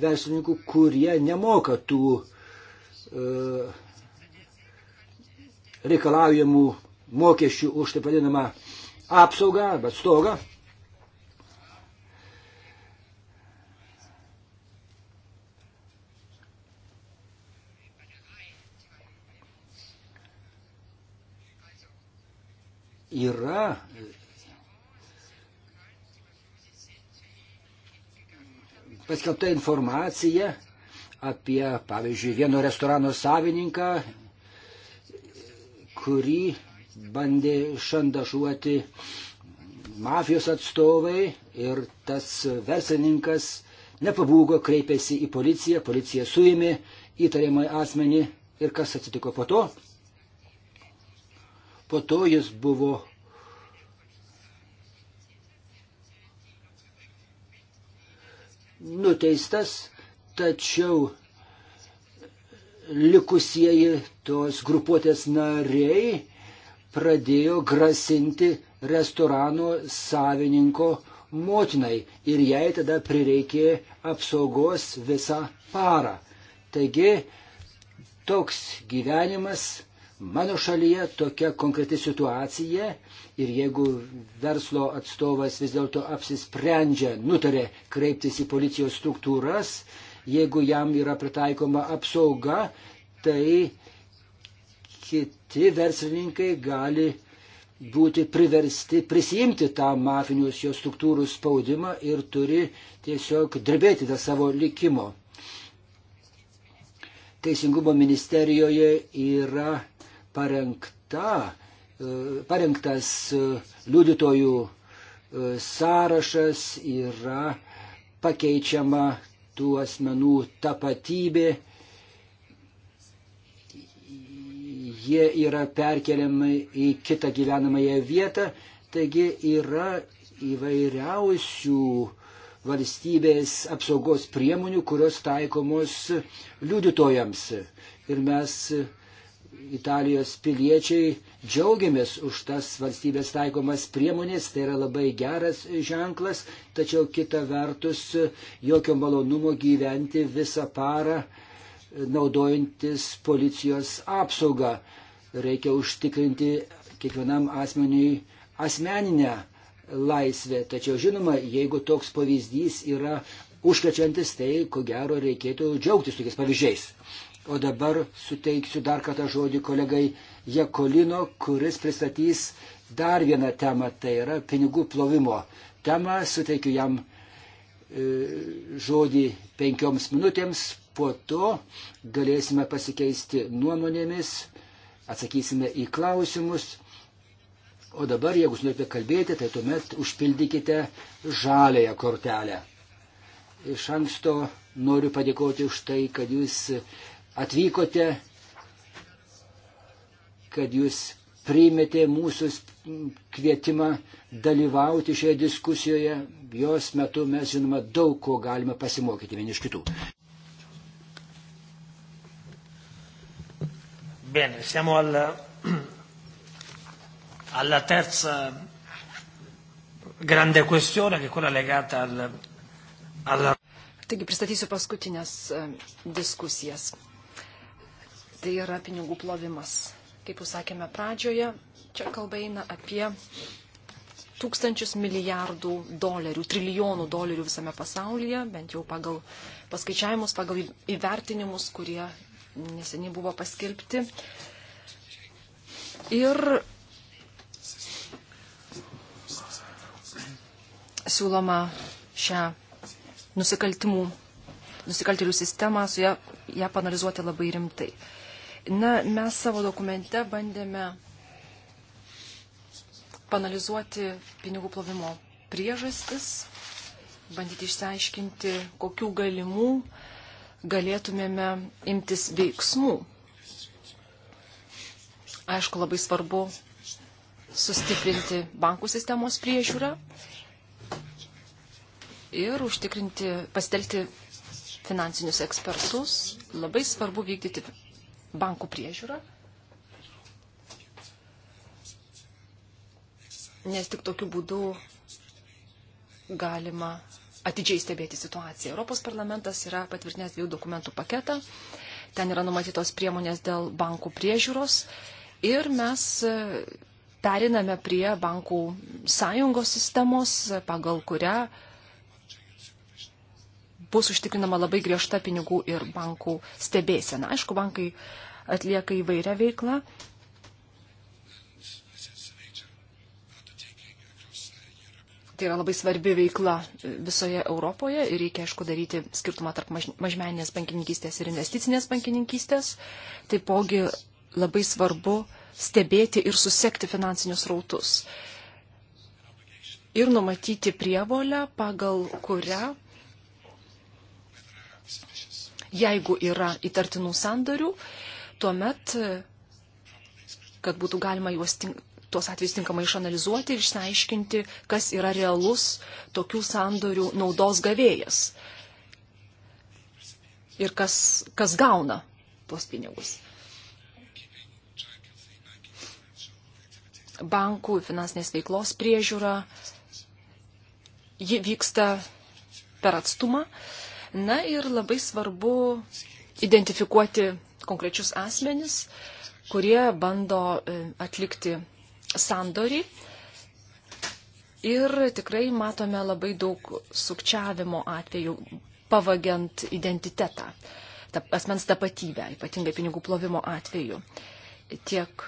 [SPEAKER 4] verslininkų, kurie nemoka tų e, reikalaujamų mokesčių už taip vadinamą apsaugą arba stogą. Yra paskelbta informacija apie, pavyzdžiui, vieno restorano savininką, kurį bandė šandažuoti mafijos atstovai ir tas verslininkas nepabūgo, kreipėsi į policiją, policija suėmė įtariamąjį asmenį ir kas atsitiko po to? Po to jis buvo nuteistas, tačiau likusieji tos grupuotės nariai pradėjo grasinti restorano savininko motinai ir jai tada prireikė apsaugos visą parą. Taigi toks gyvenimas mano šalyje, tokia konkreti situacija ir jeigu verslo atstovas vis dėlto apsisprendžia, nutarė kreiptis į policijos struktūras, jeigu jam yra pritaikoma apsauga, tai kit kiti verslininkai gali būti priversti prisijimti tą mafinius jo struktūrų spaudimą ir turi tiesiog drebėti dėl savo likimo. Teisingumo ministerijoje yra parengta, e, parengtas e, liudytojų e, sąrašas, yra pakeičiama tų asmenų tapatybė jie yra perkeliami į kitą gyvenamąją vietą, taigi yra įvairiausių valstybės apsaugos priemonių, kurios taikomos liudytojams. Ir mes Italijos piliečiai džiaugiamės už tas valstybės taikomas priemonės, tai yra labai geras ženklas, tačiau kita vertus jokio malonumo gyventi visą parą naudojantis policijos apsaugą. Reikia užtikrinti kiekvienam asmeniui asmeninę laisvę. Tačiau žinoma, jeigu toks pavyzdys yra užkrečiantis, tai ko gero reikėtų džiaugtis tokiais pavyzdžiais. O dabar suteiksiu dar kartą žodį kolegai Jekolino, kuris pristatys dar vieną temą, tai yra pinigų plovimo temą. Suteikiu jam e, žodį penkioms minutėms, po to galėsime pasikeisti nuomonėmis, atsakysime į klausimus. O dabar, jeigu norite kalbėti, tai tuomet užpildykite žalėją kortelę. Iš anksto noriu padėkoti už tai, kad jūs atvykote, kad jūs priimėte mūsų kvietimą dalyvauti šioje diskusijoje. Jos metu mes, žinoma, daug ko galime pasimokyti vieni iš kitų.
[SPEAKER 1] Bene, siamo al,
[SPEAKER 4] alla terza grande questione, che è quella legata al, alla.
[SPEAKER 3] Taigi pristatysiu paskutinės e, diskusijas. Tai yra pinigų plovimas. Kaip jūs sakėme pradžioje, čia kalba eina apie tūkstančius milijardų dolerių, trilijonų dolerių visame pasaulyje, bent jau pagal paskaičiavimus, pagal įvertinimus, kurie neseniai buvo paskelbti. Ir siūloma šią nusikaltimų, nusikaltėlių sistemą, su ją, ją panalizuoti labai rimtai. Na, mes savo dokumente bandėme panalizuoti pinigų plovimo priežastis, bandyti išsiaiškinti, kokių galimų uh, galėtumėme imtis veiksmų. Aišku, labai svarbu sustiprinti bankų sistemos priežiūrą ir užtikrinti, pastelti finansinius ekspertus. Labai svarbu vykdyti bankų priežiūrą, nes tik tokiu būdu galima atidžiai stebėti situaciją. Europos parlamentas yra patvirtinęs dviejų dokumentų paketą. Ten yra numatytos priemonės dėl bankų priežiūros. Ir mes e, periname prie bankų sąjungos sistemos, pagal kurią bus užtikrinama labai griežta pinigų ir bankų stebėsena. Aišku, bankai atlieka įvairią veiklą, tai yra labai svarbi veikla visoje Europoje ir reikia, aišku, daryti skirtumą tarp mažmeninės bankininkystės ir investicinės bankininkystės. Taipogi labai svarbu stebėti ir susekti finansinius rautus ir numatyti prievolę, pagal kurią, jeigu yra įtartinų sandarių, tuomet, kad būtų galima juos tuos atvejus tinkamai išanalizuoti ir išsiaiškinti, kas yra realus tokių sandorių naudos gavėjas ir kas, kas gauna tuos pinigus. Bankų finansinės veiklos priežiūra, ji vyksta per atstumą. Na ir labai svarbu identifikuoti konkrečius asmenis, kurie bando e, atlikti sandorį. Ir tikrai matome labai daug sukčiavimo atvejų, pavagiant identitetą, ta, asmens tapatybę, ypatingai pinigų plovimo atveju. Tiek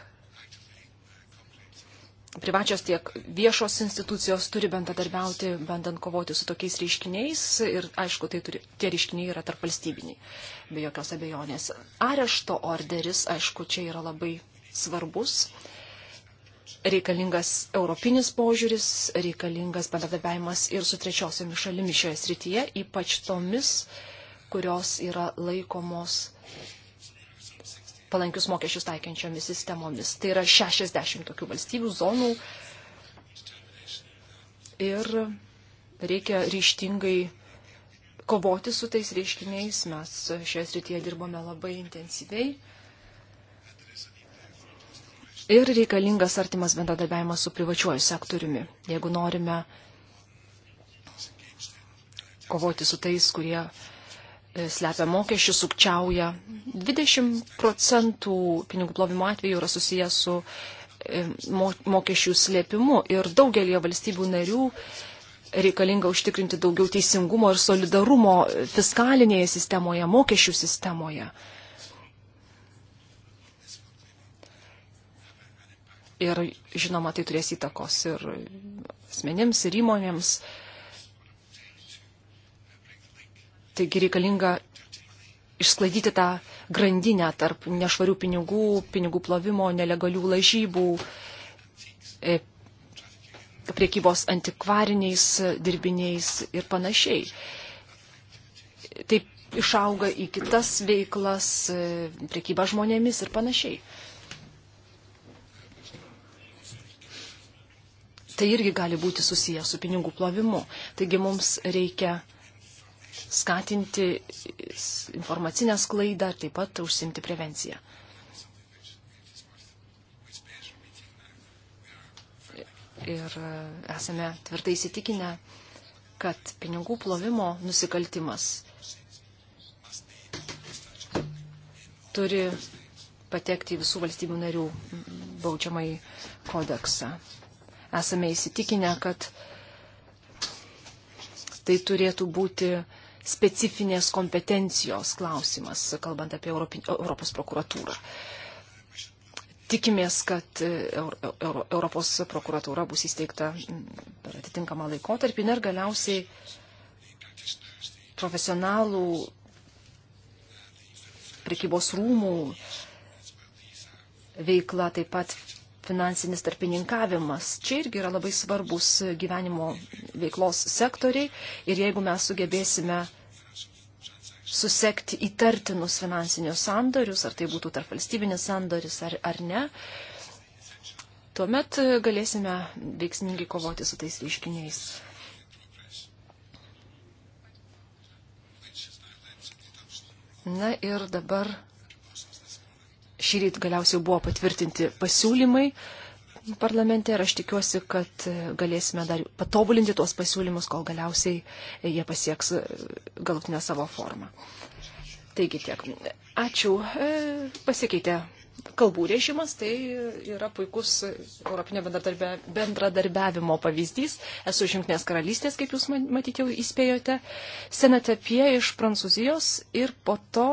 [SPEAKER 3] privačios, tiek viešos institucijos turi bendradarbiauti, bandant kovoti su tokiais reiškiniais ir, aišku, tai turi, tie reiškiniai yra tarp valstybiniai, be jokios abejonės. Arešto orderis, aišku, čia yra labai svarbus reikalingas europinis požiūris, reikalingas bendradarbiavimas ir su trečiosiomis šalimis šioje srityje, ypač tomis, kurios yra laikomos palankius mokesčius taikiančiomis sistemomis. Tai yra 60 tokių valstybių zonų ir reikia ryštingai kovoti su tais reiškiniais. Mes šioje srityje dirbome labai intensyviai ir reikalingas artimas bendradarbiavimas su privačiuoju sektoriumi, jeigu norime kovoti su tais, kurie e, slepia mokesčius, sukčiauja. 20 procentų pinigų plovimo atveju yra susijęs su e, mokesčių slėpimu ir daugelie valstybių narių reikalinga užtikrinti daugiau teisingumo ir solidarumo e, fiskalinėje sistemoje, mokesčių sistemoje. Ir žinoma, tai turės įtakos ir asmenims, ir įmonėms. Taigi reikalinga išsklaidyti tą grandinę tarp nešvarių pinigų, pinigų plovimo, nelegalių lažybų, e, priekybos antikvariniais dirbiniais ir panašiai. Taip išauga į kitas veiklas, e, priekybą žmonėmis ir panašiai. tai irgi gali būti susiję su pinigų plovimu. Taigi mums reikia skatinti informacinę sklaidą ir taip pat užsimti prevenciją. Ir esame tvirtai įsitikinę, kad pinigų plovimo nusikaltimas turi patekti į visų valstybių narių baudžiamąjį kodeksą. Esame įsitikinę, kad tai turėtų būti specifinės kompetencijos klausimas, kalbant apie Europin, Europos prokuratūrą. Tikimės, kad e, Euro, Europos prokuratūra bus įsteigta per atitinkamą laikotarpį ir galiausiai profesionalų prekybos rūmų veikla, taip pat finansinis tarpininkavimas. Čia irgi yra labai svarbus gyvenimo veiklos sektoriai ir jeigu mes sugebėsime susekti įtartinus finansinius sandorius, ar tai būtų tarp valstybinis sandoris ar, ar ne, tuomet galėsime veiksmingai kovoti su tais reiškiniais. Na ir dabar Šį rytą galiausiai buvo patvirtinti pasiūlymai parlamente ir aš tikiuosi, kad galėsime dar patobulinti tuos pasiūlymus, kol galiausiai jie pasieks galutinę savo formą. Taigi tiek. Ačiū. E, pasikeitė kalbų režimas, tai yra puikus Europinio bendradarbiavimo pavyzdys. Esu iš Junktinės karalystės, kaip jūs matyti jau įspėjote. Senatepie iš Prancūzijos ir po to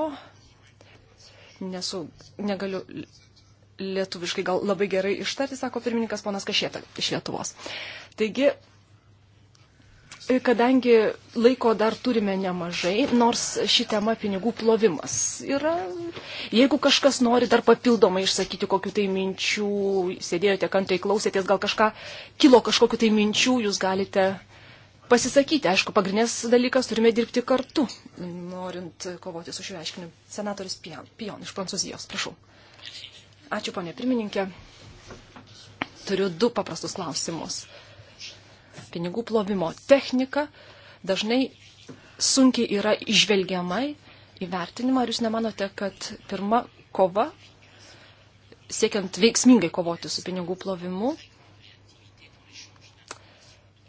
[SPEAKER 3] nesu, negaliu lietuviškai gal labai gerai ištarti, sako pirmininkas ponas Kašėta iš Lietuvos. Taigi, e, kadangi laiko dar turime nemažai, nors ši tema pinigų plovimas yra, jeigu kažkas nori dar papildomai išsakyti kokiu tai minčių, sėdėjote kantai klausėtės, gal kažką kilo kažkokiu tai minčių, jūs galite uh, pasisakyti. Aišku, pagrindinės dalykas turime dirbti kartu, norint kovoti su šiuo aiškiniu. Senatorius Pion, Pion iš Prancūzijos, prašau. Ačiū, ponė pirmininkė. Turiu du paprastus klausimus. Pinigų plovimo technika dažnai sunkiai yra išvelgiamai įvertinima. Ar jūs nemanote, kad pirma kova, siekiant veiksmingai kovoti su pinigų plovimu,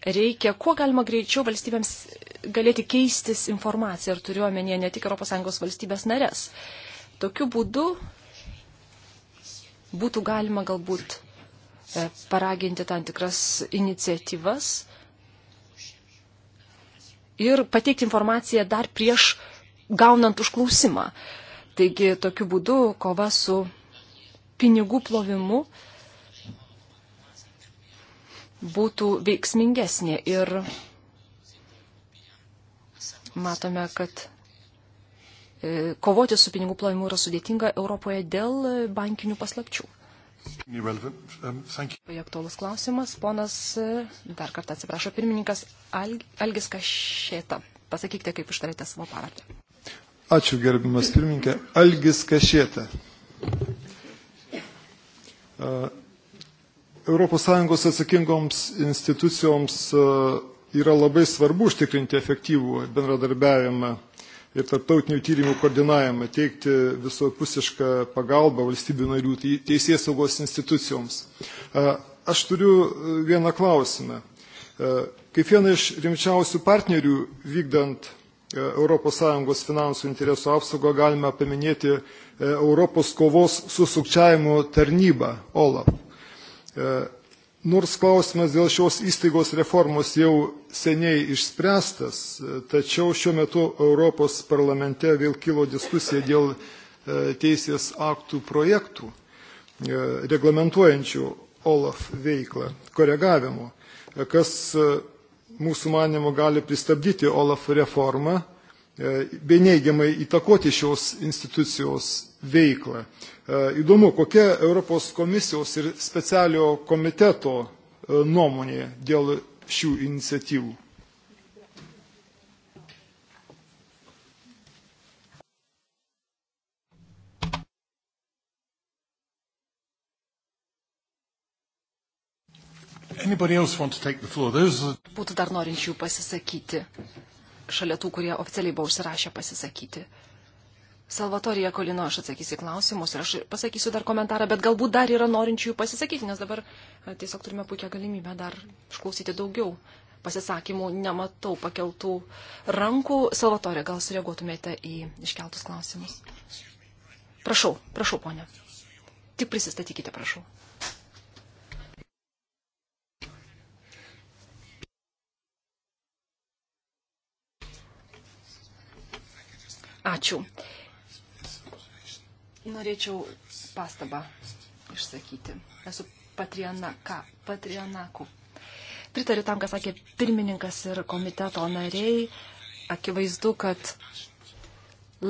[SPEAKER 3] reikia kuo galima greičiau valstybėms galėti keistis informaciją ir turiuomenėje ne tik ES valstybės narės. Tokiu būdu būtų galima galbūt e, paraginti tam tikras iniciatyvas ir pateikti informaciją dar prieš gaunant užklausimą. Taigi tokiu būdu kova su pinigų plovimu būtų veiksmingesnė ir matome, kad e, kovoti su pinigų plovimu yra sudėtinga Europoje dėl bankinių paslapčių.
[SPEAKER 5] Tai um,
[SPEAKER 3] aktuolus klausimas. Ponas, e, dar kartą atsiprašo, pirmininkas Algis Kašėta. Pasakykite, kaip ištarėte savo pavardę.
[SPEAKER 5] Ačiū, gerbimas pirmininkė. Algis Kašėta. Uh, ES atsakingoms institucijoms e, yra labai svarbu užtikrinti efektyvų bendradarbiavimą ir tarptautinių tyrimų koordinavimą, teikti visapusišką pagalbą valstybių narių teisės saugos institucijoms. E, aš turiu e, vieną klausimą. Kaip viena iš rimčiausių partnerių vykdant ES finansų interesų apsaugą galime paminėti Europos kovos su sukčiavimu tarnybą OLAP. E, nors klausimas dėl šios įstaigos reformos jau seniai išspręstas, e, tačiau šiuo metu Europos parlamente vėl kilo diskusija dėl e, teisės aktų projektų reglamentuojančių OLAF veiklą, koregavimo, kas mūsų manimo gali pristabdyti OLAF reformą E, bei neigiamai įtakoti šios institucijos veiklą. E, įdomu, kokia Europos komisijos ir specialio komiteto e, nuomonė dėl šių iniciatyvų.
[SPEAKER 3] Būtų dar norinčių pasisakyti šalia tų, kurie oficialiai buvo užsirašę pasisakyti. Salvatorija Kolino, aš atsakysiu klausimus ir aš pasakysiu dar komentarą, bet galbūt dar yra norinčių pasisakyti, nes dabar e, tiesiog turime puikią galimybę dar išklausyti daugiau pasisakymų, nematau pakeltų rankų. Salvatorija, gal sureaguotumėte į iškeltus klausimus? Prašau, prašau, ponė. Tik prisistatykite, prašau. Ačiū. Norėčiau pastabą išsakyti. Esu Patriana, ka, Patrianaku. Pritariu tam, ką sakė pirmininkas ir komiteto nariai. Akivaizdu, kad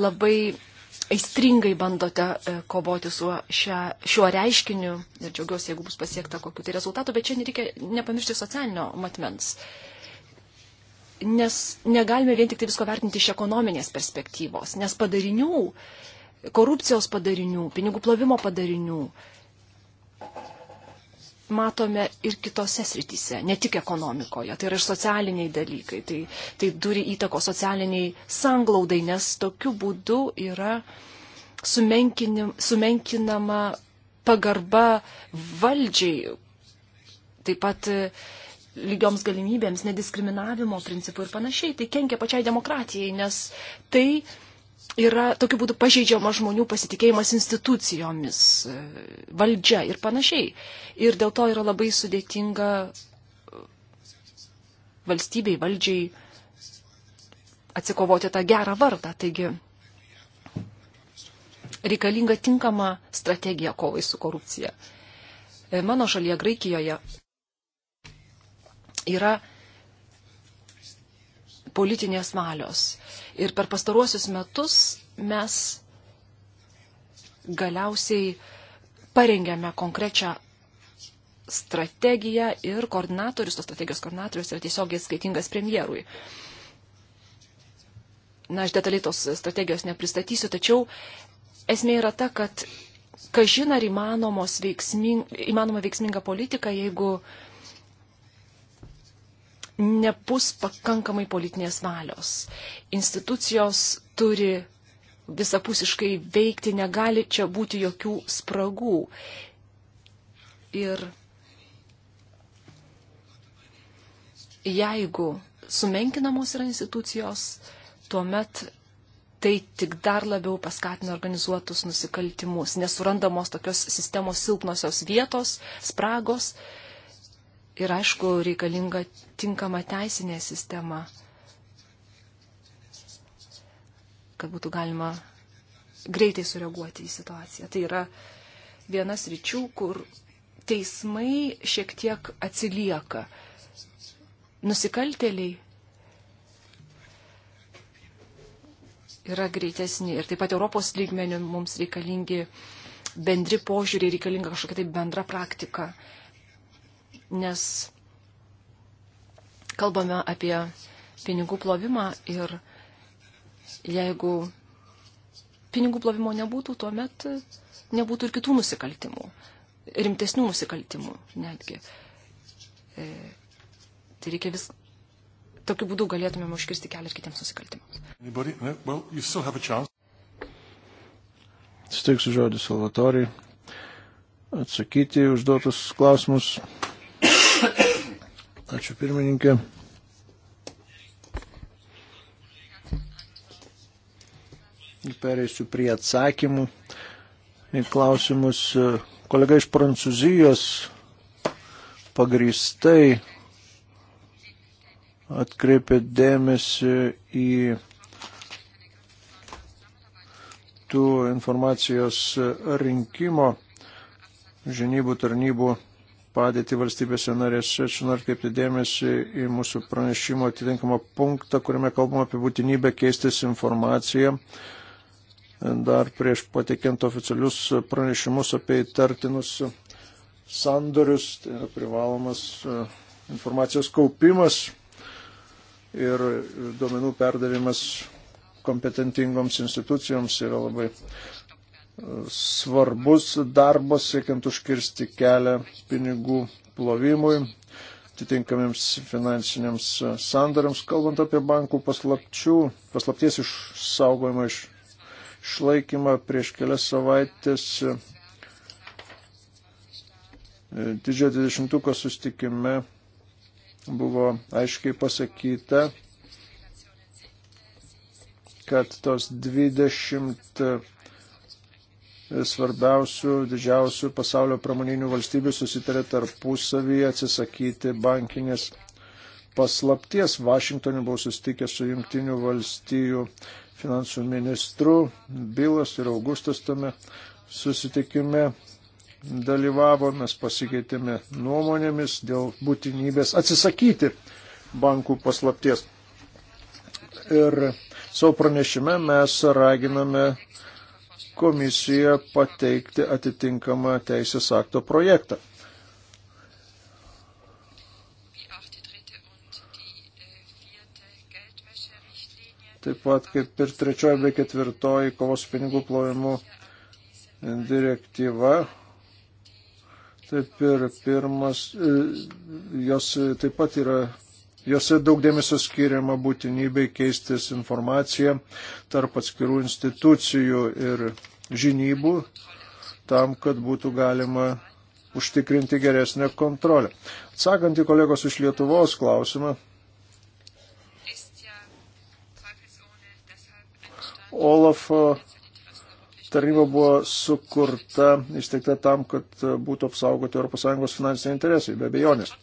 [SPEAKER 3] labai aistringai bandote e, kovoti su šia, šiuo reiškiniu ir džiaugiuosi, jeigu bus pasiekta kokiu tai rezultatu, bet čia nereikia nepamiršti socialinio matmens. Uh, nes negalime vien tik tai visko vertinti iš ekonominės perspektyvos, nes padarinių, korupcijos padarinių, pinigų plovimo padarinių matome ir kitose srityse, ne tik ekonomikoje, tai yra ir socialiniai dalykai, tai, tai turi įtako socialiniai sanglaudai, nes tokiu būdu yra sumenkinama pagarba valdžiai, taip pat lygioms galimybėms, nediskriminavimo principų ir panašiai. Tai kenkia pačiai demokratijai, nes tai yra tokiu būdu pažeidžiama žmonių pasitikėjimas institucijomis, valdžia ir panašiai. Ir dėl to yra labai sudėtinga valstybei, valdžiai atsikovoti tą gerą vardą. Taigi reikalinga tinkama strategija kovai su korupcija. Mano šalyje Graikijoje yra politinės valios. Ir per pastaruosius metus mes galiausiai parengėme konkrečią strategiją ir koordinatorius, tos strategijos koordinatorius yra tiesiogiai skaitingas premjerui. Na, aš detaliai tos strategijos nepristatysiu, tačiau esmė yra ta, kad kažin ar įmanomos veiksming, įmanoma veiksminga politika, jeigu uh, nebus pakankamai politinės valios. Institucijos turi visapusiškai veikti, negali čia būti jokių spragų. Ir jeigu sumenkinamos yra institucijos, tuomet tai tik dar labiau paskatina organizuotus nusikaltimus, nesurandamos tokios sistemos silpnosios vietos, spragos, Ir aišku, reikalinga tinkama teisinė sistema, kad būtų galima greitai sureaguoti į situaciją. Tai yra vienas ryčių, kur teismai šiek tiek atsilieka. Nusikaltėliai yra greitesni ir taip pat Europos lygmenių mums reikalingi bendri požiūriai, reikalinga kažkokia tai bendra praktika. Uh, nes kalbame apie pinigų plovimą ir jeigu pinigų plovimo nebūtų, tuomet nebūtų ir kitų nusikaltimų, rimtesnių nusikaltimų netgi. E, tai reikia vis. Tokiu būdu galėtumėm užkirsti kelią ir kitiems nusikaltimams.
[SPEAKER 5] Anybody? No? Well,
[SPEAKER 2] Steiksiu žodį Salvatoriai atsakyti užduotus klausimus. Ačiū pirmininkė. Pereisiu prie atsakymų į klausimus. Kolega iš Prancūzijos pagrįstai atkreipė dėmesį į tų informacijos rinkimo žinybų tarnybų padėtį valstybėse narėse. Čia noriu kreipti dėmesį į mūsų pranešimo atitinkamą punktą, kuriame kalbama apie būtinybę keistis informaciją. Dar prieš patikiant oficialius pranešimus apie įtartinus sandorius, tai yra privalomas e, informacijos kaupimas ir duomenų perdavimas kompetentingoms institucijoms yra labai svarbus darbas, siekiant užkirsti kelią pinigų plovimui, atitinkamiems finansiniams sandariams. Kalbant apie bankų paslapčių, paslapties išsaugojimą, iš, išlaikymą prieš kelias savaitės e, didžiojo dvidešimtuko sustikime buvo aiškiai pasakyta, kad tos 20 svarbiausių, didžiausių pasaulio pramoninių valstybių susitarė tarpusavyje atsisakyti bankinės paslapties. Vašingtonė buvo susitikęs su jungtinių valstybių finansų ministru, Bilas ir Augustas tame susitikime dalyvavo, mes pasikeitėme nuomonėmis dėl būtinybės atsisakyti bankų paslapties. Ir savo pranešime mes raginame komisiją pateikti atitinkamą teisės akto projektą. Taip pat kaip ir trečioji bei ketvirtoji kovos pinigų plovimų direktyva, taip ir pirmas, e, jos taip pat yra Jose daug dėmesio skiriama būtinybei keistis informaciją tarp atskirų institucijų ir žinybų tam, kad būtų galima užtikrinti geresnę kontrolę. Atsakant į kolegos iš Lietuvos klausimą, Olafo tarnyba buvo sukurta, įsteigta tam, kad būtų apsaugoti ES finansiniai interesai, be abejonės.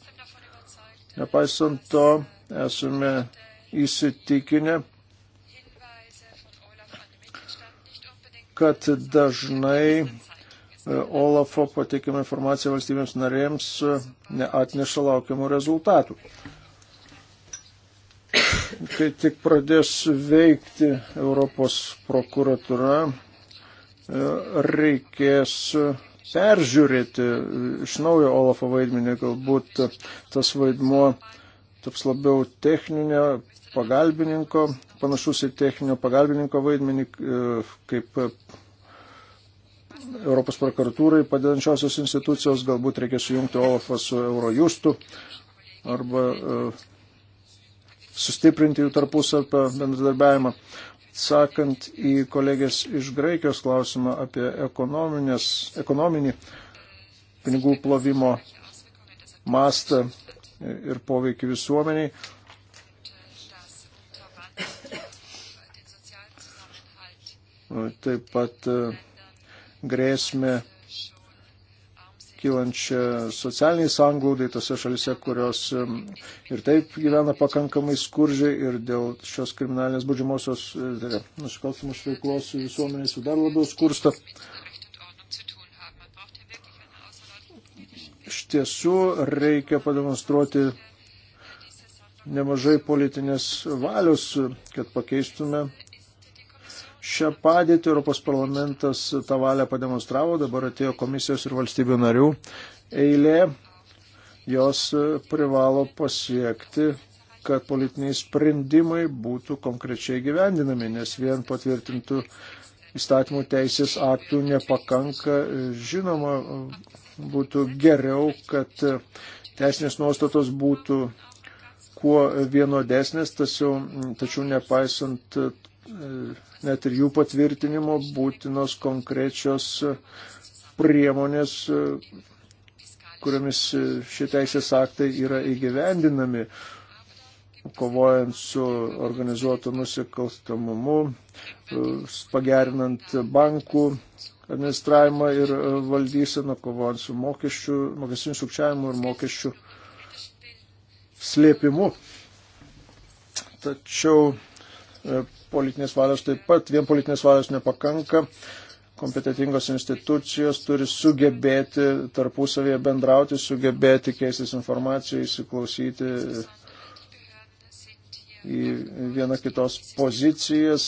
[SPEAKER 2] Nepaisant to, esame įsitikinę, kad dažnai e, Olafo pateikima informacija valstybėms narėms e, neatneša laukiamų rezultatų. Kai tik pradės veikti Europos prokuratura, e, reikės peržiūrėti iš naujo Olafo vaidmenį, galbūt tas vaidmuo taps labiau techninio pagalbininko, panašus į techninio pagalbininko vaidmenį, e, kaip Europos prokuratūrai padedančiosios institucijos, galbūt reikia sujungti Olafą su Eurojustu arba e, sustiprinti jų tarpusavio bendradarbiavimą. Sakant į kolegės iš Graikijos klausimą apie ekonominį pinigų plovimo mastą ir poveikį visuomeniai. Taip pat e, grėsmė kylančią socialiniai sanglaudai tose šalise, kurios ir taip gyvena pakankamai skurdžiai ir dėl šios kriminalinės būdžiamosios e, tai, nusikalstamos veiklos visuomenės dar labiau skursta. Iš tiesų reikia pademonstruoti nemažai politinės valios, kad pakeistume šią padėtį. Europos parlamentas tą valią pademonstravo, dabar atėjo komisijos ir valstybių narių eilė. Jos privalo pasiekti, kad politiniai sprendimai būtų konkrečiai gyvendinami, nes vien patvirtintų įstatymų teisės aktų nepakanka. Žinoma, būtų geriau, kad teisinės nuostatos būtų kuo vienodesnės, tačiau, tačiau nepaisant net ir jų patvirtinimo būtinos konkrečios priemonės, kuriamis šie teisės aktai yra įgyvendinami, kovojant su organizuotu nusikalstamumu, pagerinant bankų administravimą ir valdyseną, kovojant su mokesčių, mokestiniu sukčiavimu ir mokesčių slėpimu. Tačiau politinės valios taip pat, vien politinės valios nepakanka. Kompetitingos institucijos turi sugebėti tarpusavėje bendrauti, sugebėti keistis informaciją, įsiklausyti į vieną kitos pozicijas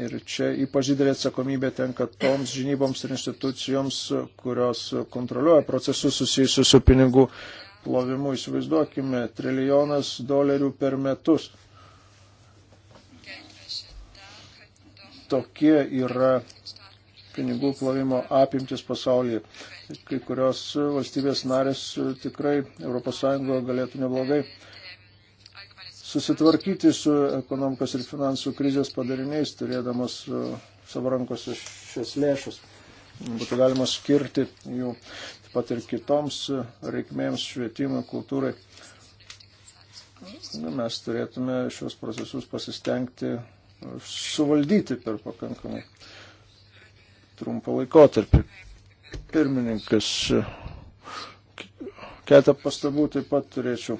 [SPEAKER 2] ir čia ypač didelė atsakomybė tenka toms žinyboms ir institucijoms, kurios kontroliuoja procesus susijusius su pinigų plovimu. Įsivaizduokime, trilijonas dolerių per metus tokie yra pinigų plovimo apimtis pasaulyje. Kai kurios valstybės narės tikrai ES galėtų neblogai susitvarkyti su ekonomikos ir finansų krizės padariniais, turėdamas e, savo rankose šias lėšas. Būtų galima skirti jų taip pat ir kitoms reikmėms, švietimui, kultūrai. Mes turėtume šios procesus pasistengti suvaldyti per pakankamai trumpą laikotarpį. Pirmininkas, keletą pastabų taip pat turėčiau.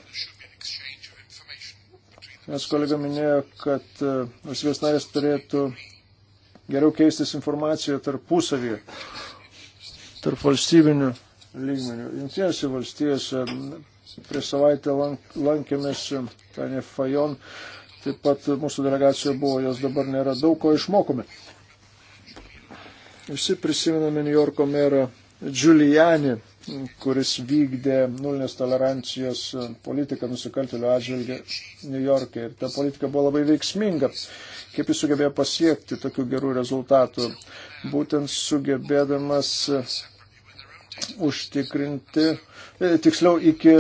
[SPEAKER 2] Nes kolega minėjo, kad e, valstybės narės turėtų geriau keistis informaciją tarpusavyje, tarp valstybinių lygmenių. Jungtinėse valstijose prieš savaitę lank, lankėmės e, Tanė Fajon taip pat mūsų delegacijoje buvo, jos dabar nėra daug ko išmokome. Visi prisimename New Yorko merą Giuliani, kuris vykdė nulinės tolerancijos politiką nusikaltėlių atžvilgių New York'e. Ir ta politika buvo labai veiksminga. Kaip jis sugebėjo pasiekti tokių gerų rezultatų? Būtent sugebėdamas užtikrinti, e, tiksliau iki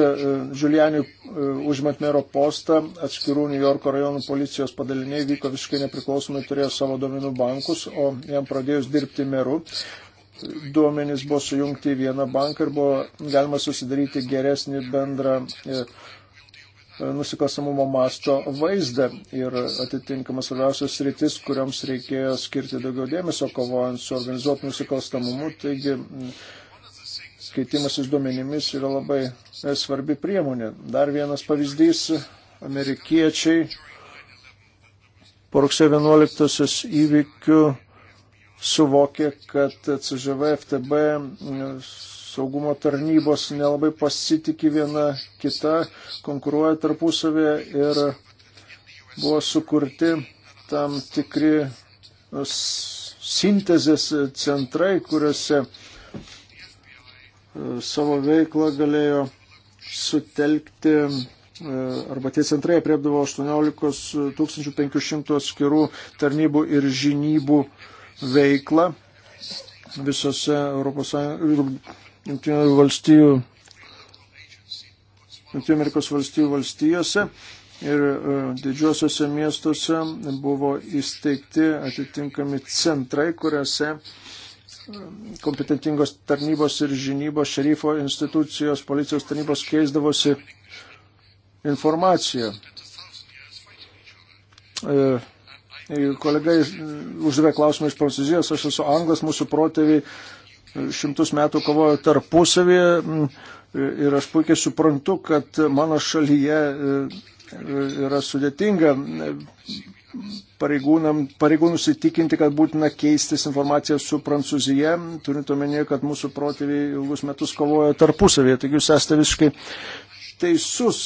[SPEAKER 2] Žiulianių e, e, užimant mero postą atskirų New Yorko rajonų policijos padaliniai vyko visiškai nepriklausomai, turėjo savo duomenų bankus, o jam pradėjus dirbti meru, duomenys buvo sujungti į vieną banką ir buvo galima susidaryti geresnį bendrą nusikasamumo masto vaizdą ir atitinkamas svarbiausios rytis, kuriams reikėjo skirti daugiau dėmesio kovojant su organizuotų nusikalstamumu. Taigi, keitimasis duomenimis yra labai e, svarbi priemonė. Dar vienas pavyzdys - amerikiečiai po rugsėjo 11 įvykių suvokė, kad CŽV FTB e, saugumo tarnybos nelabai pasitikė viena kita, konkuruoja tarpusavėje ir buvo sukurti tam tikri e, sintezės centrai, kuriuose savo veiklą galėjo sutelkti e, arba tie centrai apriepdavo 18 500 skirų tarnybų ir žinybų veiklą visose Europos Junktinių valstijų, Junktinių Amerikos valstijų valstijose ir e, didžiuosiuose miestuose buvo įsteigti atitinkami centrai, kuriuose kompetentingos tarnybos ir žinybos, šerifo institucijos, policijos tarnybos keisdavosi informaciją. E, e, Kolegai uždavė klausimą iš Prancūzijos, aš esu anglas, mūsų protėviai šimtus metų kovojo tarpusavėje ir aš puikiai suprantu, kad mano šalyje e, yra sudėtinga pareigūnus įtikinti, kad būtina keistis informaciją su Prancūzija, turint omenyje, kad mūsų protėviai ilgus metus kovojo tarpusavėje. Taigi jūs esate visiškai teisus.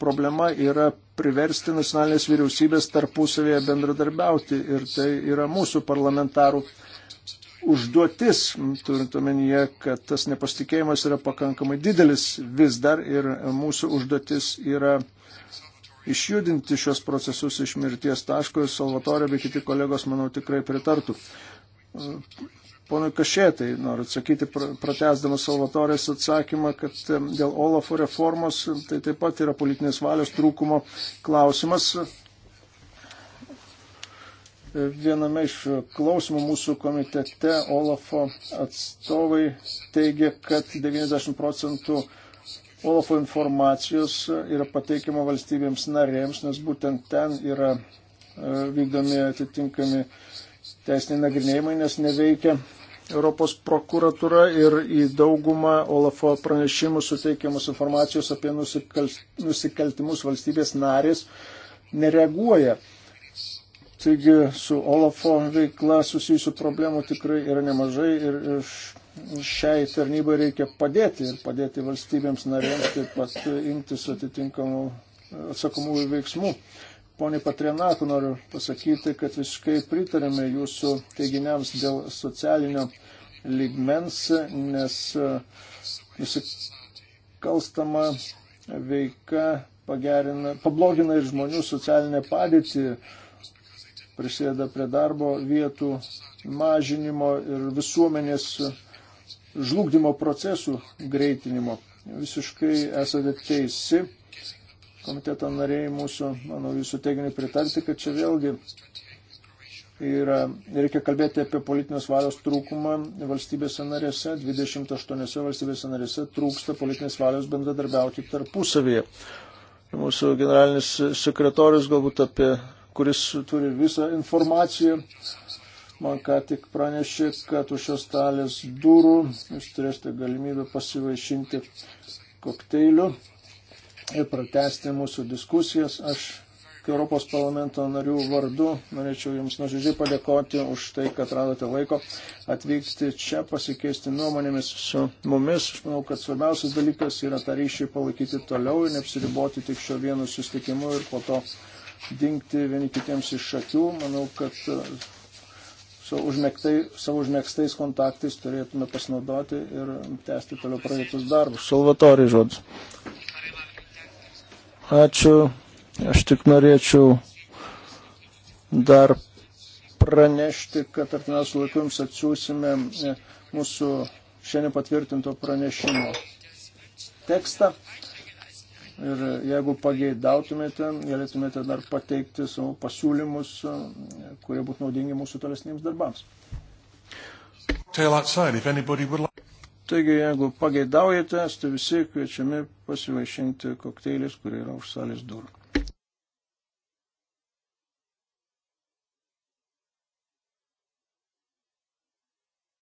[SPEAKER 2] Problema yra priversti nacionalinės vyriausybės tarpusavėje bendradarbiauti ir tai yra mūsų parlamentarų užduotis, turint omenyje, kad tas nepasitikėjimas yra pakankamai didelis vis dar ir mūsų užduotis yra išjudinti šios procesus iš mirties taško ir Salvatorė bei kiti kolegos, manau, tikrai pritartų. Ponui Kašėtai noriu atsakyti, pratesdamas Salvatorės atsakymą, kad dėl Olafo reformos tai taip pat yra politinės valios trūkumo klausimas. Viename iš klausimų mūsų komitete Olafo atstovai teigia, kad 90 procentų Olafo informacijos yra pateikiama valstybėms narėms, nes būtent ten yra e, vykdomi atitinkami teisiniai nagrinėjimai, nes neveikia Europos prokuratūra ir į daugumą Olafo pranešimų suteikiamus informacijos apie nusikaltimus valstybės narės nereaguoja. Taigi su Olafo veikla susijusių problemų tikrai yra nemažai ir iš šiai tarnybai reikia padėti ir padėti valstybėms narėms taip pat imtis atitinkamų atsakomųjų veiksmų. Pone Patrenaku, noriu pasakyti, kad visiškai pritarėme jūsų teiginiams dėl socialinio lygmens, nes e, nusikalstama veika pagerina, pablogina ir žmonių socialinę padėtį, prisėda prie darbo vietų mažinimo ir visuomenės žlugdymo procesų greitinimo. Visiškai esate teisi, komiteto nariai mūsų, manau, jūsų teiginiui pritarti, kad čia vėlgi yra, reikia kalbėti apie politinės valios trūkumą valstybėse narėse, 28 valstybėse narėse trūksta politinės valios bendradarbiauti tarpusavėje. Mūsų generalinis sekretorius galbūt apie, kuris turi visą informaciją man ką tik pranešė, kad už šios talės durų jūs turėsite galimybę pasivaišinti kokteiliu ir pratesti mūsų diskusijas. Aš Europos parlamento narių vardu norėčiau Jums nuoširdžiai padėkoti už tai, kad radote laiko atvykti čia, pasikeisti nuomonėmis su mumis. Aš manau, kad svarbiausias dalykas yra tą ryšį palaikyti toliau ir neapsiriboti tik šio vienu susitikimu ir po to dinkti vieni kitiems iš akių. Manau, kad su užmėgtai, savo užmėgstais kontaktais turėtume pasinaudoti ir tęsti toliau pradėtus darbus. Salvatoriai žodis. Ačiū. Aš tik norėčiau dar pranešti, kad artimiausiu laiku jums atsiūsime e, mūsų šiandien patvirtinto pranešimo tekstą. Ir jeigu pageidautumėte, galėtumėte dar pateikti savo pasiūlymus, kurie būtų naudingi mūsų tolesniems darbams. Taigi, jeigu pageidaujate, esate visi kviečiami pasivaišinti kokteiliais, kurie yra už salės durų.